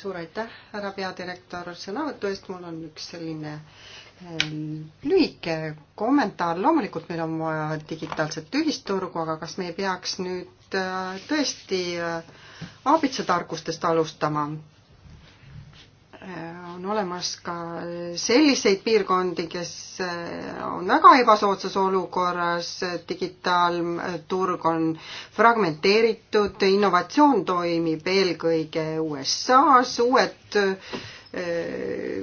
suur aitäh, härra peadirektor, sõnavõtu eest, mul on üks selline lühike kommentaar, loomulikult meil on vaja digitaalset ühisturgu, aga kas me ei peaks nüüd äh, tõesti aabitsatarkustest äh, alustama? on olemas ka selliseid piirkondi, kes äh, on väga ebasoodsas olukorras, digitaalturg on fragmenteeritud, innovatsioon toimib eelkõige USA-s, uued äh,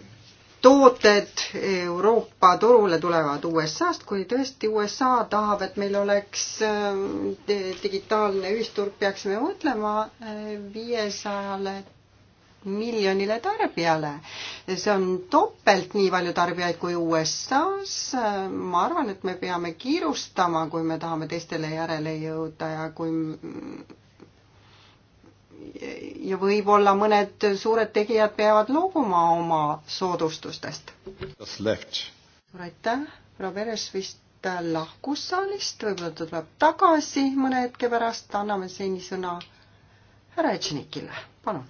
tooted Euroopa turule tulevad USA-st, kui tõesti USA tahab, et meil oleks äh, digitaalne ühisturg, peaksime mõtlema viiesajale miljonile tarbijale. see on topelt nii palju tarbijaid kui USA-s. ma arvan, et me peame kiirustama, kui me tahame teistele järele jõuda ja kui ja võib-olla mõned suured tegijad peavad loobuma oma soodustustest. suur aitäh, Roberes vist lahkus saalist, võib-olla ta tuleb tagasi mõne hetke pärast, anname seni sõna härra Etšnikile, palun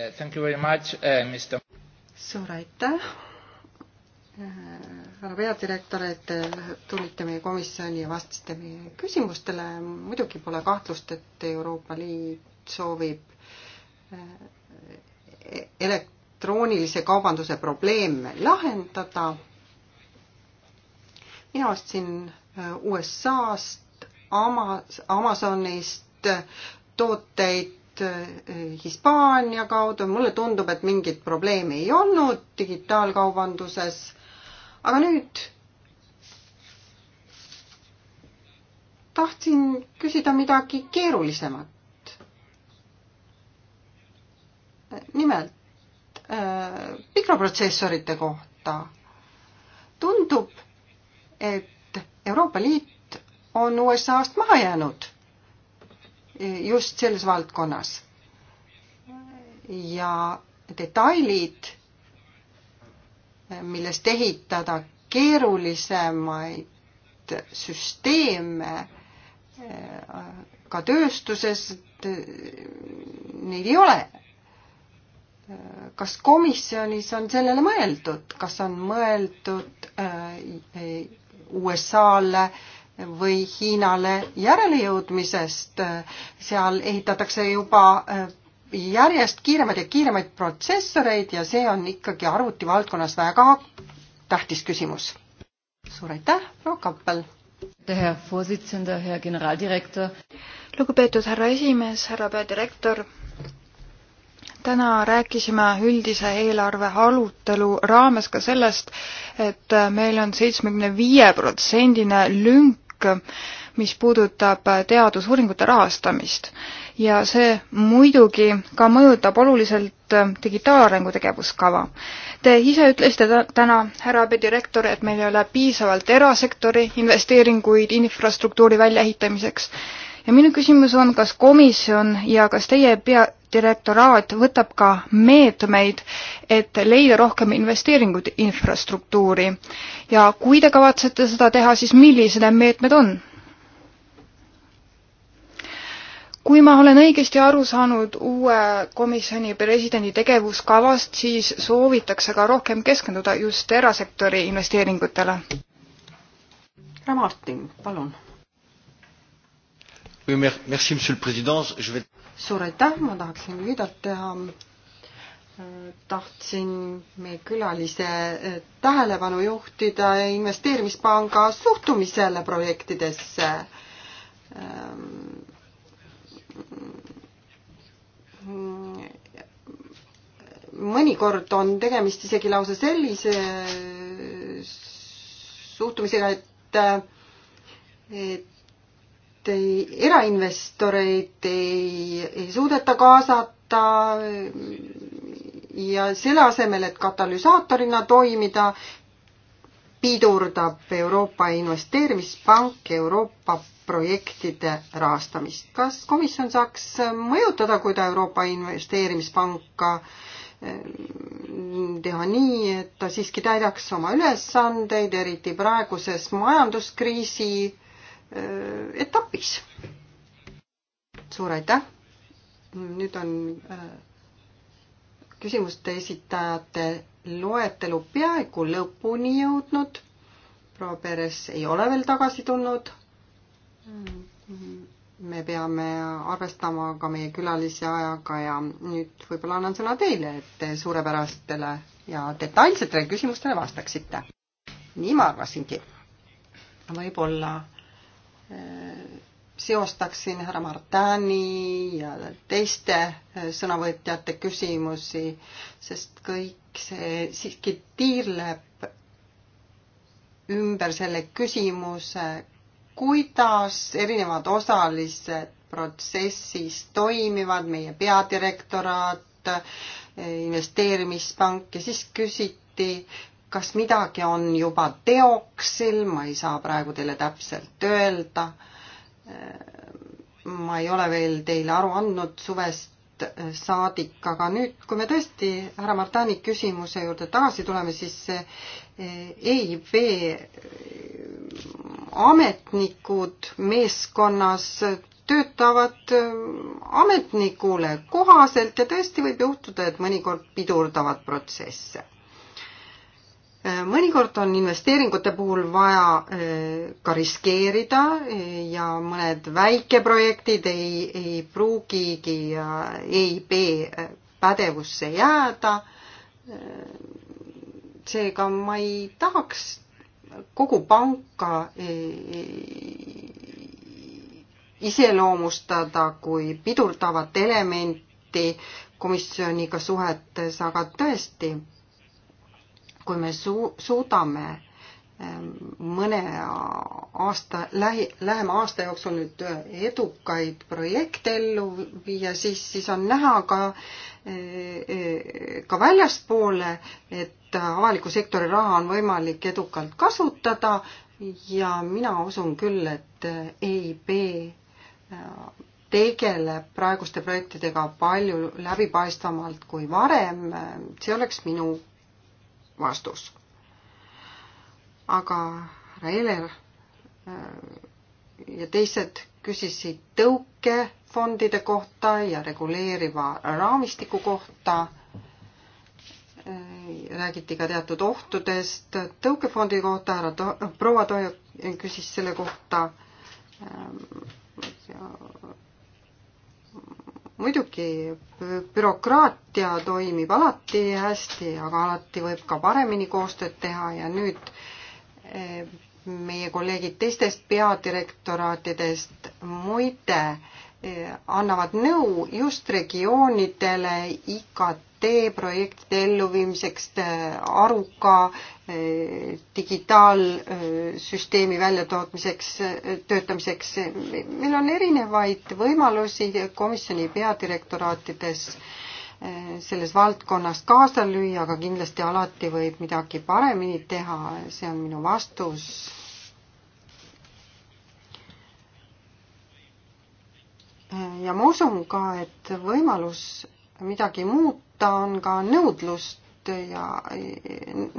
Eh, thank you very much, eh, Mr. suur aitäh, eh, härra peadirektor, et te tulite meie komisjoni ja vastasite meie küsimustele. muidugi pole kahtlust, et Euroopa Liit soovib elektroonilise kaubanduse probleeme lahendada. mina ostsin USA-st, Amazonist tooteid Eh, Hispaania kaudu, mulle tundub, et mingit probleemi ei olnud digitaalkaubanduses. aga nüüd tahtsin küsida midagi keerulisemat. nimelt eh, mikroprotsessorite kohta. tundub, et Euroopa Liit on USA-st maha jäänud just selles valdkonnas. ja detailid, millest ehitada keerulisemaid süsteeme ka tööstuses, neid ei ole. kas komisjonis on sellele mõeldud, kas on mõeldud äh, USA-le äh, või Hiinale järelejõudmisest. seal ehitatakse juba äh, järjest kiiremaid ja kiiremaid protsessoreid ja see on ikkagi arvuti valdkonnas väga tähtis küsimus. suur aitäh, proua Kappel! lugupeetud härra esimees, härra peadirektor, täna rääkisime üldise eelarve arutelu raames ka sellest, et meil on seitsmekümne viie protsendine lünk märk, mis puudutab teadusuuringute rahastamist ja see muidugi ka mõjutab oluliselt digitaalarengu tegevuskava. Te ise ütlesite täna, härra abedirektor, et meil ei ole piisavalt erasektori investeeringuid infrastruktuuri väljaehitamiseks ja minu küsimus on, kas komisjon ja kas teie peadirektoraat võtab ka meetmeid, et leida rohkem investeeringuid infrastruktuuri ja kui te kavatsete seda teha, siis millised need meetmed on? kui ma olen õigesti aru saanud uue komisjoni presidendi tegevuskavast, siis soovitakse ka rohkem keskenduda just erasektori investeeringutele. härra Martin, palun suur aitäh, ma tahaksin lühidalt teha. Äh, tahtsin meie külalise äh, tähelepanu juhtida investeerimispanga suhtumisele projektidesse ähm, mõnikord on tegemist isegi lausa sellise äh, suhtumisega, et, et ei, erainvestoreid ei, ei suudeta kaasata ja selle asemel, et katalüsaatorina toimida, pidurdab Euroopa Investeerimispank Euroopa projektide rahastamist. kas komisjon saaks mõjutada, kui ta Euroopa Investeerimispanka ehm, teha nii, et ta siiski täidaks oma ülesandeid, eriti praeguses majanduskriisi Äh, etapis. suur aitäh. nüüd on äh, küsimuste esitajate loetelu peaaegu lõpuni jõudnud. proua Peres ei ole veel tagasi tulnud. me peame arvestama ka meie külalise ajaga ja nüüd võib-olla annan sõna teile, et te suurepärastele ja detailsetele küsimustele vastaksite. nii ma arvasingi. võib-olla seostaksin härra Martani ja teiste eh, sõnavõtjate küsimusi, sest kõik see siiski tiirleb ümber selle küsimuse, kuidas erinevad osalised protsessis toimivad, meie peadirektoraat, eh, investeerimispank ja siis küsiti, kas midagi on juba teoksil, ma ei saa praegu teile täpselt öelda. ma ei ole veel teile aru andnud suvest saadik, aga nüüd, kui me tõesti härra Martani küsimuse juurde tagasi tuleme, siis EIB e ametnikud meeskonnas töötavad ametnikule kohaselt ja tõesti võib juhtuda, et mõnikord pidurdavad protsesse mõnikord on investeeringute puhul vaja eh, ka riskeerida eh, ja mõned väikeprojektid ei, ei pruugigi EIB eh, e pädevusse jääda. seega ma ei tahaks kogu panka iseloomustada kui pidurdavat elementi komisjoniga suhetes, aga tõesti kui me su-, suudame ähm, mõne aasta, lähi, lähema aasta jooksul nüüd edukaid projekte ellu viia, siis, siis on näha ka, äh, ka väljaspoole, et avaliku sektori raha on võimalik edukalt kasutada ja mina usun küll, et EIB äh, tegeleb praeguste projektidega palju läbipaistvamalt kui varem, äh, see oleks minu vastus. aga härra Heler äh, ja teised küsisid tõukefondide kohta ja reguleeriva raamistiku kohta. Äh, räägiti ka teatud ohtudest. tõukefondi kohta härra proua Toio küsis selle kohta äh, muidugi bürokraatia toimib alati hästi, aga alati võib ka paremini koostööd teha ja nüüd eh, meie kolleegid teistest peadirektoraatidest muide Eh, annavad nõu just regioonidele IKT projektide elluviimiseks, eh, aruka eh, digitaalsüsteemi väljatootmiseks, töötamiseks. meil on erinevaid võimalusi komisjoni peadirektoraatides selles valdkonnas kaasa lüüa, aga kindlasti alati võib midagi paremini teha, see on minu vastus ja ma usun ka, et võimalus midagi muuta on ka nõudlust ja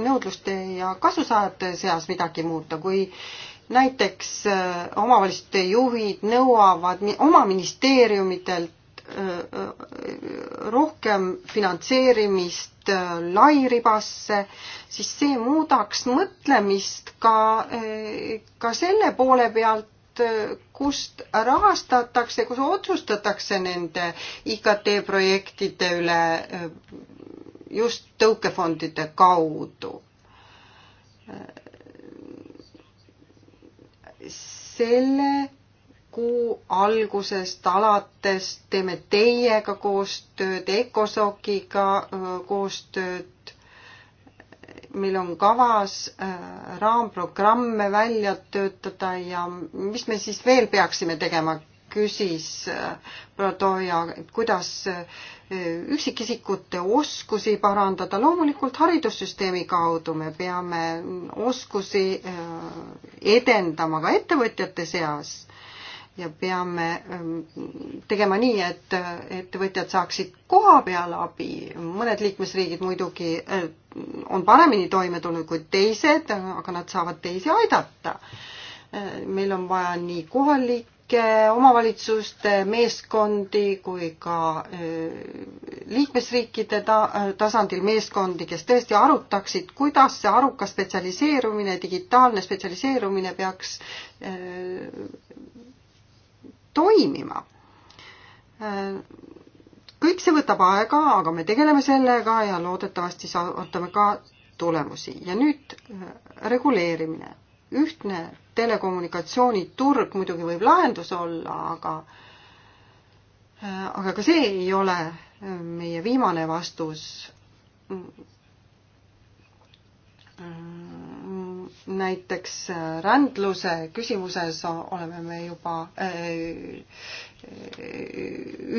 nõudluste ja kasusaajate seas midagi muuta, kui näiteks äh, omavalitsuste juhid nõuavad oma ministeeriumitelt äh, äh, rohkem finantseerimist lairibasse, siis see muudaks mõtlemist ka, ka selle poole pealt, Eh, kust rahastatakse, kus otsustatakse nende IKT projektide üle eh, just tõukefondide kaudu. selle kuu algusest alates teeme teiega koostööd, ECOSOC-iga eh, koostööd meil on kavas äh, raamprogramme välja töötada ja mis me siis veel peaksime tegema, küsis äh, Prodoja, kuidas äh, üksikisikute oskusi parandada. loomulikult haridussüsteemi kaudu me peame oskusi edendama ka ettevõtjate seas ja peame ähm, tegema nii, et äh, ettevõtjad saaksid koha peal abi. mõned liikmesriigid muidugi äh, on paremini toime tulnud kui teised, äh, aga nad saavad teisi aidata. meil on vaja nii kohalikke omavalitsuste meeskondi kui ka liikmesriikide ta-, tasandil meeskondi, kes tõesti arutaksid, kuidas see arukas spetsialiseerumine, digitaalne spetsialiseerumine peaks toimima. kõik see võtab aega, aga me tegeleme sellega ja loodetavasti saavutame ka tulemusi ja nüüd äh, reguleerimine. ühtne telekommunikatsiooniturg muidugi võib lahendus olla, aga äh, aga ka see ei ole äh, meie viimane vastus mm näiteks äh, rändluse küsimuses oleme me juba äh, äh,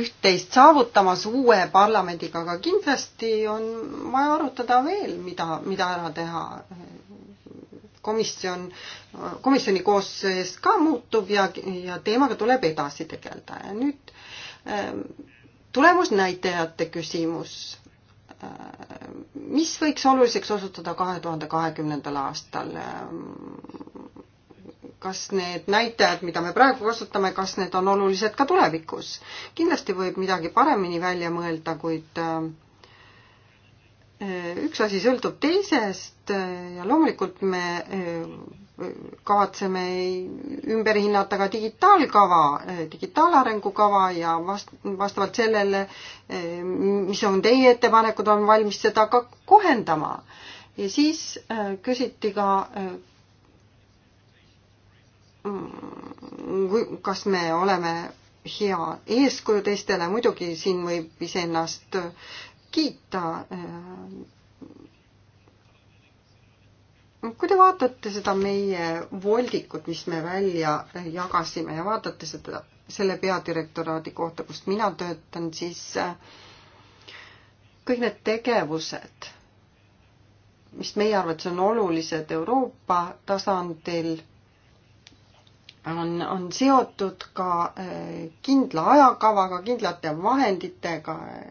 üht-teist saavutamas uue parlamendiga, aga kindlasti on vaja arutada veel, mida, mida ära teha. komisjon, komisjoni koosseis ka muutub ja, ja teemaga tuleb edasi tegeleda ja nüüd tulemusnäitajate küsimus Äh, mis võiks oluliseks osutuda kahe tuhande kahekümnendal aastal? Äh, kas need näitajad, mida me praegu kasutame, kas need on olulised ka tulevikus? kindlasti võib midagi paremini välja mõelda, kuid äh, üks asi sõltub teisest ja loomulikult me kavatseme ümber hinnata ka digitaalkava, digitaalarengu kava ja vast-, vastavalt sellele, mis on teie ettepanekud, on valmis seda ka kohendama. ja siis äh, küsiti ka, äh, kas me oleme hea eeskuju teistele, muidugi siin võib iseennast kiita äh, kui te vaatate seda meie voldikut, mis me välja jagasime ja vaatate seda, selle peadirektoraadi kohta, kust mina töötan, siis äh, kõik need tegevused, mis meie arvates on olulised Euroopa tasandil, on, on seotud ka äh, kindla ajakavaga, kindlate vahenditega äh,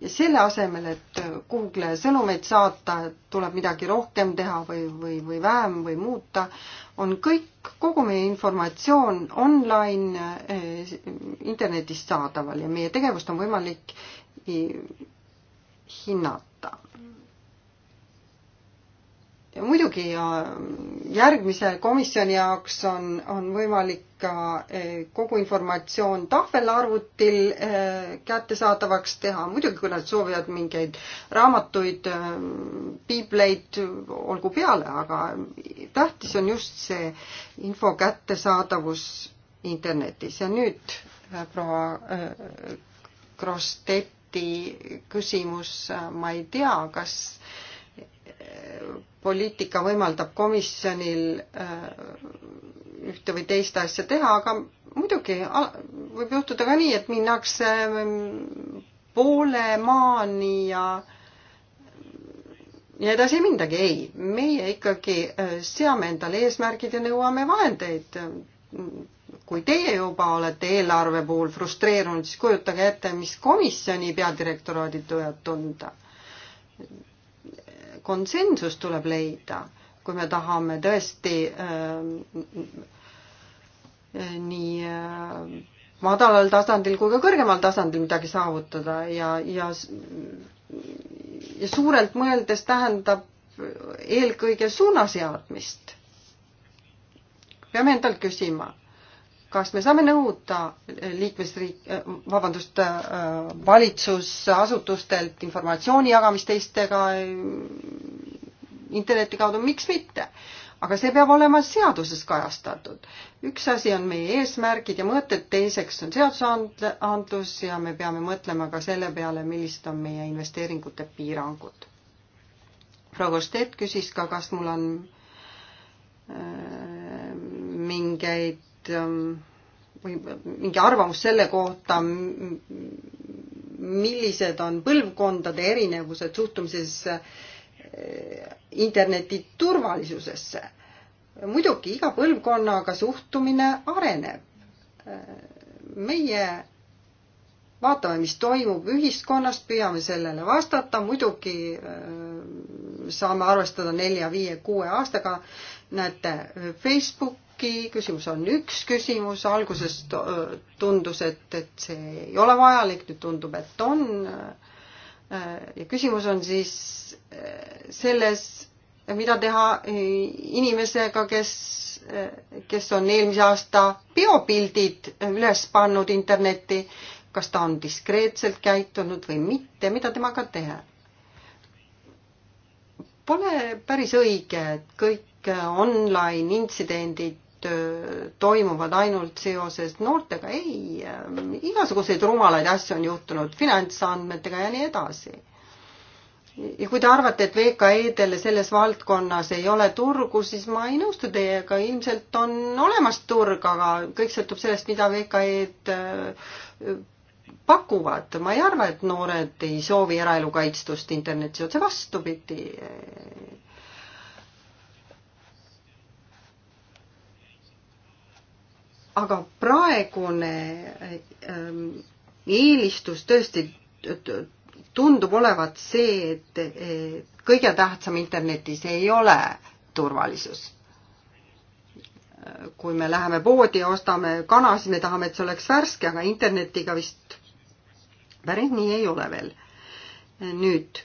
ja selle asemel, et Google'e sõnumeid saata, et tuleb midagi rohkem teha või, või, või vähem või muuta, on kõik, kogu meie informatsioon online eh, internetist saadaval ja meie tegevust on võimalik hinnata. ja muidugi järgmise komisjoni jaoks on, on võimalik ka eh, kogu informatsioon tahvelarvutil eh, kättesaadavaks teha, muidugi kui nad soovivad mingeid raamatuid, eh, piibleid, olgu peale, aga tähtis on just see info kättesaadavus internetis ja nüüd proua Krosteti küsimus, ma ei tea, kas poliitika võimaldab komisjonil äh, ühte või teist asja teha, aga muidugi võib juhtuda ka nii, et minnakse ähm, poole maani ja ja edasi ei mindagi, ei, meie ikkagi äh, seame endale eesmärgid ja nõuame vahendeid. kui teie juba olete eelarve puhul frustreerunud, siis kujutage ette, mis komisjoni peadirektoraadid võivad tunda konsensus tuleb leida, kui me tahame tõesti äh, nii äh, madalal tasandil kui ka kõrgemal tasandil midagi saavutada ja, ja ja suurelt mõeldes tähendab eelkõige suuna seadmist. peame endalt küsima, kas me saame nõuda liikmesriik, äh, vabandust, äh, valitsusasutustelt informatsiooni jagamist teistega äh, interneti kaudu, miks mitte? aga see peab olema seaduses kajastatud. üks asi on meie eesmärgid ja mõtted, teiseks on seadusandlus ja me peame mõtlema ka selle peale, millised on meie investeeringute piirangud. proua Korstet küsis ka, kas mul on mingeid Ähm, või mingi arvamus selle kohta, millised on põlvkondade erinevused suhtumises äh, interneti turvalisusesse. muidugi iga põlvkonnaga suhtumine areneb. Äh, meie vaatame, mis toimub ühiskonnas, püüame sellele vastata, muidugi äh, saame arvestada nelja, viie, kuue aastaga. näete, Facebook plokki, küsimus on üks küsimus, alguses tundus, et, et see ei ole vajalik, nüüd tundub, et on. ja küsimus on siis selles, mida teha inimesega, kes, kes on eelmise aasta biopildid üles pannud internetti, kas ta on diskreetselt käitunud või mitte, mida temaga teha? Pole päris õige, et kõik kõik online intsidendid toimuvad ainult seoses noortega, ei, ähm, igasuguseid rumalaid asju on juhtunud finantsandmetega ja nii edasi. ja kui te arvate, et VKE-dele selles valdkonnas ei ole turgu, siis ma ei nõustu teiega, ilmselt on olemas turg, aga kõik sõltub sellest, mida VKE-d pakuvad, ma ei arva, et noored ei soovi eraelu kaitstust internetis, otse vastupidi aga praegune ähm, eelistus tõesti tundub olevat see, et kõige tähtsam internetis ei ole turvalisus. kui me läheme poodi ja ostame kana, siis me tahame, et see oleks värske, aga internetiga vist päris nii ei ole veel. nüüd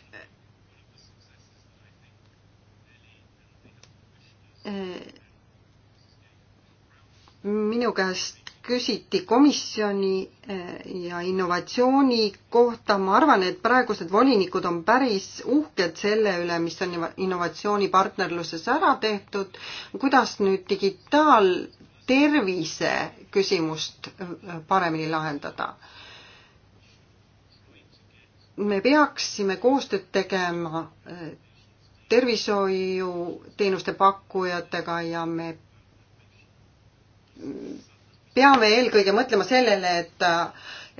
äh, minu käest küsiti komisjoni eh, ja innovatsiooni kohta, ma arvan, et praegused volinikud on päris uhked selle üle, mis on innovatsioonipartnerluses ära tehtud, kuidas nüüd digitaaltervise küsimust eh, paremini lahendada. me peaksime koostööd tegema eh, tervishoiuteenuste pakkujatega ja me peame eelkõige mõtlema sellele, et,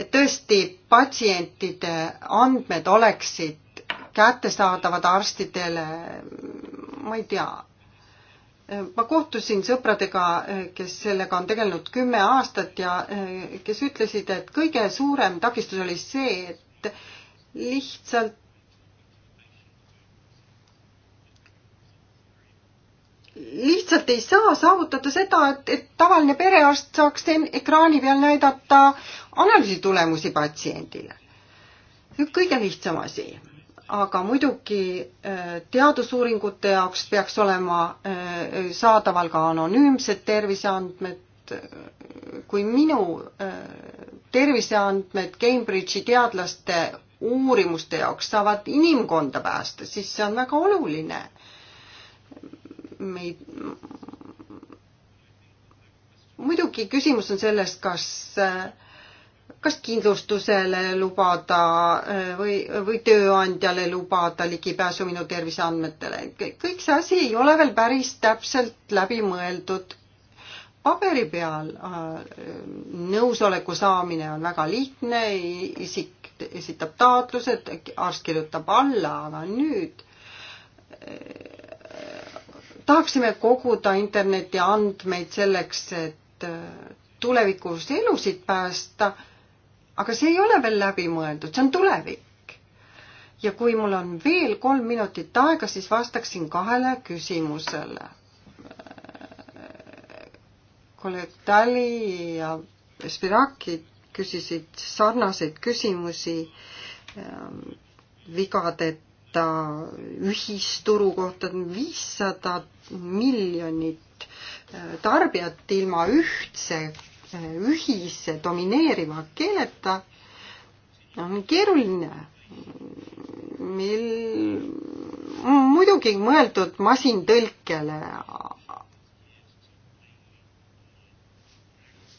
et tõesti patsientide andmed oleksid kättesaadavad arstidele, ma ei tea, ma kohtusin sõpradega, kes sellega on tegelenud kümme aastat ja kes ütlesid, et kõige suurem takistus oli see, et lihtsalt lihtsalt ei saa saavutada seda, et, et tavaline perearst saaks ekraani peal näidata analüüsi tulemusi patsiendile. kõige lihtsam asi. aga muidugi äh, teadusuuringute jaoks peaks olema äh, saadaval ka anonüümsed terviseandmed. kui minu äh, terviseandmed Cambridge'i teadlaste uurimuste jaoks saavad inimkonda päästa, siis see on väga oluline meid muidugi küsimus on selles, kas, kas kindlustusele lubada eh, või, või tööandjale lubada ligipääsu minu terviseandmetele. kõik see asi ei ole veel päris täpselt läbi mõeldud. paberi peal eh, nõusoleku saamine on väga lihtne, isik esitab taotlused, arst kirjutab alla, aga nüüd eh, tahaksime koguda interneti andmeid selleks, et äh, tulevikus elusid päästa, aga see ei ole veel läbi mõeldud, see on tulevik. ja kui mul on veel kolm minutit aega, siis vastaksin kahele küsimusele. Äh, kolleeg Tali ja Spiraki küsisid sarnaseid küsimusi äh, vigade kohta, ühisturu kohta, viissada miljonit äh, tarbijat ilma ühtse, äh, ühise domineeriva keeleta on keeruline. meil on muidugi mõeldud masintõlkele,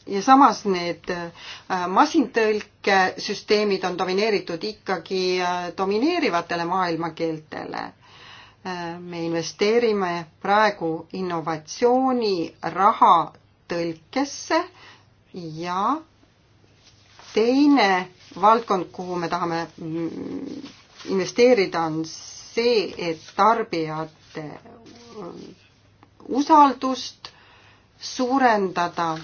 ja samas need äh, masintõlkesüsteemid on domineeritud ikkagi äh, domineerivatele maailmakeeltele. Äh, me investeerime praegu innovatsiooni raha tõlkesse ja teine valdkond, kuhu me tahame mm, investeerida, on see, et tarbijate mm, usaldust suurendada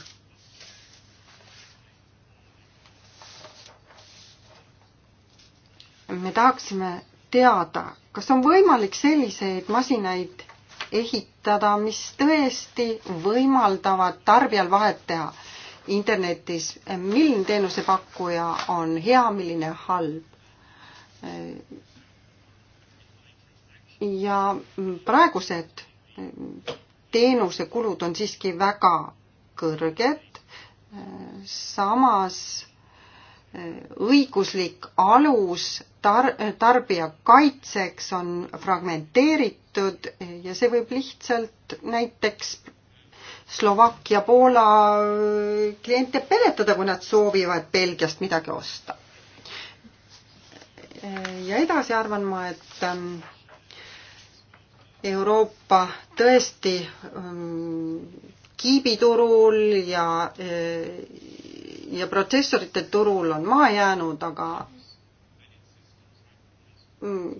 me tahaksime teada, kas on võimalik selliseid masinaid ehitada, mis tõesti võimaldavad tarbijal vahet teha internetis, milline teenusepakkuja on hea, milline halb. ja praegused teenusekulud on siiski väga kõrged, samas õiguslik alus tar-, tarbija kaitseks on fragmenteeritud ja see võib lihtsalt näiteks Slovakkia, Poola kliente peletada, kui nad soovivad Belgiast midagi osta. ja edasi arvan ma, et Euroopa tõesti mm, kiibiturul ja, ja protsessorite turul on maha jäänud, aga Mm,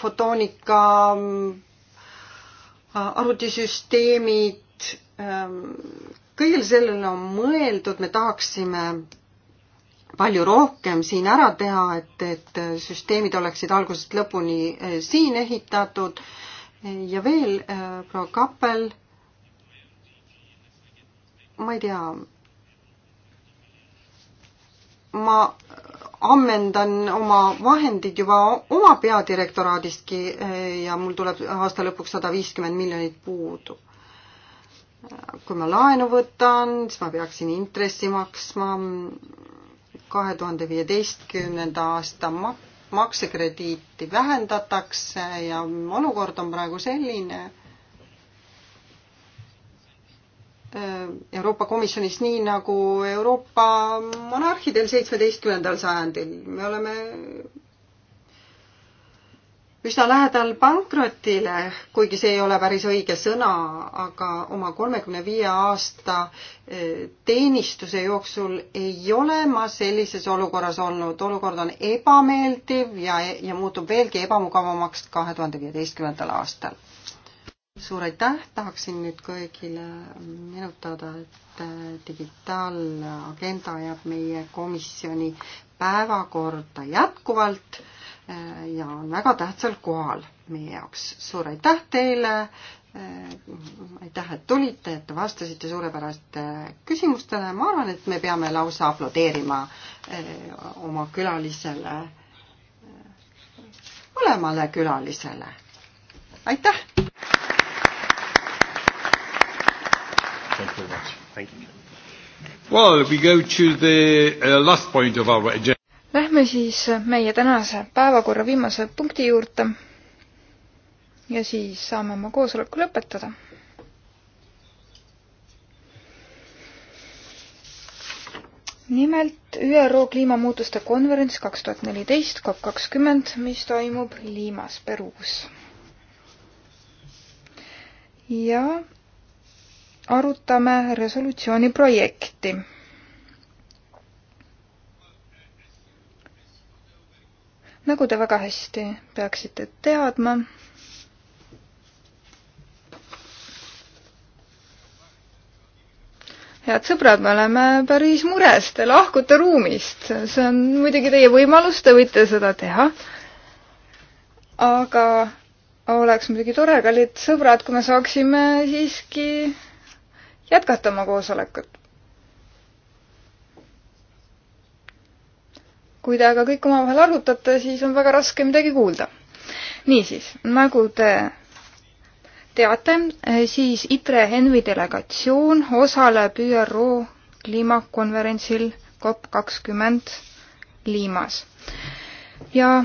fotoonika mm, arvutisüsteemid, ähm, kõigele sellele on mõeldud, me tahaksime palju rohkem siin ära teha, et, et süsteemid oleksid algusest lõpuni äh, siin ehitatud ja veel äh, proua Kappel, ma ei tea, ma ammendan oma vahendid juba oma peadirektoraadistki eh, ja mul tuleb aasta lõpuks sada viiskümmend miljonit puudu. kui ma laenu võtan, siis ma peaksin intressi maksma kahe tuhande viieteistkümnenda aasta mak-, maksekrediiti vähendatakse ja olukord on praegu selline Äh, Euroopa Komisjonis, nii nagu Euroopa monarhidel seitsmeteistkümnendal sajandil. me oleme üsna lähedal pankrotile, kuigi see ei ole päris õige sõna, aga oma kolmekümne viie aasta äh, teenistuse jooksul ei ole ma sellises olukorras olnud. olukord on ebameeldiv ja, ja muutub veelgi ebamugavamaks kahe tuhande viieteistkümnendal aastal suur aitäh, tahaksin nüüd kõigile meenutada, et äh, digitaalagenda jääb meie komisjoni päevakorda jätkuvalt äh, ja on väga tähtsal kohal meie jaoks. suur aitäh teile, äh, aitäh, et tulite, et vastasite suurepäraste küsimustele, ma arvan, et me peame lausa aplodeerima oma külalisele, mõlemale külalisele. aitäh! Thank you very much. Thank you. Well, we go to the uh, last point of our agenda. Lähme siis meie tänase päevakorra viimase punkti juurde ja siis saame oma koosoleku lõpetada. nimelt ÜRO kliimamuutuste konverents kaks tuhat neliteist COP kakskümmend, mis toimub Liimas, Peruus. ja arutame resolutsiooni projekti. nagu te väga hästi peaksite teadma, head sõbrad, me oleme päris mures, te lahkute ruumist, see on muidugi teie võimalus, te võite seda teha. aga oleks muidugi tore, kallid sõbrad, kui me saaksime siiski jätkata oma koosolekut. kui te aga kõik omavahel arutate, siis on väga raske midagi kuulda. niisiis, nagu te teate, eh, siis ITRE Henvi delegatsioon osaleb ÜRO kliimakonverentsil COP kakskümmend Liimas. ja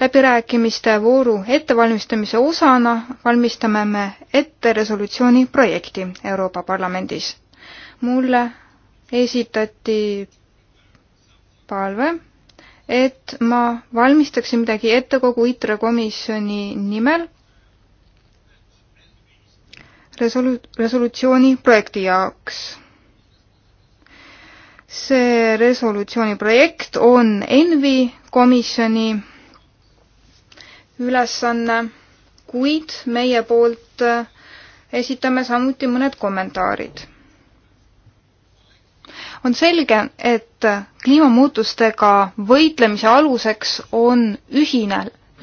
läbirääkimiste vooru ettevalmistamise osana valmistame me ette resolutsiooni projekti Euroopa Parlamendis. mulle esitati palve, et ma valmistaksin midagi ette kogu ITRE komisjoni nimel resolu-, resolutsiooni projekti jaoks see resolutsiooni projekt on ENVI komisjoni ülesanne, kuid meie poolt esitame samuti mõned kommentaarid. on selge, et kliimamuutustega võitlemise aluseks on ühine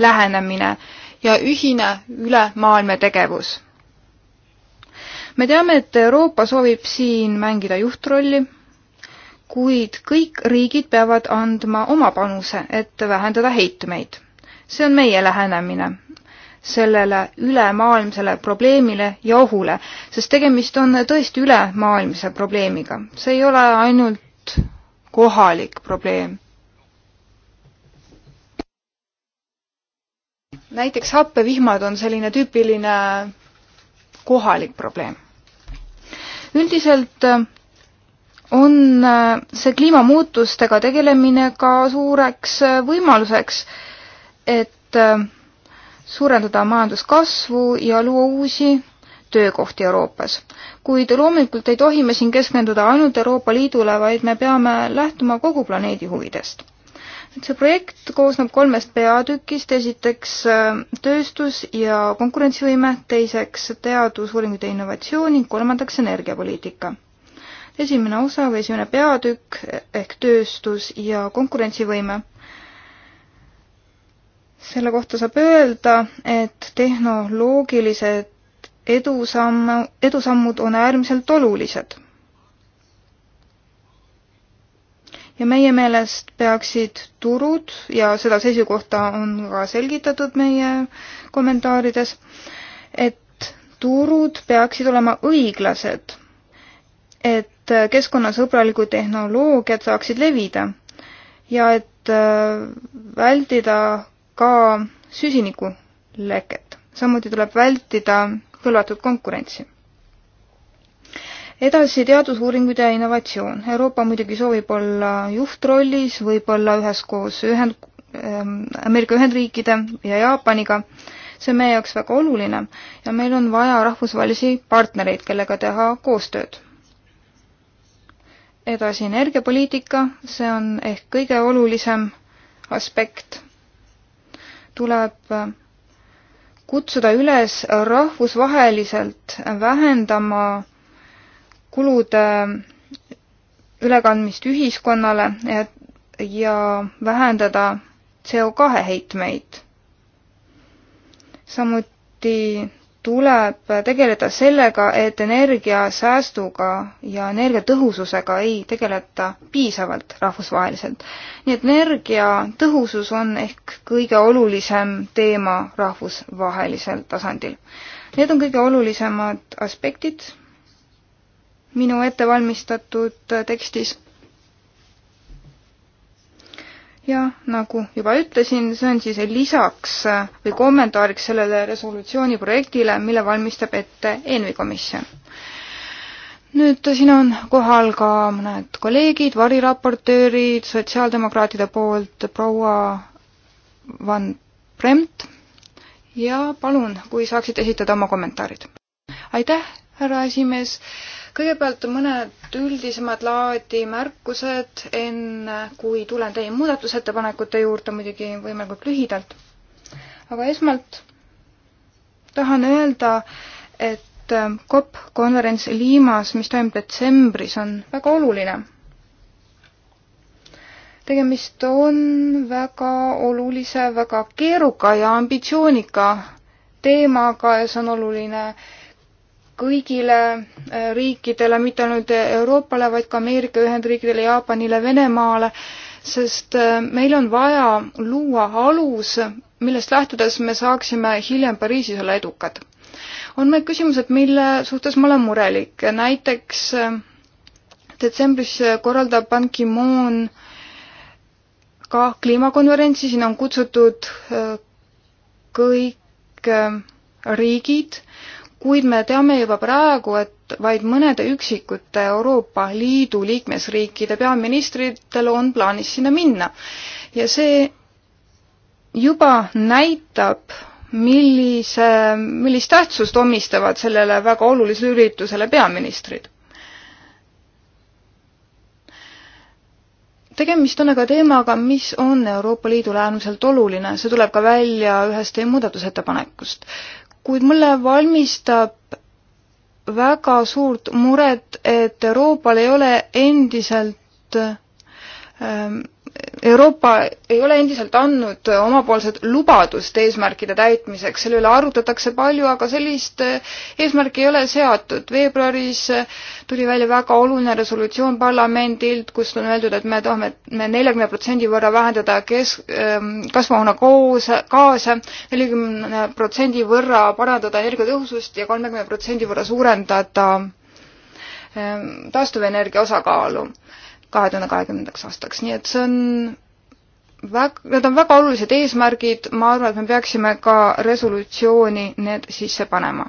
lähenemine ja ühine ülemaailmne tegevus. me teame, et Euroopa soovib siin mängida juhtrolli, kuid kõik riigid peavad andma oma panuse, et vähendada heitmeid see on meie lähenemine sellele ülemaailmsele probleemile ja ohule, sest tegemist on tõesti ülemaailmse probleemiga, see ei ole ainult kohalik probleem. näiteks happevihmad on selline tüüpiline kohalik probleem. üldiselt on see kliimamuutustega tegelemine ka suureks võimaluseks äh, et äh, suurendada majanduskasvu ja luua uusi töökohti Euroopas. kuid loomulikult ei tohi me siin keskenduda ainult Euroopa Liidule, vaid me peame lähtuma kogu planeedi huvidest. nüüd see projekt koosneb kolmest peatükist, esiteks äh, tööstus ja konkurentsivõime, teiseks teadusuuringud ja innovatsioon ning kolmandaks energiapoliitika. esimene osa või esimene peatükk ehk tööstus ja konkurentsivõime selle kohta saab öelda, et tehnoloogilised edusamme, edusammud on äärmiselt olulised. ja meie meelest peaksid turud ja seda seisukohta on ka selgitatud meie kommentaarides, et turud peaksid olema õiglased, et keskkonnasõbralikud tehnoloogiad saaksid levida ja et äh, vältida ka süsinikuleket. samuti tuleb vältida kõlvatud konkurentsi. edasi teadusuuringud ja innovatsioon. Euroopa muidugi soovib olla juhtrollis, võib-olla üheskoos ühend-, ähm, Ameerika Ühendriikide ja Jaapaniga. see on meie jaoks väga oluline ja meil on vaja rahvusvahelisi partnereid, kellega teha koostööd. edasi energiapoliitika, see on ehk kõige olulisem aspekt tuleb kutsuda üles rahvusvaheliselt vähendama kulude ülekandmist ühiskonnale ja vähendada CO2 heitmeid. samuti tuleb tegeleda sellega, et energiasäästuga ja energiatõhususega ei tegeleta piisavalt rahvusvaheliselt. nii et energiatõhusus on ehk kõige olulisem teema rahvusvahelisel tasandil. Need on kõige olulisemad aspektid minu ettevalmistatud tekstis ja nagu juba ütlesin, see on siis lisaks äh, või kommentaariks sellele resolutsiooni projektile, mille valmistab ette ENVI komisjon. nüüd siin on kohal ka mõned kolleegid, variraportöörid sotsiaaldemokraatide poolt, proua Van Bremt ja palun, kui saaksite esitada oma kommentaarid. aitäh, härra esimees kõigepealt mõned üldisemad laadi märkused, enne kui tulen teie muudatusettepanekute juurde muidugi võimalikult lühidalt. aga esmalt tahan öelda, et COP konverents Liimas, mis toimub detsembris, on väga oluline. tegemist on väga olulise, väga keeruka ja ambitsioonika teemaga ja see on oluline äh, kõigile äh, riikidele, mitte ainult Euroopale, vaid ka Ameerika Ühendriikidele, Jaapanile, Venemaale, sest äh, meil on vaja luua alus, millest lähtudes me saaksime hiljem Pariisis olla edukad. on meil küsimused, mille suhtes ma olen murelik, näiteks äh, detsembris korraldab Ban Ki-moon ka kliimakonverentsi, sinna on kutsutud kõik riigid kuid me teame juba praegu, et vaid mõnede üksikute Euroopa Liidu liikmesriikide peaministritel on plaanis sinna minna. ja see juba näitab, millise, millist tähtsust omistavad sellele väga olulisele üritusele peaministrid. tegemist on aga teemaga, mis on Euroopa Liidule äärmiselt oluline, see tuleb ka välja ühest teie muudatusettepanekust kuid mulle valmistab väga suurt muret, et Euroopal ei ole endiselt ähm, Euroopa ei ole endiselt andnud omapoolset lubadust eesmärkide täitmiseks, selle üle arutatakse palju, aga sellist eh, eesmärki ei ole seatud. veebruaris eh, tuli välja väga oluline resolutsioon parlamendilt, kus on öeldud, et me tahame, me neljakümne protsendi võrra vähendada kes-, ehm, kasvuhoonegaase, nelikümne protsendi võrra parandada energiatõhusust ja kolmekümne protsendi võrra suurendada ehm, taastuvenergia osakaalu kahe tuhande kahekümnendaks aastaks, nii et see on väg-, need on väga olulised eesmärgid, ma arvan, et me peaksime ka resolutsiooni need sisse panema.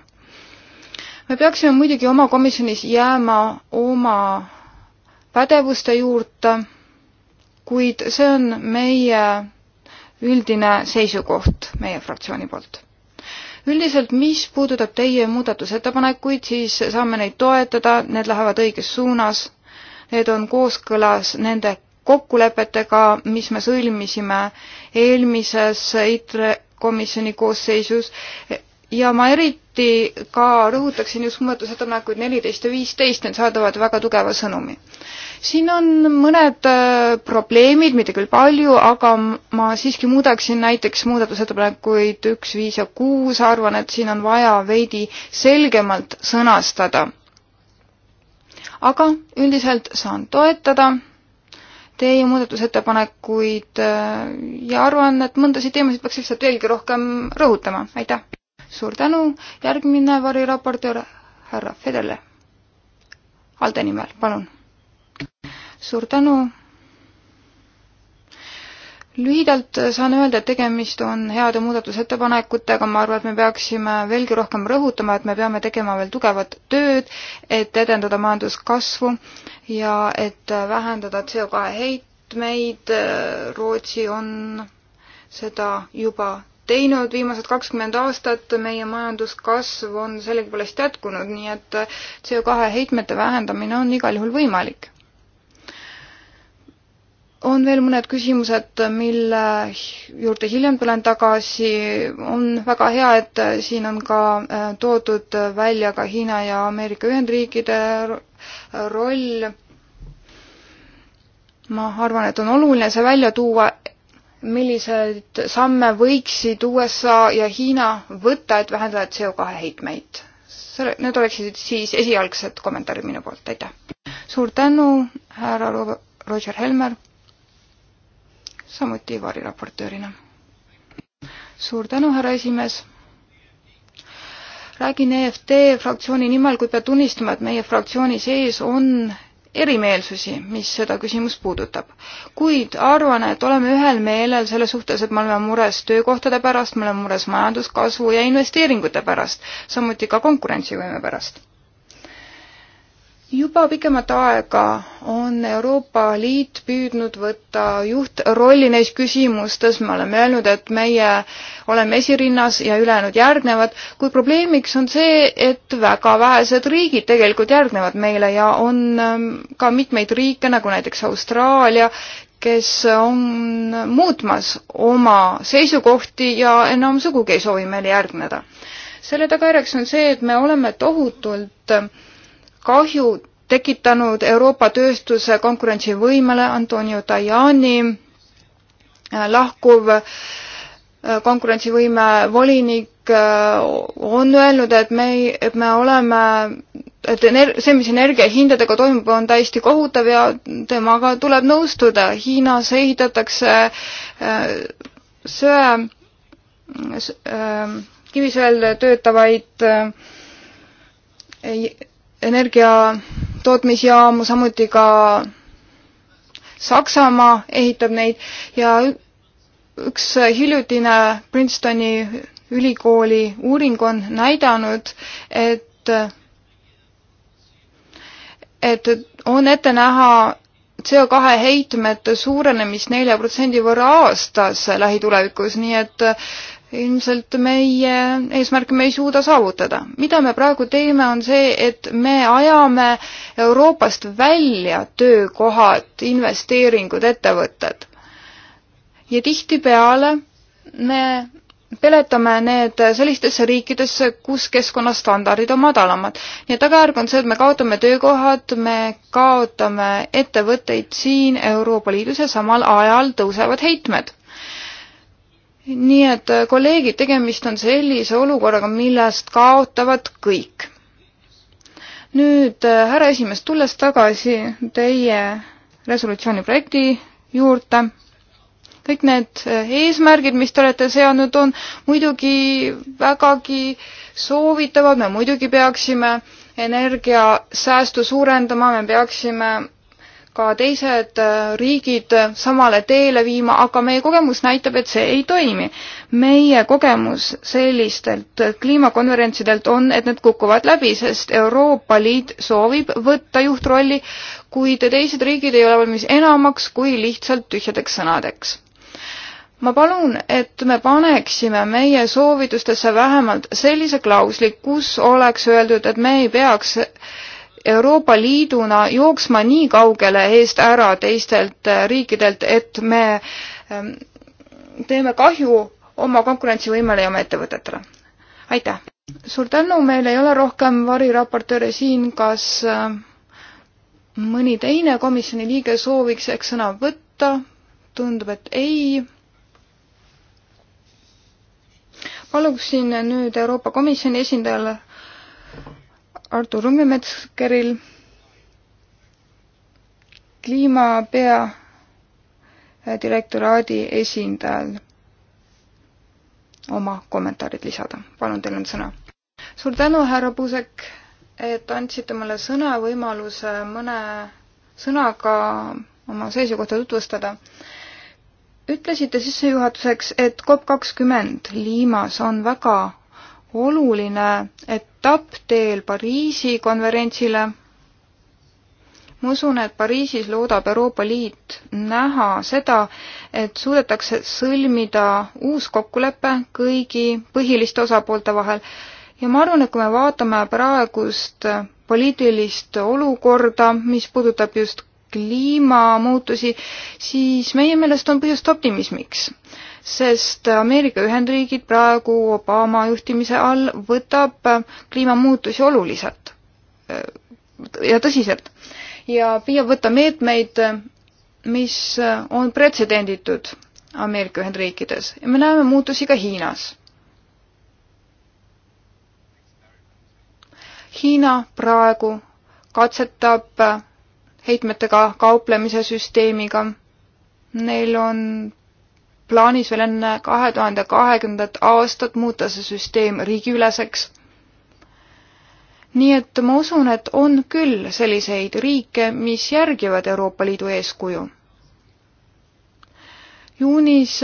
me peaksime muidugi oma komisjonis jääma oma pädevuste juurde, kuid see on meie üldine seisukoht meie fraktsiooni poolt. üldiselt, mis puudutab teie muudatusettepanekuid, siis saame neid toetada, need lähevad õiges suunas need on kooskõlas nende kokkulepetega, mis me sõlmisime eelmises ITRE komisjoni koosseisus ja ma eriti ka rõhutaksin just muudatusettepanekuid neliteist ja viisteist, need saadavad väga tugeva sõnumi. siin on mõned äh, probleemid, mitte küll palju, aga ma siiski muudaksin näiteks muudatusettepanekuid üks, viis ja kuus, arvan, et siin on vaja veidi selgemalt sõnastada aga üldiselt saan toetada teie muudatusettepanekuid äh, ja arvan, et mõndasid teemasid peaks lihtsalt veelgi rohkem rõhutama, aitäh! suur tänu, järgmine variraportöör härra Fedele. Alde nimel, palun! suur tänu, lühidalt saan öelda, et tegemist on heade muudatusettepanekutega, ma arvan, et me peaksime veelgi rohkem rõhutama, et me peame tegema veel tugevat tööd, et edendada majanduskasvu ja et vähendada CO2 heitmeid. Rootsi on seda juba teinud viimased kakskümmend aastat, meie majanduskasv on sellegipoolest jätkunud, nii et CO2 heitmete vähendamine on igal juhul võimalik on veel mõned küsimused, mille juurde hiljem tulen tagasi. on väga hea, et siin on ka äh, toodud välja ka Hiina ja Ameerika Ühendriikide roll. ma arvan, et on oluline see välja tuua, milliseid samme võiksid USA ja Hiina võtta, et vähendada CO2 heitmeid. Need oleksid siis esialgsed kommentaarid minu poolt, aitäh. suur tänu, härra Roger Helmer samuti variraportöörina. suur tänu, härra esimees räägin EFT fraktsiooni nimel, kuid pean tunnistama, et meie fraktsiooni sees on erimeelsusi, mis seda küsimust puudutab. kuid arvan, et oleme ühel meelel selle suhtes, et me oleme mures töökohtade pärast, me oleme mures majanduskasvu ja investeeringute pärast, samuti ka konkurentsivõime pärast juba pikemat aega on Euroopa Liit püüdnud võtta juhtrolli neis küsimustes, me oleme öelnud, et meie oleme esirinnas ja ülejäänud järgnevad, kuid probleemiks on see, et väga vähesed riigid tegelikult järgnevad meile ja on ähm, ka mitmeid riike, nagu näiteks Austraalia, kes on muutmas oma seisukohti ja enam sugugi ei soovi meile järgneda. selle tagajärjeks on see, et me oleme tohutult äh, kahju tekitanud Euroopa tööstuse konkurentsivõimele Antonio Tajani äh, lahkuv äh, konkurentsivõime volinik äh, on öelnud, et me, et me oleme, et ener-, see, mis energiahindadega toimub, on täiesti kohutav ja temaga tuleb nõustuda. Hiinas ehitatakse söe, kivisöel töötavaid energiatootmisjaamu, samuti ka Saksamaa ehitab neid ja üks hiljutine Princetoni ülikooli uuring on näidanud, et et on ette näha CO2 heitmete suurenemist nelja protsendi võrra aastas lähitulevikus, nii et ilmselt meie eesmärke me ei suuda saavutada. mida me praegu teeme, on see, et me ajame Euroopast välja töökohad, investeeringud, ettevõtted. ja tihtipeale me peletame need sellistesse riikidesse, kus keskkonnastandardid on madalamad. nii et tagajärg on see, et me kaotame töökohad, me kaotame ettevõtteid siin Euroopa Liidus ja samal ajal tõusevad heitmed nii et äh, kolleegid, tegemist on sellise olukorraga, millest kaotavad kõik. nüüd äh, härra esimees, tulles tagasi teie resolutsiooni projekti juurde, kõik need äh, eesmärgid, mis te olete seadnud, on muidugi vägagi soovitavad, me muidugi peaksime energiasäästu suurendama, me peaksime ka teised äh, riigid samale teele viima, aga meie kogemus näitab, et see ei toimi. meie kogemus sellistelt kliimakonverentsidelt on, et need kukuvad läbi, sest Euroopa Liit soovib võtta juhtrolli, kuid teised riigid ei ole valmis enamaks kui lihtsalt tühjadeks sõnadeks ma palun, et me paneksime meie soovitustesse vähemalt sellise klausli, kus oleks öeldud, et me ei peaks Euroopa Liiduna jooksma nii kaugele eest ära teistelt äh, riikidelt, et me ähm, teeme kahju oma konkurentsivõimele ja oma ettevõtetele. aitäh! suur tänu, meil ei ole rohkem variraportööre siin, kas äh, mõni teine komisjoni liige sooviks ehk sõna võtta? tundub, et ei. paluksin nüüd Euroopa Komisjoni esindajale Artur Rummimetskäril, kliimapea äh, direktoraadi esindajal oma kommentaarid lisada. palun, teil on sõna. suur tänu, härra Puusek, et andsite mulle sõna, võimaluse mõne sõnaga oma seisukohta tutvustada. ütlesite sissejuhatuseks, et COP kakskümmend Liimas on väga oluline etapp teel Pariisi konverentsile. ma usun, et Pariisis loodab Euroopa Liit näha seda, et suudetakse sõlmida uus kokkulepe kõigi põhiliste osapoolte vahel ja ma arvan, et kui me vaatame praegust poliitilist olukorda, mis puudutab just kliimamuutusi, siis meie meelest on põhjust optimismiks. sest Ameerika Ühendriigid praegu Obama juhtimise all võtab kliimamuutusi oluliselt äh, ja tõsiselt ja püüab võtta meetmeid, mis on pretsedenditud Ameerika Ühendriikides ja me näeme muutusi ka Hiinas. Hiina praegu katsetab heitmetega kauplemise süsteemiga. Neil on plaanis veel enne kahe tuhande kahekümnendat aastat muuta see süsteem riigiüleseks. nii et ma usun, et on küll selliseid riike, mis järgivad Euroopa Liidu eeskuju. juunis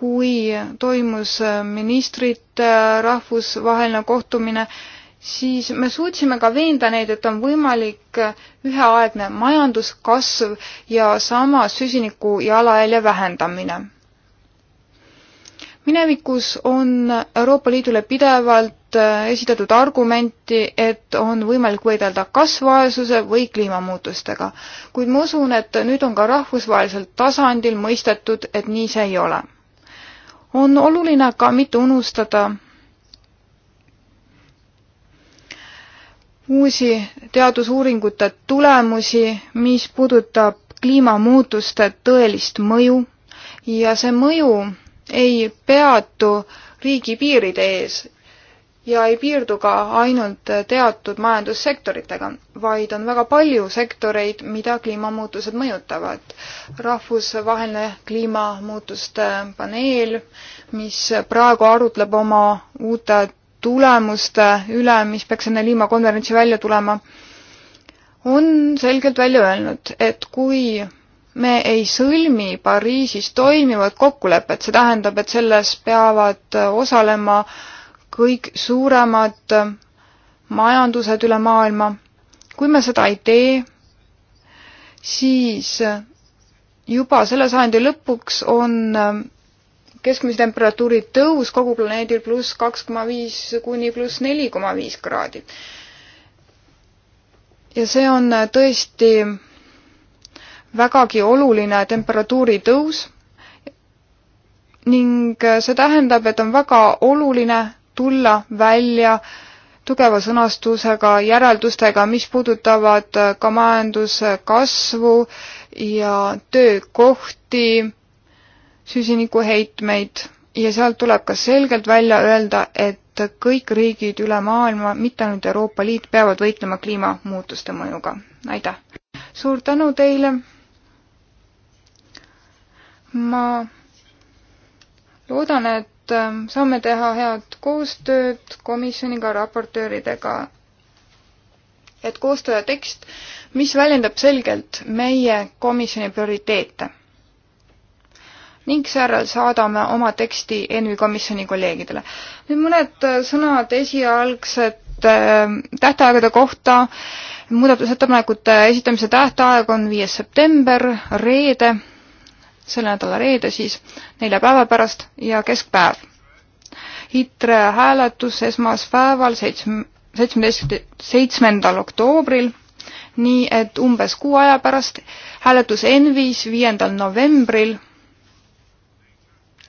kui toimus ministrite rahvusvaheline kohtumine, siis me suutsime ka veenda neid, et on võimalik üheaegne majanduskasv ja samas süsiniku jalajälje vähendamine. minevikus on Euroopa Liidule pidevalt äh, esitatud argumenti, et on võimalik võidelda kas vaesuse või kliimamuutustega, kuid ma usun, et nüüd on ka rahvusvahelisel tasandil mõistetud, et nii see ei ole. on oluline ka mitte unustada, uusi teadusuuringute tulemusi, mis puudutab kliimamuutuste tõelist mõju ja see mõju ei peatu riigipiiride ees ja ei piirdu ka ainult teatud majandussektoritega, vaid on väga palju sektoreid, mida kliimamuutused mõjutavad. rahvusvaheline kliimamuutuste paneel, mis praegu arutleb oma uute tulemuste üle, mis peaks enne Liima konverentsi välja tulema, on selgelt välja öelnud, et kui me ei sõlmi Pariisis toimivat kokkulepet, see tähendab, et selles peavad osalema kõik suuremad majandused üle maailma. kui me seda ei tee, siis juba selle sajandi lõpuks on keskmise temperatuuri tõus kogu planeedil pluss kaks koma viis kuni pluss neli koma viis kraadi. ja see on tõesti vägagi oluline temperatuuri tõus ning see tähendab, et on väga oluline tulla välja tugeva sõnastusega järeldustega, mis puudutavad ka majanduskasvu ja töökohti süsinikuheitmeid ja sealt tuleb ka selgelt välja öelda, et kõik riigid üle maailma, mitte ainult Euroopa Liit, peavad võitlema kliimamuutuste mõjuga. aitäh! suur tänu teile! ma loodan, et ähm, saame teha head koostööd komisjoniga, raportööridega, et koostada tekst, mis väljendab selgelt meie komisjoni prioriteete ning seejärel saadame oma teksti ENVI komisjoni kolleegidele. nüüd mõned äh, sõnad esialgsete ähm, tähtaegade kohta. muudatusettepanekute esitamise tähtaeg on viies september, reede, selle nädala reede siis, nelja päeva pärast ja keskpäev. ITRE hääletus esmaspäeval, seitsme, seitsmeteist, seitsmendal oktoobril nii et umbes kuu aja pärast hääletus ENVis viiendal novembril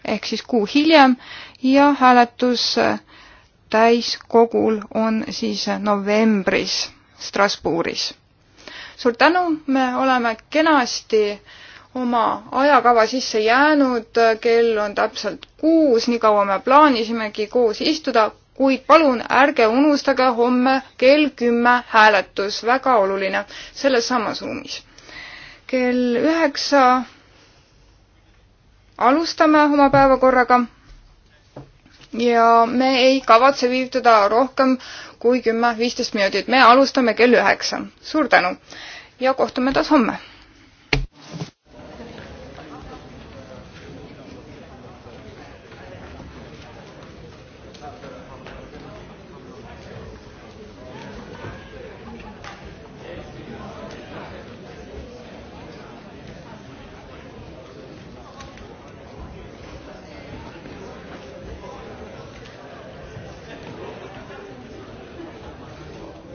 ehk siis kuu hiljem ja hääletus täiskogul on siis novembris Strasbourgis. suur tänu, me oleme kenasti oma ajakava sisse jäänud, kell on täpselt kuus, nii kaua me plaanisimegi koos istuda, kuid palun ärge unustage homme kell kümme hääletus, väga oluline, selles samas ruumis. kell üheksa 9 alustame oma päevakorraga ja me ei kavatse viivitada rohkem kui kümme-viisteist minutit. me alustame kell üheksa. suur tänu ja kohtume taas homme